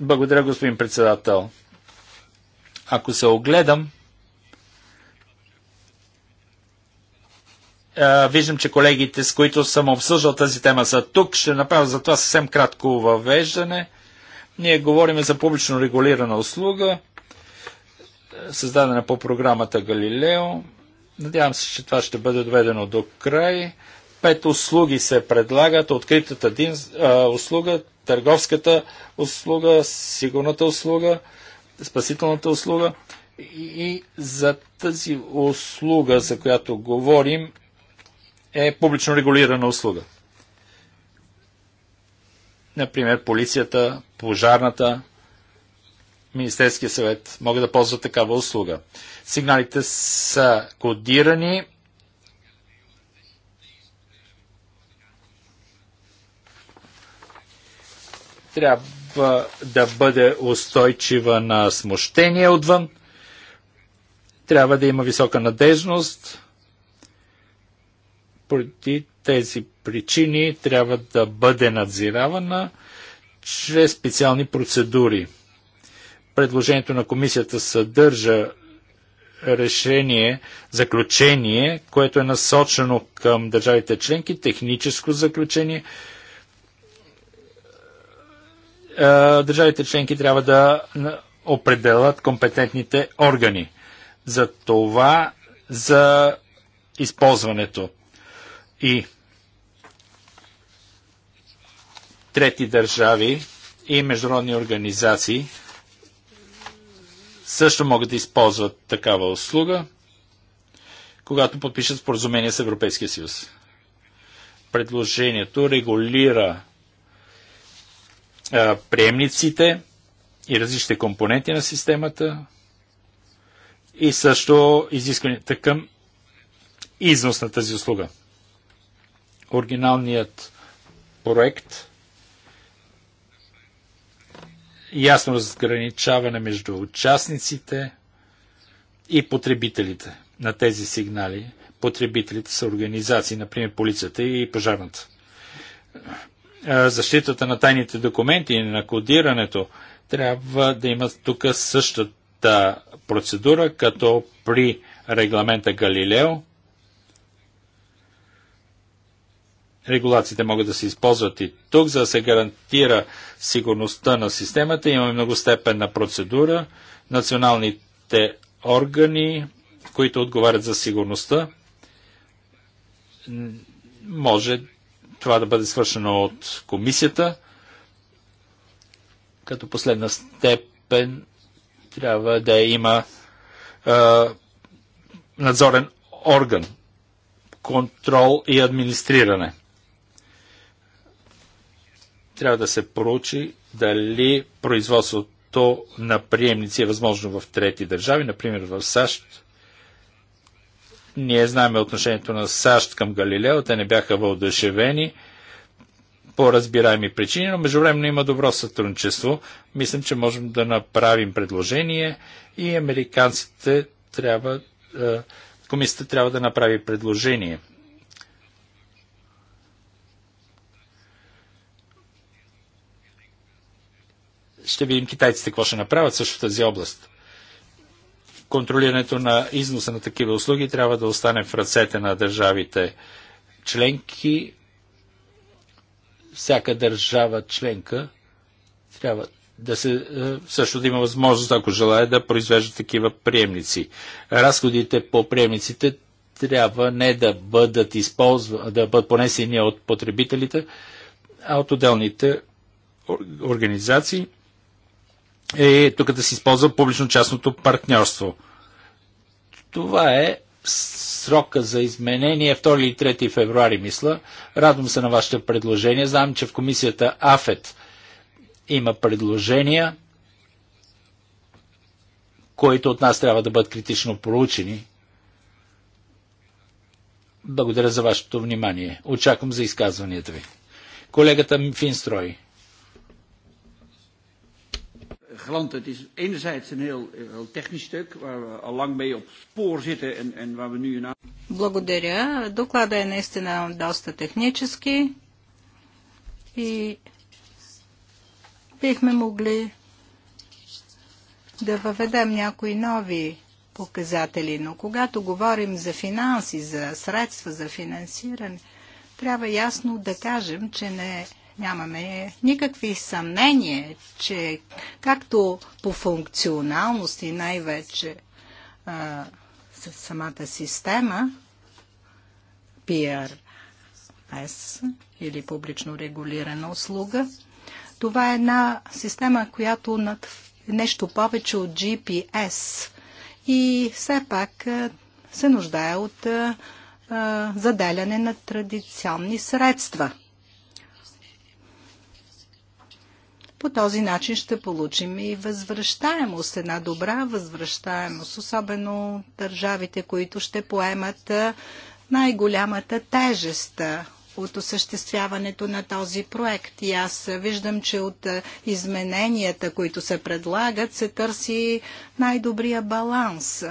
Благодаря, господин председател. Ако се огледам, виждам, че колегите, с които съм обсъждал тази тема, са тук. Ще направя за това съвсем кратко въвеждане. Ние говорим за публично регулирана услуга – създадена по програмата Галилео. Надявам се, че това ще бъде доведено до край. Пет услуги се предлагат. Откритата дин, а, услуга, търговската услуга, сигурната услуга, спасителната услуга. И за тази услуга, за която говорим, е публично регулирана услуга. Например, полицията, пожарната, Министерския съвет могат да ползват такава услуга. Сигналите са кодирани. Трябва да бъде устойчива на смущение отвън. Трябва да има висока надежност. Поради тези причини трябва да бъде надзиравана чрез специални процедури предложението на комисията съдържа решение, заключение, което е насочено към държавите членки, техническо заключение. Е, държавите членки трябва да определят компетентните органи за това, за използването. И трети държави и международни организации – също могат да използват такава услуга, когато подпишат споразумение с Европейския съюз. Предложението регулира а, приемниците и различните компоненти на системата и също изискванията към износ на тази услуга. Оригиналният проект ясно разграничаване между участниците и потребителите на тези сигнали. Потребителите са организации, например полицията и пожарната. Защитата на тайните документи и на кодирането трябва да имат тук същата процедура, като при регламента Галилео – регулациите могат да се използват и тук, за да се гарантира сигурността на системата. Имаме многостепенна процедура. Националните органи, които отговарят за сигурността, може това да бъде свършено от комисията. Като последна степен трябва да има е, надзорен орган, контрол и администриране трябва да се проучи дали производството на приемници е възможно в трети държави, например в САЩ. Ние знаем отношението на САЩ към Галилео, те не бяха въодушевени по разбираеми причини, но междувременно има добро сътрудничество. Мислим, че можем да направим предложение и американците трябва, е, комисията трябва да направи предложение Ще видим китайците какво ще направят също в тази област. Контролирането на износа на такива услуги трябва да остане в ръцете на държавите членки. Всяка държава членка трябва да се, е, също да има възможност, ако желая, да произвежда такива приемници. Разходите по приемниците трябва не да бъдат използва, да бъдат понесени от потребителите, а от отделните организации е тук да се използва публично-частното партньорство. Това е срока за изменение 2 и 3 февруари, мисля. Радвам се на вашите предложения. Знам, че в комисията АФЕТ има предложения, които от нас трябва да бъдат критично проучени. Благодаря за вашето внимание. Очаквам за изказванията ви. Колегата Финстрой. Glant, het is enerzijds een heel, eh, heel technisch stuk waar we al lang mee op spoor zitten en, en waar we nu een Благодаря. Доклада е наистина доста технически и бихме могли да въведем някои нови показатели, но когато говорим за финанси, за средства за финансиране, трябва ясно да кажем, че не е Нямаме никакви съмнения, че както по функционалност и най-вече самата система, PRS или публично регулирана услуга, това е една система, която над нещо повече от GPS и все пак се нуждае от заделяне на традиционни средства – По този начин ще получим и възвръщаемост, една добра възвръщаемост, особено държавите, които ще поемат най-голямата тежест от осъществяването на този проект. И аз виждам, че от измененията, които се предлагат, се търси най-добрия баланс.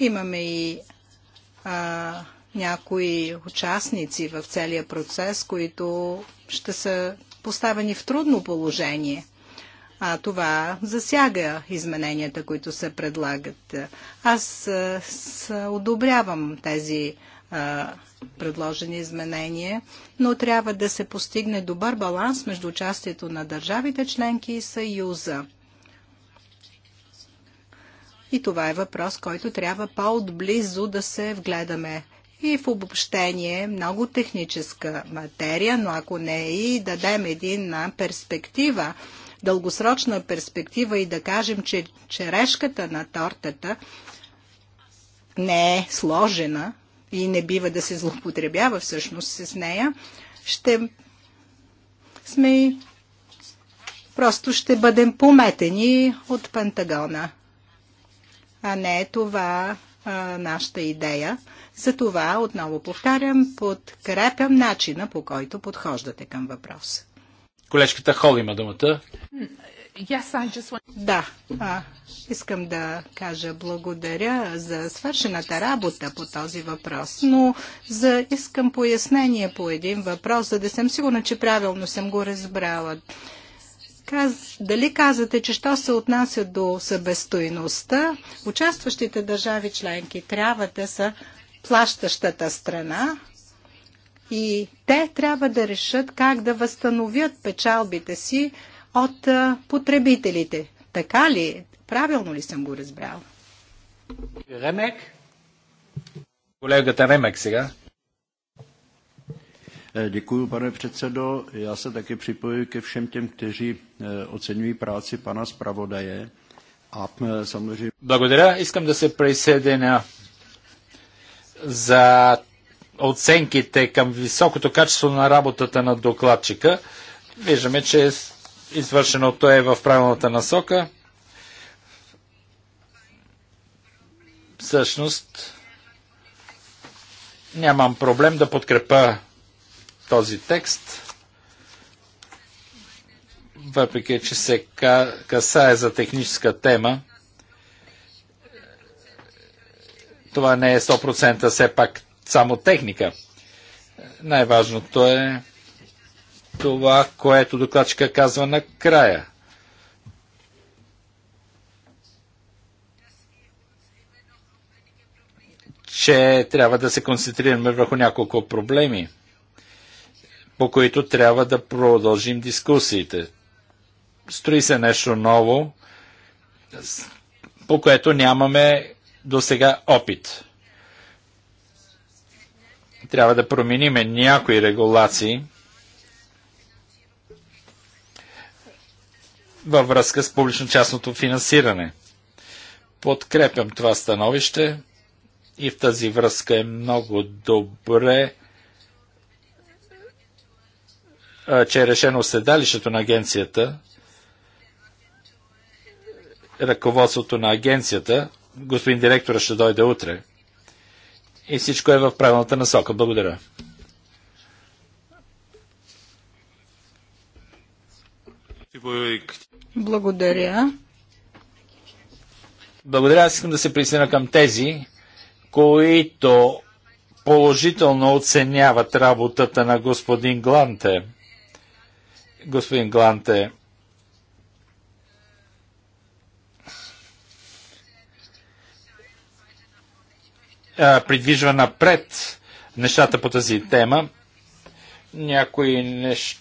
имаме и а, някои участници в целия процес, които ще са поставени в трудно положение. А това засяга измененията, които се предлагат. Аз одобрявам тези предложени изменения, но трябва да се постигне добър баланс между участието на държавите членки и Съюза. И това е въпрос, който трябва по-отблизо да се вгледаме и в обобщение много техническа материя, но ако не и дадем една перспектива, дългосрочна перспектива и да кажем, че черешката на тортата не е сложена и не бива да се злоупотребява всъщност с нея, ще сме просто ще бъдем пометени от Пентагона. А не това а, нашата идея. това отново повтарям, подкрепям начина по който подхождате към въпроса. Колежката Хол има думата. Yes, I just want... Да, а, искам да кажа благодаря за свършената работа по този въпрос, но за, искам пояснение по един въпрос, за да съм сигурна, че правилно съм го разбрала каз, дали казвате, че що се отнася до събестойността, участващите държави членки трябва да са плащащата страна и те трябва да решат как да възстановят печалбите си от потребителите. Така ли? Правилно ли съм го разбрал? Ремек? Колегата Ремек сега. Eh, Děkuji, pane předsedo. Já se také připojuji ke všem těm, kteří eh, oceňují práci pana zpravodaje. А, eh, samozřejmě... Благодаря. Искам да се присъединя за оценките към високото качество на работата на докладчика. Виждаме, че извършеното е в правилната насока. Всъщност, нямам проблем да подкрепа този текст, въпреки че се касае за техническа тема, това не е 100% все пак само техника. Най-важното е това, което докладчика казва накрая. Че трябва да се концентрираме върху няколко проблеми по които трябва да продължим дискусиите. Строи се нещо ново, по което нямаме до сега опит. Трябва да промениме някои регулации във връзка с публично-частното финансиране. Подкрепям това становище и в тази връзка е много добре че е решено седалището на агенцията, ръководството на агенцията, господин директора ще дойде утре. И всичко е в правилната насока. Благодаря. Благодаря. Благодаря. Аз искам да се присъединя към тези, които положително оценяват работата на господин Гланте господин Гланте. придвижва напред нещата по тази тема. Някои неща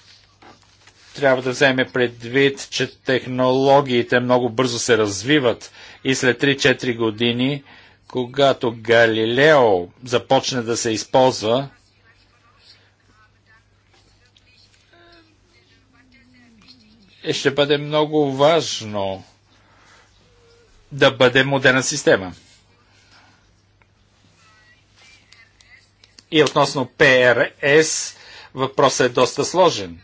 трябва да вземе предвид, че технологиите много бързо се развиват и след 3-4 години, когато Галилео започне да се използва, Е, ще бъде много важно да бъде модерна система. И относно ПРС, въпросът е доста сложен,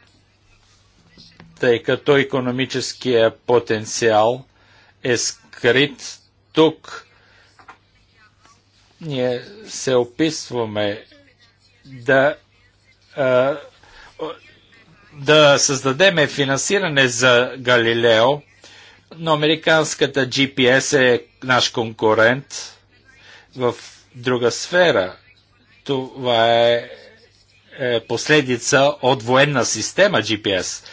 тъй като економическия потенциал е скрит тук. Ние се описваме да а, да създадеме финансиране за Галилео, но американската GPS е наш конкурент в друга сфера. Това е, е последица от военна система GPS.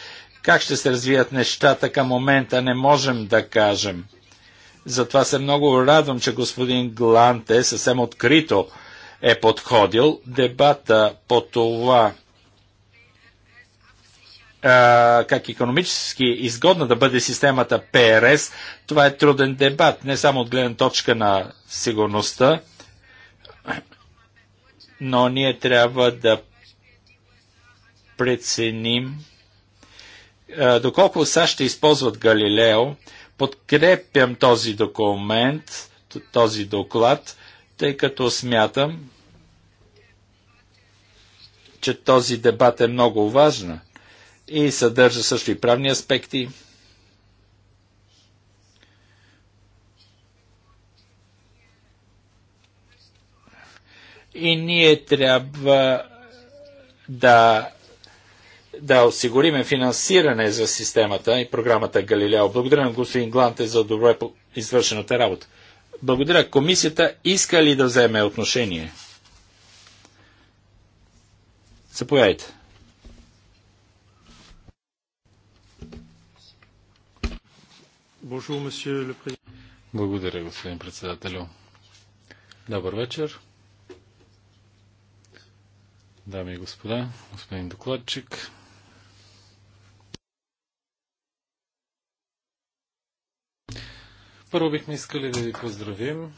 Как ще се развият нещата към момента, не можем да кажем. Затова се много радвам, че господин Гланте съвсем открито е подходил. Дебата по това как економически изгодна да бъде системата ПРС, това е труден дебат, не само от гледна точка на сигурността, но ние трябва да преценим доколко САЩ ще използват Галилео. Подкрепям този документ, този доклад, тъй като смятам, че този дебат е много важен и съдържа също и правни аспекти. И ние трябва да, да осигуриме финансиране за системата и програмата Галилео. Благодаря на господин Гланте за добре извършената работа. Благодаря. Комисията иска ли да вземе отношение? Заповядайте. Благодаря, господин председателю. Добър вечер. Дами и господа, господин докладчик. Първо бихме искали да ви поздравим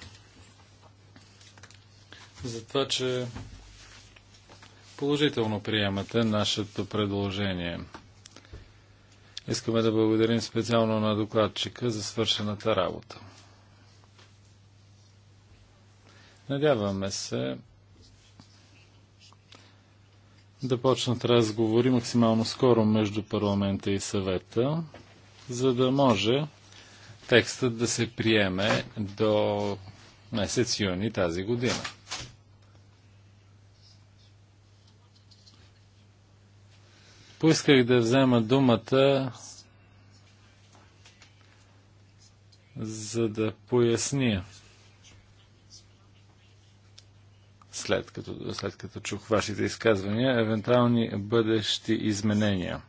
за това, че положително приемате нашето предложение – Искаме да благодарим специално на докладчика за свършената работа. Надяваме се да почнат разговори максимално скоро между парламента и съвета, за да може текстът да се приеме до месец юни тази година. Поисках да взема думата, за да поясня. След като, след като чух вашите изказвания, евентуални бъдещи изменения.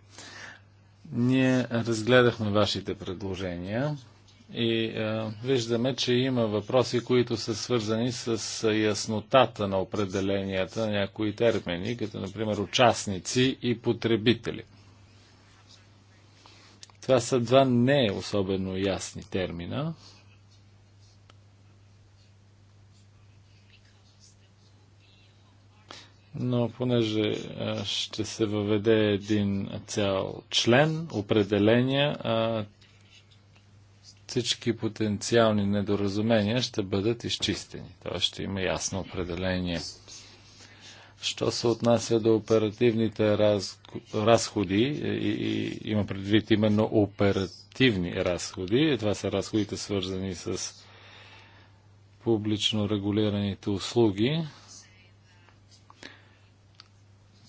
Ние разгледахме вашите предложения. И а, е, виждаме, че има въпроси, които са свързани с е, яснотата на определенията на някои термини, като например участници и потребители. Това са два не особено ясни термина. но понеже е, ще се въведе един цял член, определения, всички потенциални недоразумения ще бъдат изчистени. Т.е. ще има ясно определение. Що се отнася до оперативните раз... разходи, е, и, и, има предвид именно оперативни разходи, е, това са разходите свързани с публично регулираните услуги,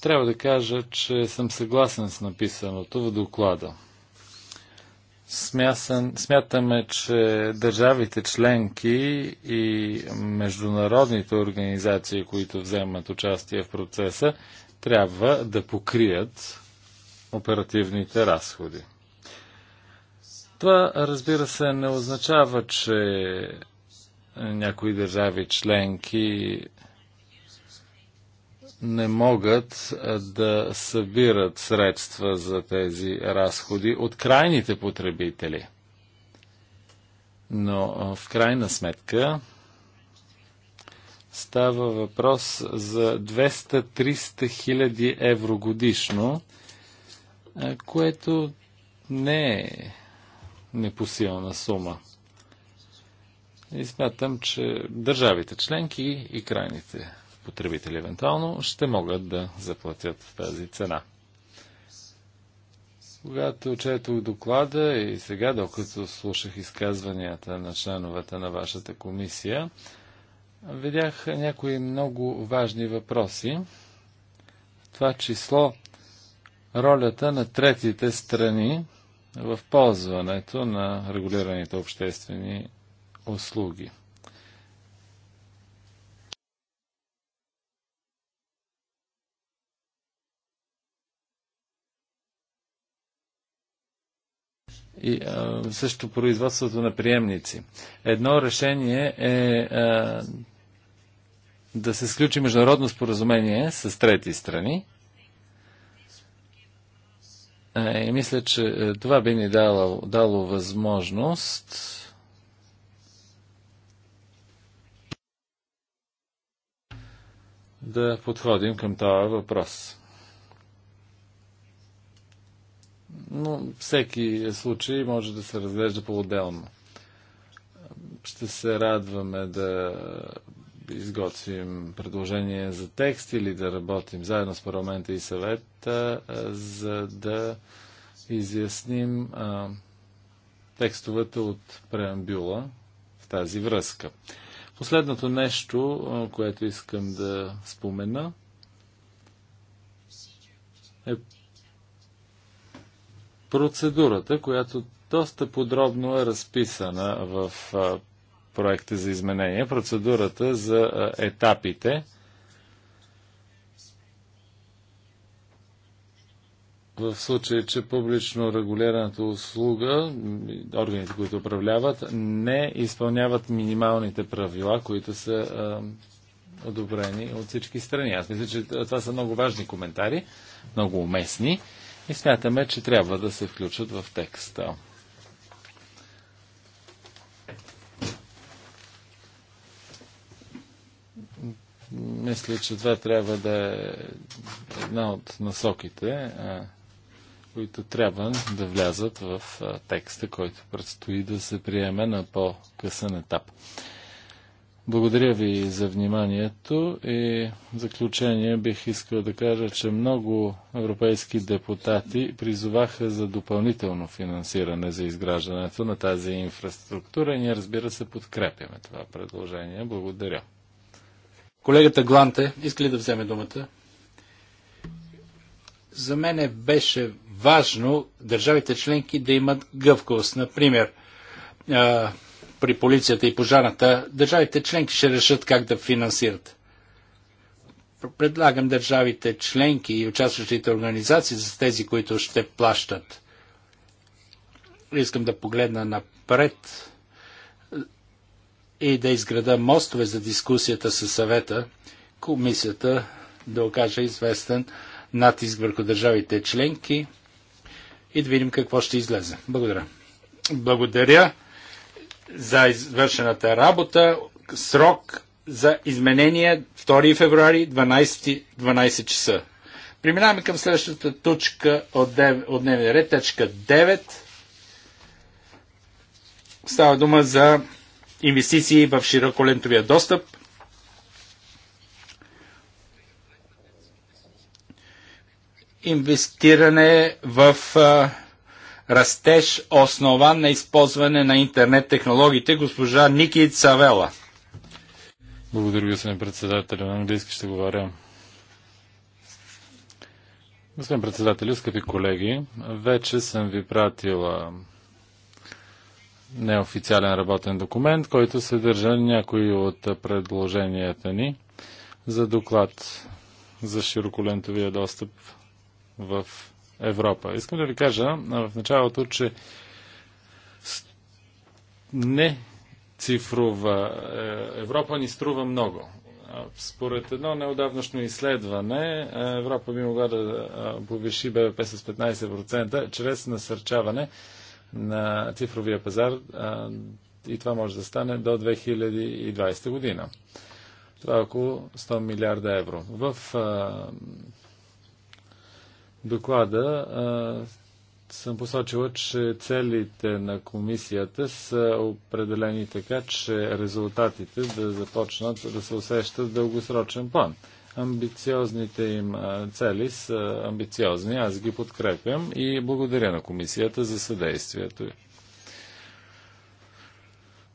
трябва да кажа, че съм съгласен с написаното в доклада. Смясън, смятаме, че държавите членки и международните организации, които вземат участие в процеса, трябва да покрият оперативните разходи. Това, разбира се, не означава, че някои държави членки не могат да събират средства за тези разходи от крайните потребители. Но в крайна сметка става въпрос за 200-300 хиляди евро годишно, което не е непосилна сума. И смятам, че държавите членки и крайните потребители евентуално ще могат да заплатят тази цена. Когато четох доклада и сега, докато слушах изказванията на членовете на вашата комисия, видях някои много важни въпроси. Това число ролята на третите страни в ползването на регулираните обществени услуги. и а, също производството на приемници. Едно решение е а, да се сключи международно споразумение с трети страни. А, и мисля, че е, това би ни дало, дало възможност да подходим към този въпрос. но всеки случай може да се разглежда по-отделно. Ще се радваме да изготвим предложение за текст или да работим заедно с парламента и съвета, за да изясним текстовете от преамбюла в тази връзка. Последното нещо, което искам да спомена, е процедурата, която доста подробно е разписана в проекта за изменение, процедурата за етапите. В случай, че публично регулираната услуга, органите, които управляват, не изпълняват минималните правила, които са е, одобрени от всички страни. Аз мисля, че това са много важни коментари, много уместни и смятаме, че трябва да се включат в текста. Мисля, че това трябва да е една от насоките, които трябва да влязат в текста, който предстои да се приеме на по-късен етап. Благодаря ви за вниманието и в заключение бих искал да кажа, че много европейски депутати призоваха за допълнително финансиране за изграждането на тази инфраструктура и ние разбира се подкрепяме това предложение. Благодаря. Колегата Гланте, иска ли да вземе думата? За мен беше важно държавите членки да имат гъвкост. Например, при полицията и пожарната, държавите членки ще решат как да финансират. Предлагам държавите членки и участващите организации за тези, които ще плащат. Искам да погледна напред и да изграда мостове за дискусията със съвета, комисията да окаже известен натиск върху държавите членки и да видим какво ще излезе. Благодаря. Благодаря за извършената работа. Срок за изменение 2 февруари 12, 12 часа. Преминаваме към следващата точка от, от дневния ред, точка 9. Става дума за инвестиции в широколентовия достъп. Инвестиране в а, растеж основан на използване на интернет технологиите, госпожа Ники Цавела. Благодаря, господин председател. На английски ще говоря. Господин председател, скъпи колеги, вече съм ви пратила неофициален работен документ, който съдържа някои от предложенията ни за доклад за широколентовия достъп в Европа. Искам да ви кажа в началото, че не цифрова е, Европа ни струва много. Според едно неодавнашно изследване, е, Европа би могла да повиши БВП с 15% чрез насърчаване на цифровия пазар и това може да стане до 2020 година. Това е около 100 милиарда евро. В доклада а, съм посочила, че целите на комисията са определени така, че резултатите да започнат да се усещат в дългосрочен план. Амбициозните им цели са амбициозни, аз ги подкрепям и благодаря на комисията за съдействието й.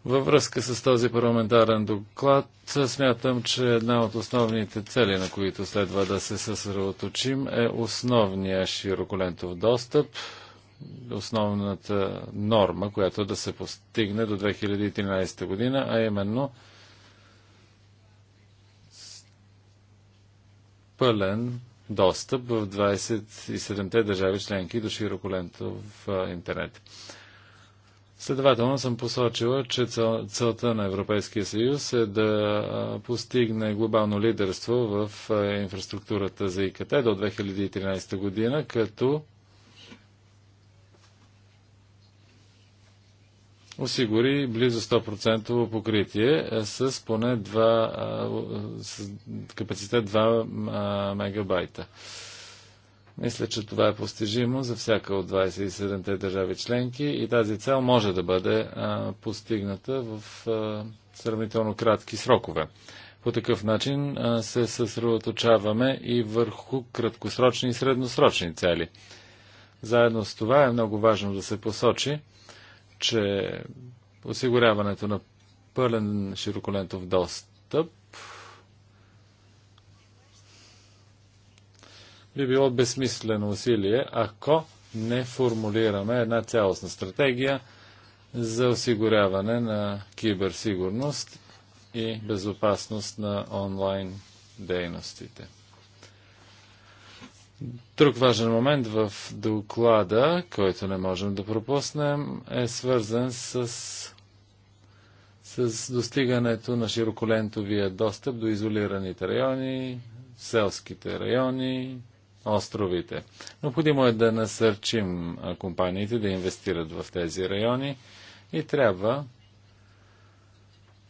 Във връзка с този парламентарен доклад, смятам, че една от основните цели, на които следва да се съсредоточим, е основния широколентов достъп, основната норма, която да се постигне до 2013 година, а именно пълен достъп в 27-те държави членки до широколентов интернет. Следователно съм посочила, че цел, целта на Европейския съюз е да постигне глобално лидерство в инфраструктурата за ИКТ до 2013 година, като осигури близо 100% покритие с поне 2, с капацитет 2 мегабайта. Мисля, че това е постижимо за всяка от 27-те държави членки и тази цел може да бъде а, постигната в а, сравнително кратки срокове. По такъв начин а, се съсредоточаваме и върху краткосрочни и средносрочни цели. Заедно с това е много важно да се посочи, че осигуряването на пълен широколентов достъп би било безсмислено усилие, ако не формулираме една цялостна стратегия за осигуряване на киберсигурност и безопасност на онлайн дейностите. Друг важен момент в доклада, който не можем да пропуснем, е свързан с, с достигането на широколентовия достъп до изолираните райони, селските райони, островите. Необходимо е да насърчим компаниите да инвестират в тези райони и трябва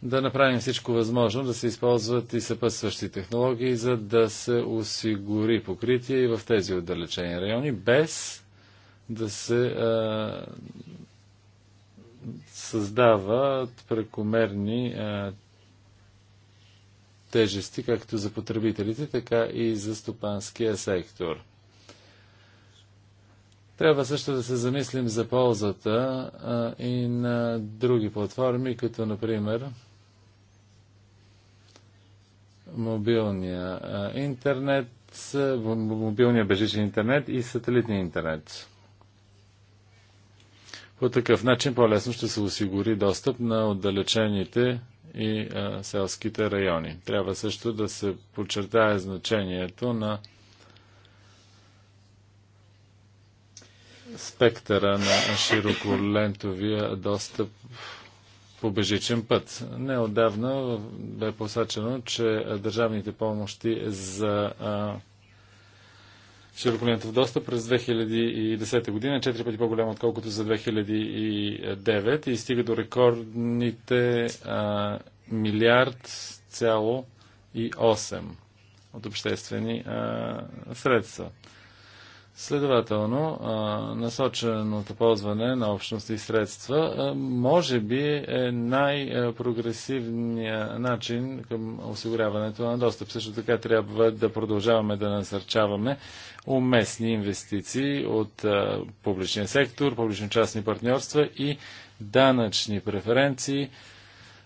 да направим всичко възможно да се използват и съпътстващи технологии, за да се осигури покритие и в тези отдалечени райони, без да се а, създават прекомерни а, тежести както за потребителите, така и за стопанския сектор. Трябва също да се замислим за ползата а, и на други платформи, като например мобилния интернет, мобилния бежичен интернет и сателитния интернет. По такъв начин по-лесно ще се осигури достъп на отдалечените и а, селските райони. Трябва също да се подчертае значението на спектъра на широколентовия достъп по бежичен път. Неодавна бе посачено, че държавните помощи за а, широколентов достъп през 2010 година е 4 пъти по-голям, отколкото за 2009 и стига до рекордните а, милиард цяло и 8 от обществени а, средства. Следователно, насоченото ползване на общности и средства може би е най-прогресивният начин към осигуряването на достъп. Също така трябва да продължаваме да насърчаваме уместни инвестиции от публичния сектор, публично-частни партньорства и данъчни преференции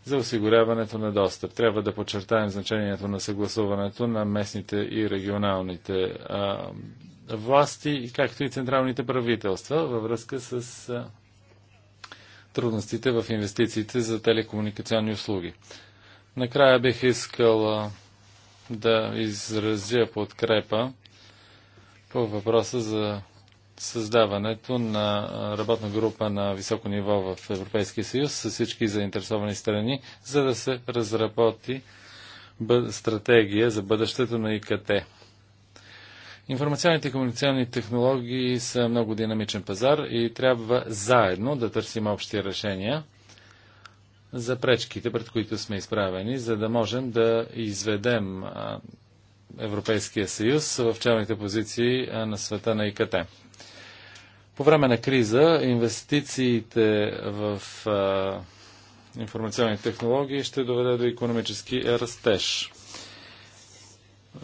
за осигуряването на достъп. Трябва да подчертаем значението на съгласуването на местните и регионалните а, власти, както и централните правителства във връзка с трудностите в инвестициите за телекомуникационни услуги. Накрая бих искал да изразя подкрепа по въпроса за създаването на работна група на високо ниво в Европейския съюз с всички заинтересовани страни, за да се разработи стратегия за бъдещето на ИКТ. Информационните и комуникационни технологии са много динамичен пазар и трябва заедно да търсим общи решения за пречките, пред които сме изправени, за да можем да изведем Европейския съюз в челните позиции на света на ИКТ. По време на криза инвестициите в информационни технологии ще доведе до економически растеж.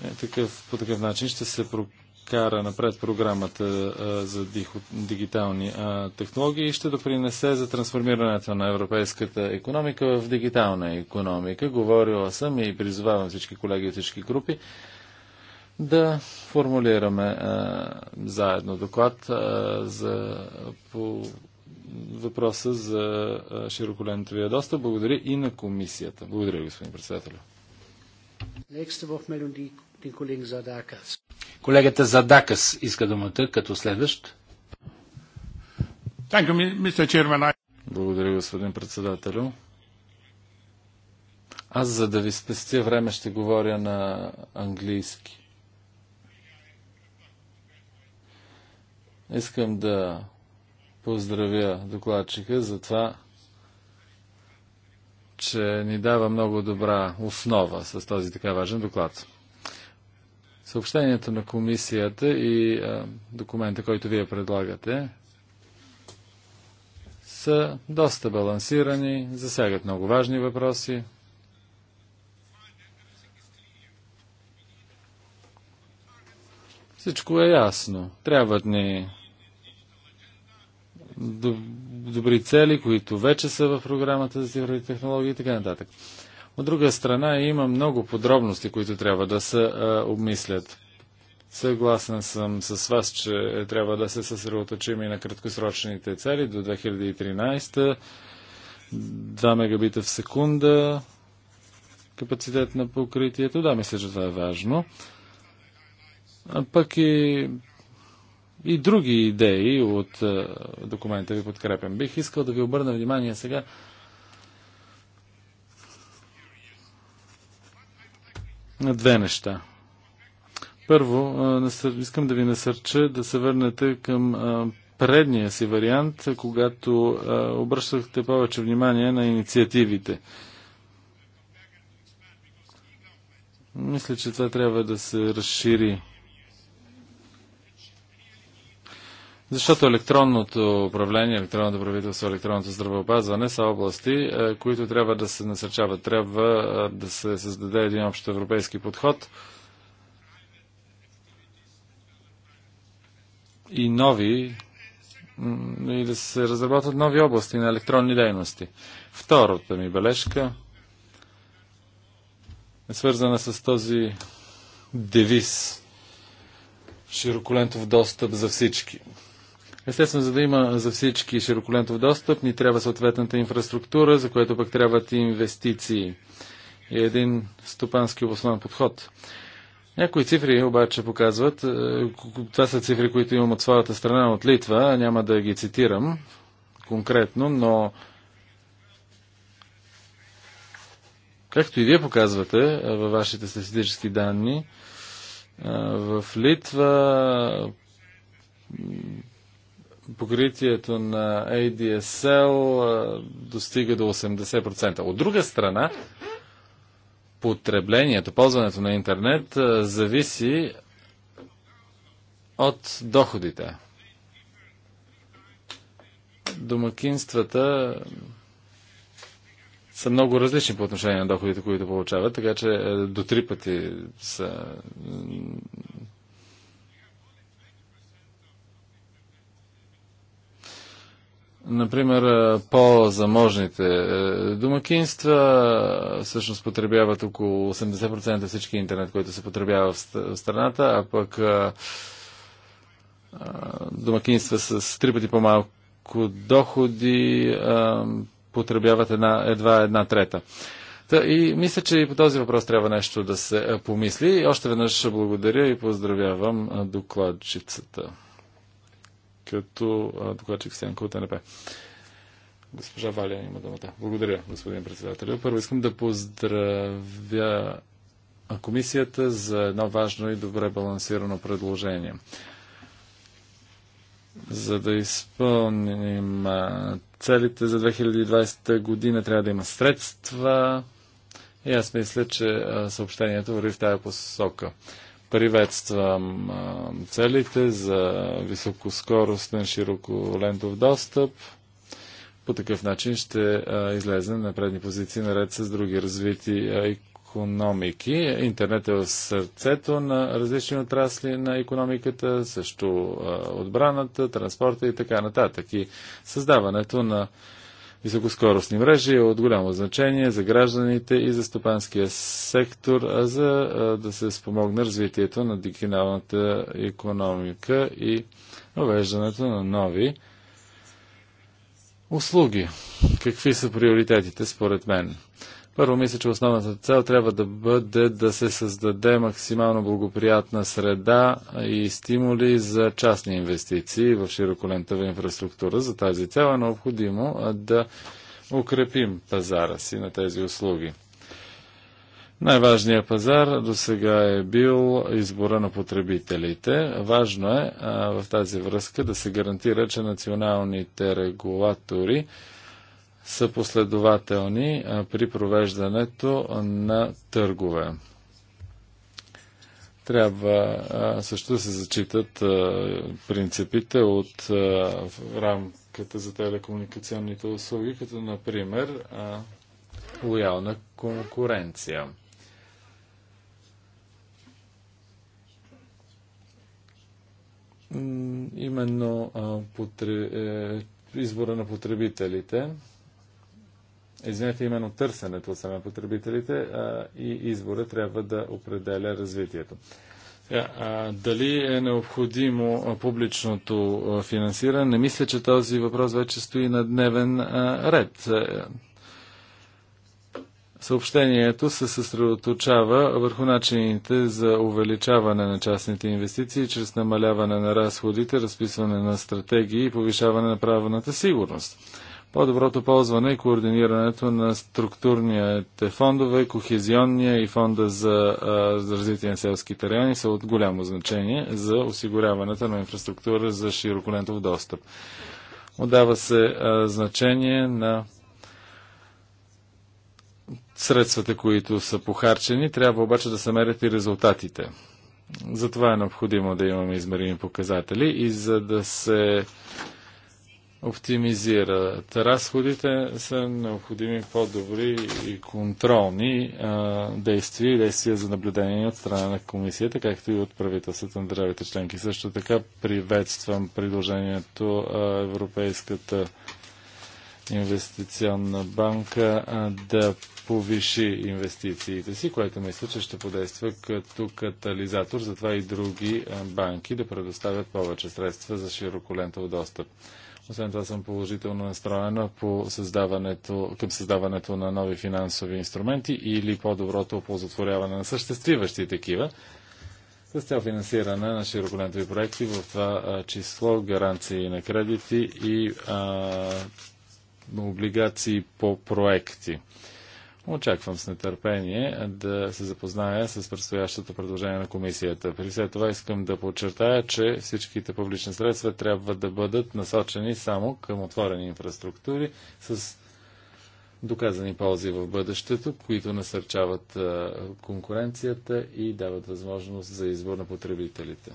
Е, такъв, по такъв начин ще се прокара напред програмата а, за дихо, дигитални а, технологии и ще допринесе за трансформирането на европейската економика в дигитална економика. Говорила съм и призовавам всички колеги от всички групи да формулираме а, заедно доклад а, за, по въпроса за широколентовия достъп. Благодаря и на комисията. Благодаря, господин председател. Колегата Задакас иска думата като следващ. Благодаря, господин председателю. Аз, за да ви спестя време, ще говоря на английски. Искам да поздравя докладчика за това, че ни дава много добра основа с този така важен доклад. Съобщението на комисията и а, документа, който вие предлагате, са доста балансирани, засягат много важни въпроси. Всичко е ясно. Трябват ни добри цели, които вече са в програмата за цифрови технологии и така нататък. От друга страна има много подробности, които трябва да се а, обмислят. Съгласен съм с вас, че трябва да се съсредоточим и на краткосрочните цели до 2013. 2 мегабита в секунда капацитет на покритието. Да, мисля, че това е важно. А пък и и други идеи от е, документа ви подкрепям. Бих искал да ви обърна внимание сега на две неща. Първо, е, искам да ви насърча да се върнете към е, предния си вариант, когато обръщахте повече внимание на инициативите. Мисля, че това трябва да се разшири Защото електронното управление, електронното правителство, електронното здравеопазване са области, е, които трябва да се насърчават. Трябва е, да се създаде един общ европейски подход и нови и да се разработят нови области на електронни дейности. Втората ми бележка е свързана с този девиз широколентов достъп за всички. Естествено, за да има за всички широколентов достъп, ни трябва съответната инфраструктура, за което пък трябват и инвестиции и един стопански обоснован подход. Някои цифри обаче показват, е, това са цифри, които имам от своята страна, от Литва, няма да ги цитирам конкретно, но както и вие показвате е, във вашите статистически данни, е, в Литва покритието на ADSL достига до 80%. От друга страна, потреблението, ползването на интернет зависи от доходите. Домакинствата са много различни по отношение на доходите, които получават, така че е, до три пъти са Например, по-заможните е, домакинства всъщност потребяват около 80% всички интернет, който се потребява в страната, а пък домакинства с три пъти по-малко доходи потребяват една, едва една трета. Та, и мисля, че и по този въпрос трябва нещо да се помисли. още веднъж благодаря и поздравявам докладчицата като докладчик Сенко от НП. Госпожа Валя, има думата. Благодаря, господин председател. Първо искам да поздравя комисията за едно важно и добре балансирано предложение. За да изпълним целите за 2020 година трябва да има средства и аз мисля, че съобщението върви в тази посока. Приветствам целите за високоскоростен широколентов достъп. По такъв начин ще излезем на предни позиции наред с други развити економики. Интернет е в сърцето на различни отрасли на економиката, също отбраната, транспорта и така нататък. И създаването на високоскоростни мрежи е от голямо значение за гражданите и за стопанския сектор, а за да се спомогне развитието на дигиталната економика и въвеждането на нови услуги. Какви са приоритетите според мен? Първо мисля, че основната цел трябва да бъде да се създаде максимално благоприятна среда и стимули за частни инвестиции в широколентова инфраструктура. За тази цел е необходимо да укрепим пазара си на тези услуги. Най-важният пазар до сега е бил избора на потребителите. Важно е а, в тази връзка да се гарантира, че националните регулатори са последователни при провеждането на търгове. Трябва също да се зачитат принципите от рамката за телекомуникационните услуги, като например лоялна конкуренция. Именно е, избора на потребителите извинете, именно търсенето от страна потребителите а, и избора трябва да определя развитието. А, дали е необходимо публичното финансиране? Не мисля, че този въпрос вече стои на дневен а, ред. Е, съобщението се съсредоточава върху начините за увеличаване на частните инвестиции чрез намаляване на разходите, разписване на стратегии и повишаване на правната сигурност по-доброто ползване и координирането на структурните фондове, кохезионния и фонда за, развитие на селските райони са от голямо значение за осигуряването на инфраструктура за широколентов достъп. Отдава се а, значение на средствата, които са похарчени, трябва обаче да се мерят и резултатите. Затова е необходимо да имаме измерими показатели и за да се оптимизират. Разходите са необходими по-добри и контролни а, действия и действия за наблюдение от страна на комисията, както и от правителството на държавите членки. Също така приветствам предложението а, Европейската инвестиционна банка а, да повиши инвестициите си, което мисля, че ще подейства като катализатор, затова и други банки да предоставят повече средства за широколентов достъп. Освен това съм положително настроена по създаването, към създаването на нови финансови инструменти или по-доброто оползотворяване на съществуващи такива с цел финансиране на широколентови проекти, в това число гаранции на кредити и а, облигации по проекти. Очаквам с нетърпение да се запозная с предстоящото предложение на комисията. При след това искам да подчертая, че всичките публични средства трябва да бъдат насочени само към отворени инфраструктури с доказани ползи в бъдещето, които насърчават конкуренцията и дават възможност за избор на потребителите.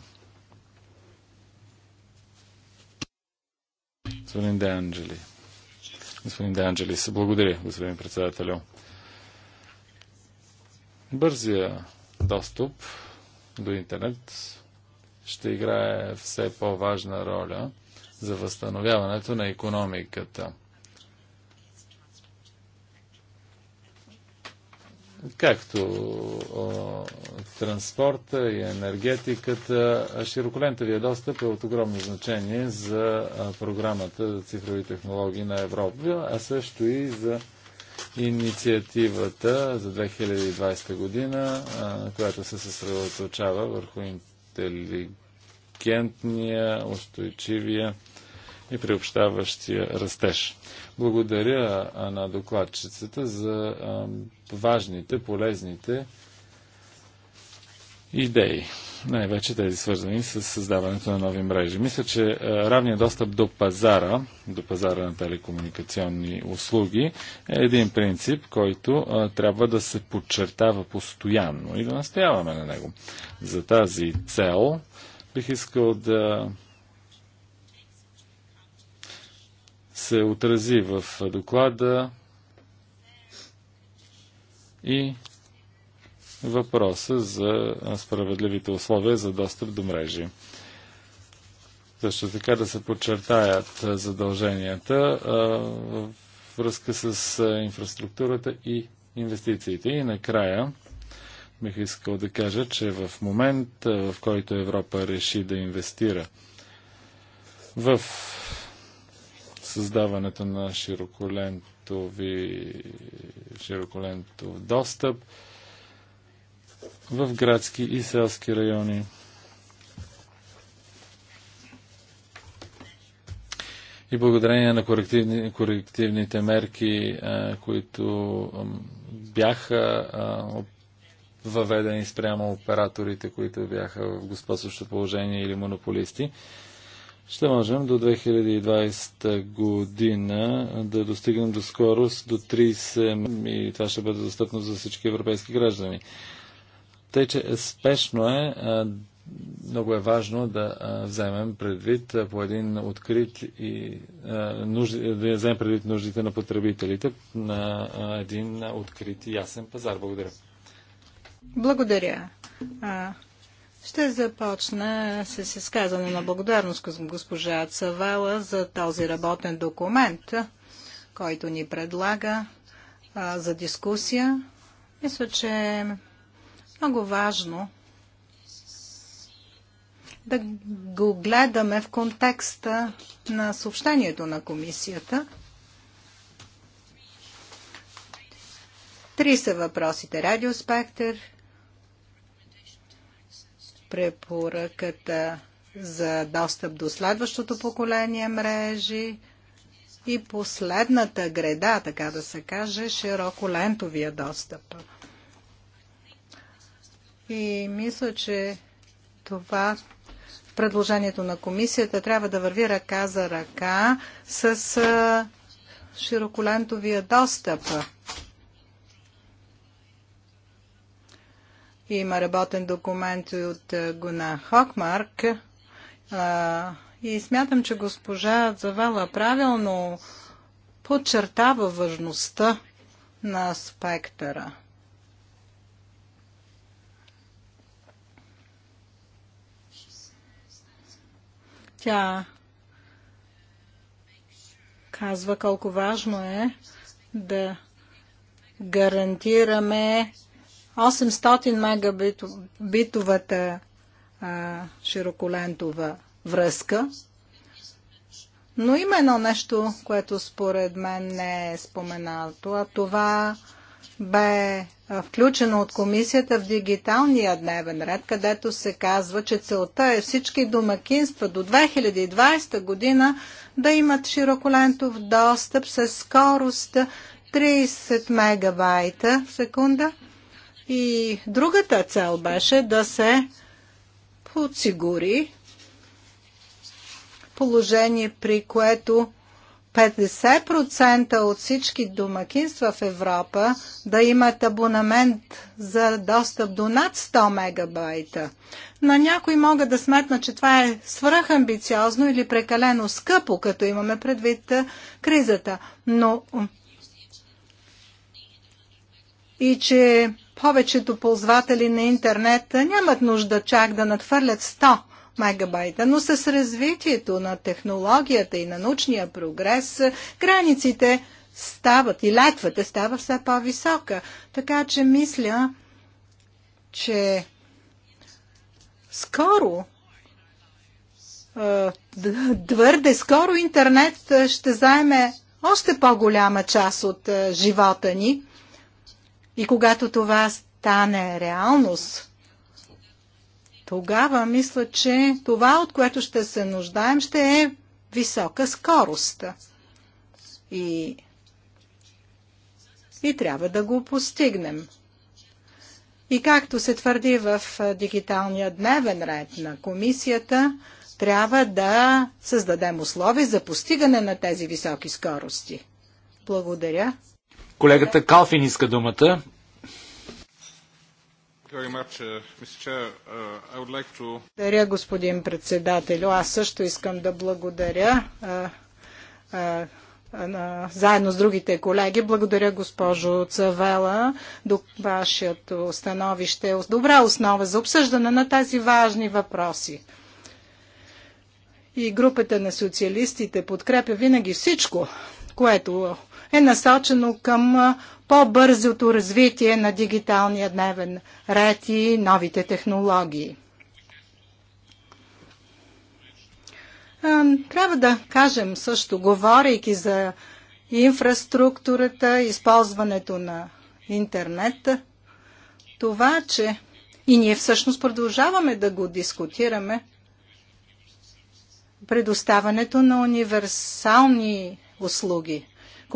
Господин Де Анджели. Господин Де Анджелис, благодаря, господин председателю. Бързия достъп до интернет ще играе все по-важна роля за възстановяването на економиката. както о, транспорта и енергетиката, широколентовия достъп е от огромно значение за програмата за цифрови технологии на Европа, а също и за инициативата за 2020 година, която се съсредоточава върху интелигентния, устойчивия и приобщаващия растеж. Благодаря на докладчицата за важните, полезните идеи най-вече тези свързани с създаването на нови мрежи. Мисля, че е, равният достъп до пазара, до пазара на телекомуникационни услуги е един принцип, който е, трябва да се подчертава постоянно и да настояваме на него. За тази цел бих искал да се отрази в доклада и въпроса за справедливите условия за достъп до мрежи. Също така да се подчертаят задълженията в връзка с инфраструктурата и инвестициите. И накрая бих искал да кажа, че в момент, в който Европа реши да инвестира в създаването на широколентови, широколентов достъп, в градски и селски райони. И благодарение на корективни, корективните мерки, които бяха въведени спрямо операторите, които бяха в господстващо положение или монополисти, ще можем до 2020 година да достигнем до скорост до 30 и това ще бъде достъпно за всички европейски граждани. Тъй, че спешно е, много е важно да вземем предвид по един открит и да вземем предвид нуждите на потребителите на един открит и ясен пазар. Благодаря. Благодаря. Ще започна с изказване на благодарност към госпожа Цавала за този работен документ, който ни предлага за дискусия. Мисля, че много важно да го гледаме в контекста на съобщението на комисията. Три са въпросите. Радиоспектър, препоръката за достъп до следващото поколение мрежи и последната града, така да се каже, широколентовия достъп. И мисля, че това в предложението на комисията трябва да върви ръка за ръка с широколентовия достъп. Има работен документ от Гуна Хокмарк и смятам, че госпожа Завела правилно подчертава важността на спектъра. Тя казва колко важно е да гарантираме 800 мегабитовата широколентова връзка. Но има едно нещо, което според мен не е споменато, а това бе включено от комисията в дигиталния дневен ред, където се казва, че целта е всички домакинства до 2020 година да имат широколентов достъп с скорост 30 мегабайта в секунда. И другата цел беше да се подсигури положение, при което 50% от всички домакинства в Европа да имат абонамент за достъп до над 100 мегабайта. На някои могат да сметнат, че това е свръхамбициозно или прекалено скъпо, като имаме предвид кризата. Но и че повечето ползватели на интернет нямат нужда чак да надхвърлят 100 мегабайта. Но с развитието на технологията и на научния прогрес, границите стават и летвата става все по-висока. Така че мисля, че скоро твърде скоро интернет ще заеме още по-голяма част от живота ни. И когато това стане реалност, тогава мисля, че това, от което ще се нуждаем, ще е висока скорост. И, и трябва да го постигнем. И както се твърди в дигиталния дневен ред на комисията, трябва да създадем условия за постигане на тези високи скорости. Благодаря. Колегата Калфин иска думата. Uh, uh, благодаря, господин председател. Аз също искам да благодаря заедно с другите колеги. Благодаря, госпожо Цавела, до вашето становище. е Добра основа за обсъждане на тези важни въпроси. И групата на социалистите подкрепя винаги всичко, което е насочено към по-бързото развитие на дигиталния дневен ред и новите технологии. Трябва да кажем също, говорейки за инфраструктурата, използването на интернет, това, че и ние всъщност продължаваме да го дискутираме, предоставането на универсални услуги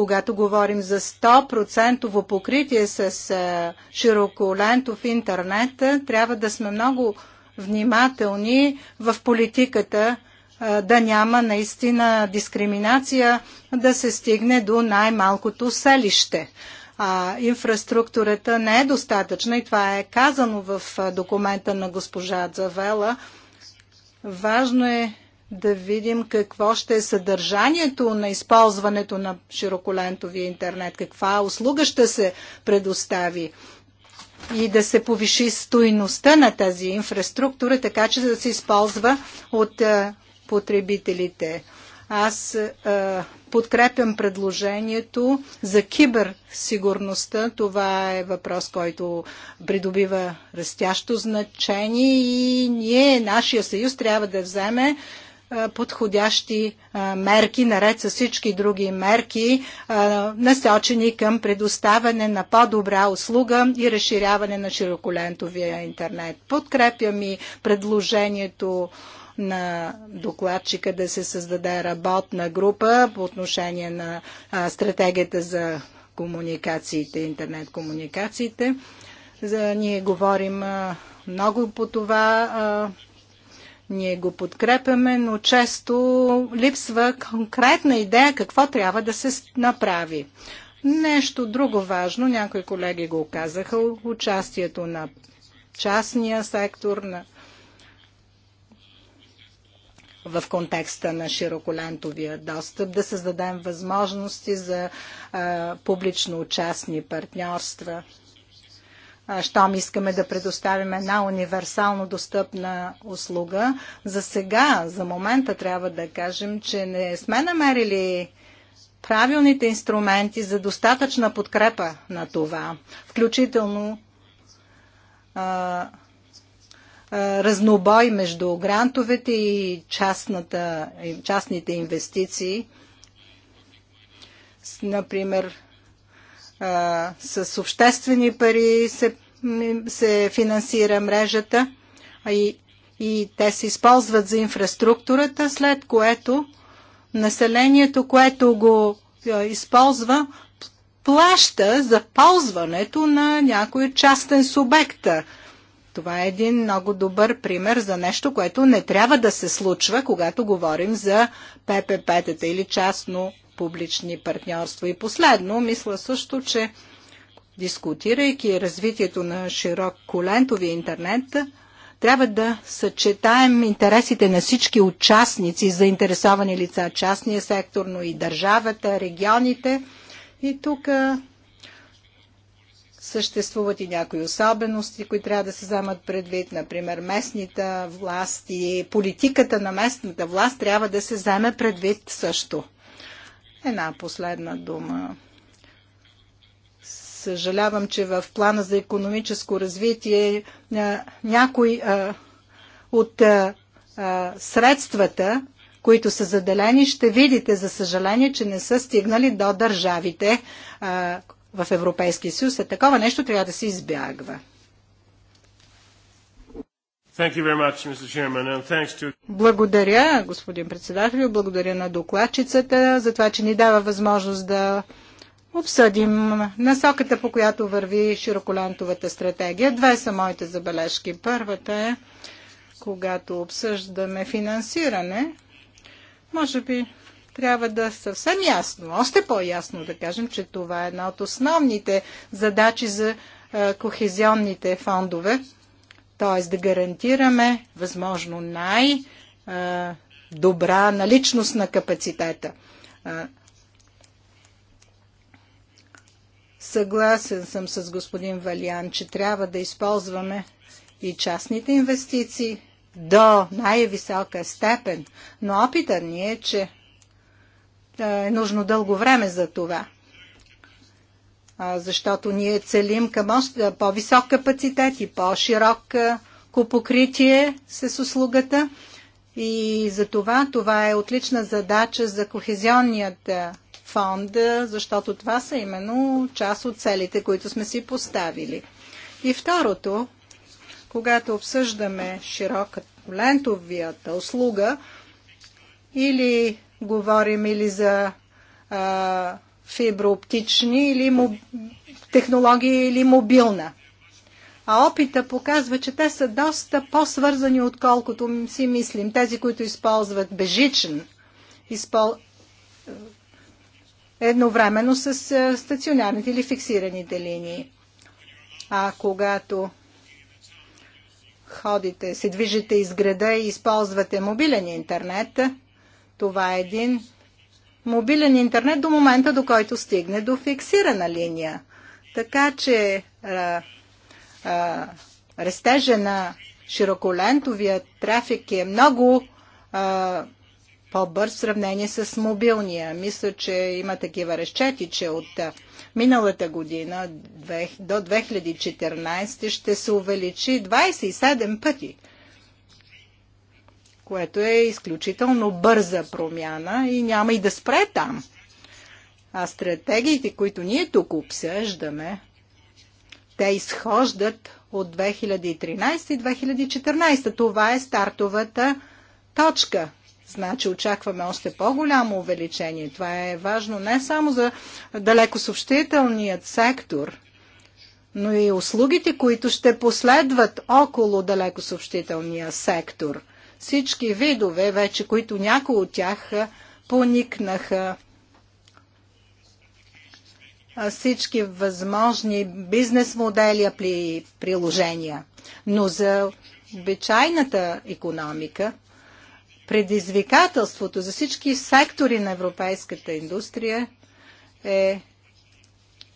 когато говорим за 100% покритие с е, широколентов интернет, е, трябва да сме много внимателни в политиката е, да няма наистина дискриминация, да се стигне до най-малкото селище. А, инфраструктурата не е достатъчна и това е казано в документа на госпожа Завела. Важно е да видим какво ще е съдържанието на използването на широколентовия интернет, каква услуга ще се предостави и да се повиши стоиността на тази инфраструктура, така че да се използва от а, е, потребителите. Аз а, е, подкрепям предложението за киберсигурността. Това е въпрос, който придобива растящо значение и ние, нашия съюз, трябва да вземе подходящи мерки, наред с всички други мерки, насочени към предоставяне на по-добра услуга и разширяване на широколентовия интернет. Подкрепям и предложението на докладчика да се създаде работна група по отношение на стратегията за комуникациите, интернет-комуникациите. ние говорим много по това ние го подкрепяме, но често липсва конкретна идея какво трябва да се направи. Нещо друго важно, някои колеги го казаха, участието на частния сектор, на в контекста на широколентовия достъп, да създадем възможности за а, публично-частни партньорства щом искаме да предоставим една универсално достъпна услуга. За сега, за момента трябва да кажем, че не сме намерили правилните инструменти за достатъчна подкрепа на това, включително а, а, разнобой между грантовете и частната, частните инвестиции. Например, а, с обществени пари се, се финансира мрежата и, и те се използват за инфраструктурата, след което населението, което го а, използва, плаща за ползването на някой частен субект. Това е един много добър пример за нещо, което не трябва да се случва, когато говорим за ППП-тата или частно публични партньорства. И последно, мисля също, че дискутирайки развитието на широк колентови интернет, трябва да съчетаем интересите на всички участници, заинтересовани лица, частния сектор, но и държавата, регионите. И тук съществуват и някои особености, които трябва да се вземат предвид. Например, местните власти, политиката на местната власт трябва да се вземе предвид също. Една последна дума. Съжалявам, че в плана за економическо развитие някой от средствата, които са заделени, ще видите, за съжаление, че не са стигнали до държавите в Европейския съюз. Е, такова нещо трябва да се избягва. Благодаря, господин председател, благодаря на докладчицата за това, че ни дава възможност да обсъдим насоката, по която върви широколентовата стратегия. Две са моите забележки. Първата е, когато обсъждаме финансиране, може би трябва да съвсем ясно, още по-ясно да кажем, че това е една от основните задачи за е, кохезионните фондове, т.е. да гарантираме възможно най-добра наличност на капацитета. Съгласен съм с господин Валиан, че трябва да използваме и частните инвестиции до най-висока степен, но опитът ни е, че е нужно дълго време за това – защото ние целим към по-висок капацитет и по широк покритие с услугата. И за това това е отлична задача за кохезионният фонд, защото това са именно част от целите, които сме си поставили. И второто, когато обсъждаме широка лентовията услуга, или говорим или за а, фиброоптични или моб... технологии или мобилна. А опита показва, че те са доста по-свързани, отколкото си мислим. Тези, които използват бежичен, изпол... едновременно с стационарните или фиксираните линии. А когато ходите, се движите из града и използвате мобилен интернет, това е един мобилен интернет до момента, до който стигне до фиксирана линия. Така че а, а, растежа на широколентовия трафик е много а, по-бърз в сравнение с мобилния. Мисля, че има такива разчети, че от миналата година до 2014 ще се увеличи 27 пъти което е изключително бърза промяна и няма и да спре там. А стратегиите, които ние тук обсъждаме, те изхождат от 2013 и 2014. Това е стартовата точка. Значи очакваме още по-голямо увеличение. Това е важно не само за далеко съобщителният сектор, но и услугите, които ще последват около далеко съобщителния сектор – всички видове, вече които някои от тях поникнаха всички възможни бизнес модели при приложения. Но за обичайната економика, предизвикателството за всички сектори на европейската индустрия е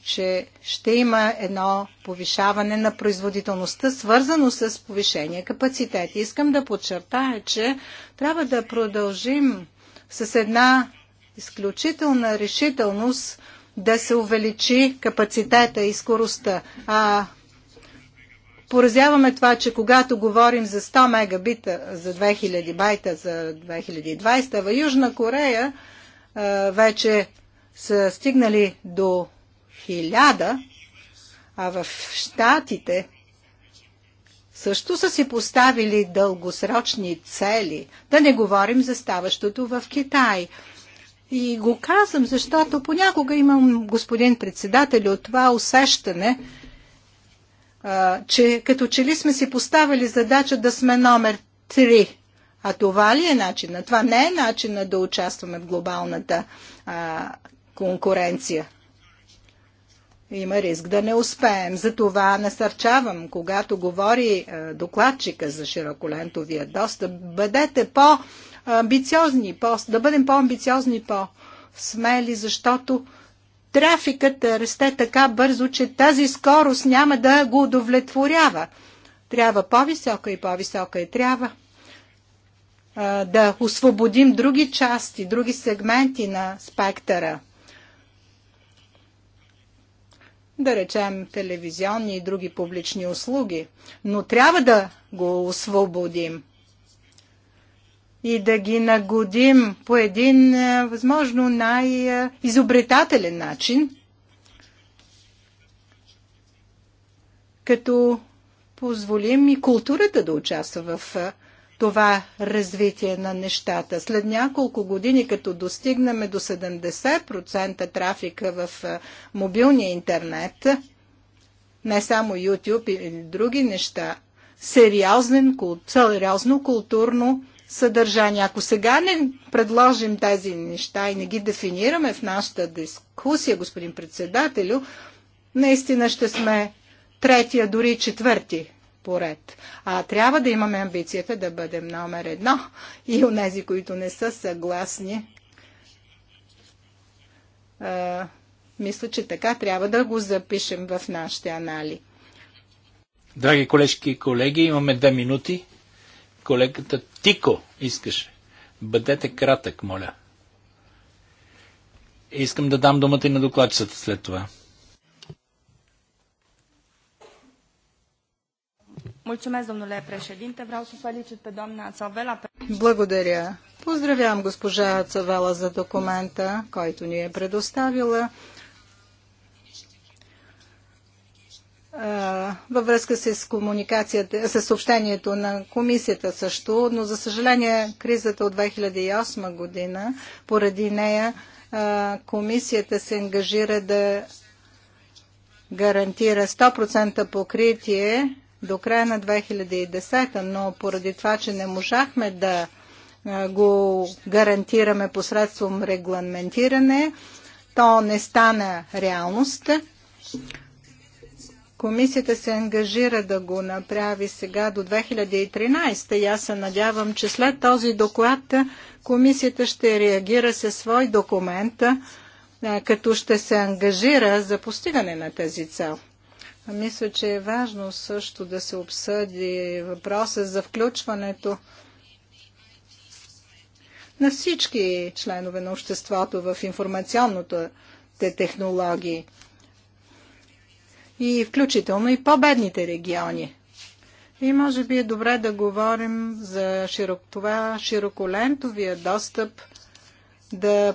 че ще има едно повишаване на производителността, свързано с повишение капацитет. Искам да подчертая, че трябва да продължим с една изключителна решителност да се увеличи капацитета и скоростта. А, поразяваме това, че когато говорим за 100 мегабита, за 2000 байта, за 2020, в Южна Корея вече са стигнали до Хиляда, а в Штатите също са си поставили дългосрочни цели. Да не говорим за ставащото в Китай. И го казвам, защото понякога имам, господин председател, от това усещане, че като че ли сме си поставили задача да сме номер 3. А това ли е начина? Това не е начина да участваме в глобалната а, конкуренция има риск да не успеем. Затова насърчавам, когато говори е, докладчика за широколентовия достъп, бъдете по-амбициозни, по, да бъдем по-амбициозни, по-смели, защото трафикът е, расте така бързо, че тази скорост няма да го удовлетворява. Трябва по-висока и по-висока и е трябва да освободим други части, други сегменти на спектъра да речем, телевизионни и други публични услуги, но трябва да го освободим и да ги нагодим по един е, възможно най-изобретателен начин, като позволим и културата да участва в е, това развитие на нещата. След няколко години, като достигнем до 70% трафика в мобилния интернет, не само YouTube и други неща, сериозен, сериозно културно съдържание. Ако сега не предложим тези неща и не ги дефинираме в нашата дискусия, господин председателю, наистина ще сме третия, дори четвърти поред. А трябва да имаме амбицията да бъдем номер едно и у нези, които не са съгласни, а, мисля, че така трябва да го запишем в нашите анали. Драги колежки и колеги, имаме две минути. Колегата Тико искаше. Бъдете кратък, моля. Искам да дам думата и на докладчицата след това. Mulțumesc, domnule președinte. Vreau să felicit pe doamna Țavela. Благодаря. Поздравявам госпожа Цавела за документа, който ни е предоставила. във връзка с комуникацията, с съобщението на комисията също, но за съжаление кризата от 2008 година, поради нея комисията се ангажира да гарантира 100% покритие до края на 2010, но поради това, че не можахме да го гарантираме посредством регламентиране, то не стана реалност. Комисията се ангажира да го направи сега до 2013 и аз се надявам, че след този доклад комисията ще реагира със свой документ, като ще се ангажира за постигане на тази цел. Мисля, че е важно също да се обсъди въпроса за включването на всички членове на обществото в информационното те технологии. И включително и по-бедните региони. И може би е добре да говорим за широк, това широколентовия достъп, да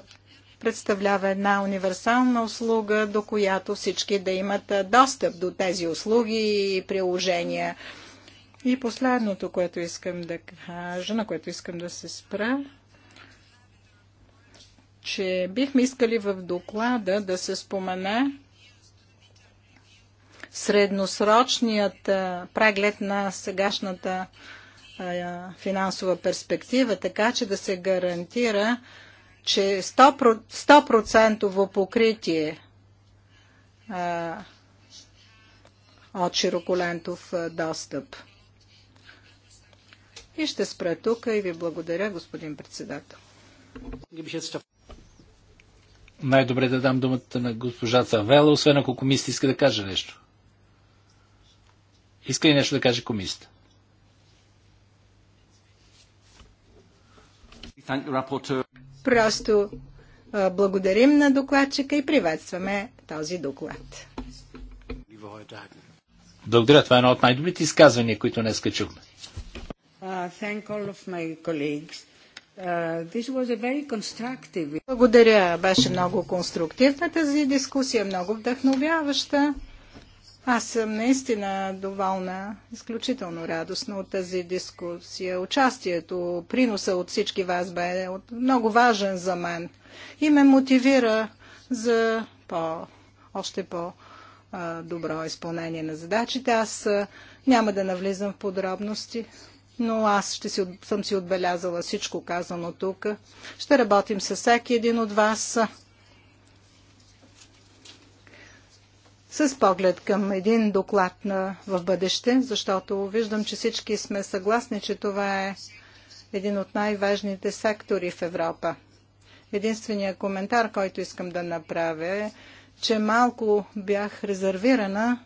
представлява една универсална услуга, до която всички да имат достъп до тези услуги и приложения. И последното, което искам да кажа, на което искам да се спра, че бихме искали в доклада да се спомене средносрочният преглед на сегашната финансова перспектива, така че да се гарантира че 100%, покритие а, от широколентов достъп. И ще спра тук и ви благодаря, господин председател. Най-добре да дам думата на госпожа Цавела, освен ако комисията иска да каже нещо. Иска ли нещо да каже комисията? Просто благодарим на докладчика и приветстваме този доклад. Благодаря. Това е едно от най-добрите изказвания, които днес чухме. Uh, uh, Благодаря. Беше много конструктивна тази дискусия, много вдъхновяваща. Аз съм наистина доволна, изключително радостно от тази дискусия. Участието, приноса от всички вас бе много важен за мен и ме мотивира за по, още по-добро изпълнение на задачите. Аз няма да навлизам в подробности, но аз ще си, съм си отбелязала всичко казано тук. Ще работим с всеки един от вас с поглед към един доклад на, в бъдеще, защото виждам, че всички сме съгласни, че това е един от най-важните сектори в Европа. Единственият коментар, който искам да направя е, че малко бях резервирана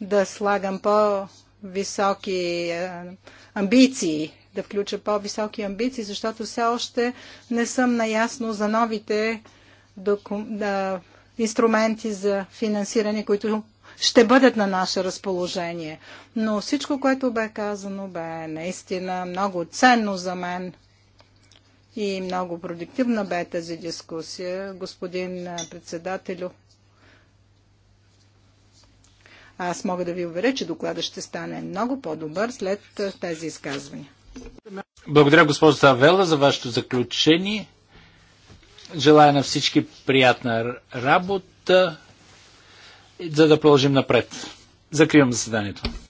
да слагам по-високи е, амбиции, да включа по-високи амбиции, защото все още не съм наясно за новите инструменти за финансиране, които ще бъдат на наше разположение. Но всичко, което бе казано, бе наистина много ценно за мен и много продуктивна бе тази дискусия, господин председателю. Аз мога да ви уверя, че докладът ще стане много по-добър след тези изказвания. Благодаря, госпожо Савела, за вашето заключение. Желая на всички приятна работа, за да продължим напред. Закривам заседанието.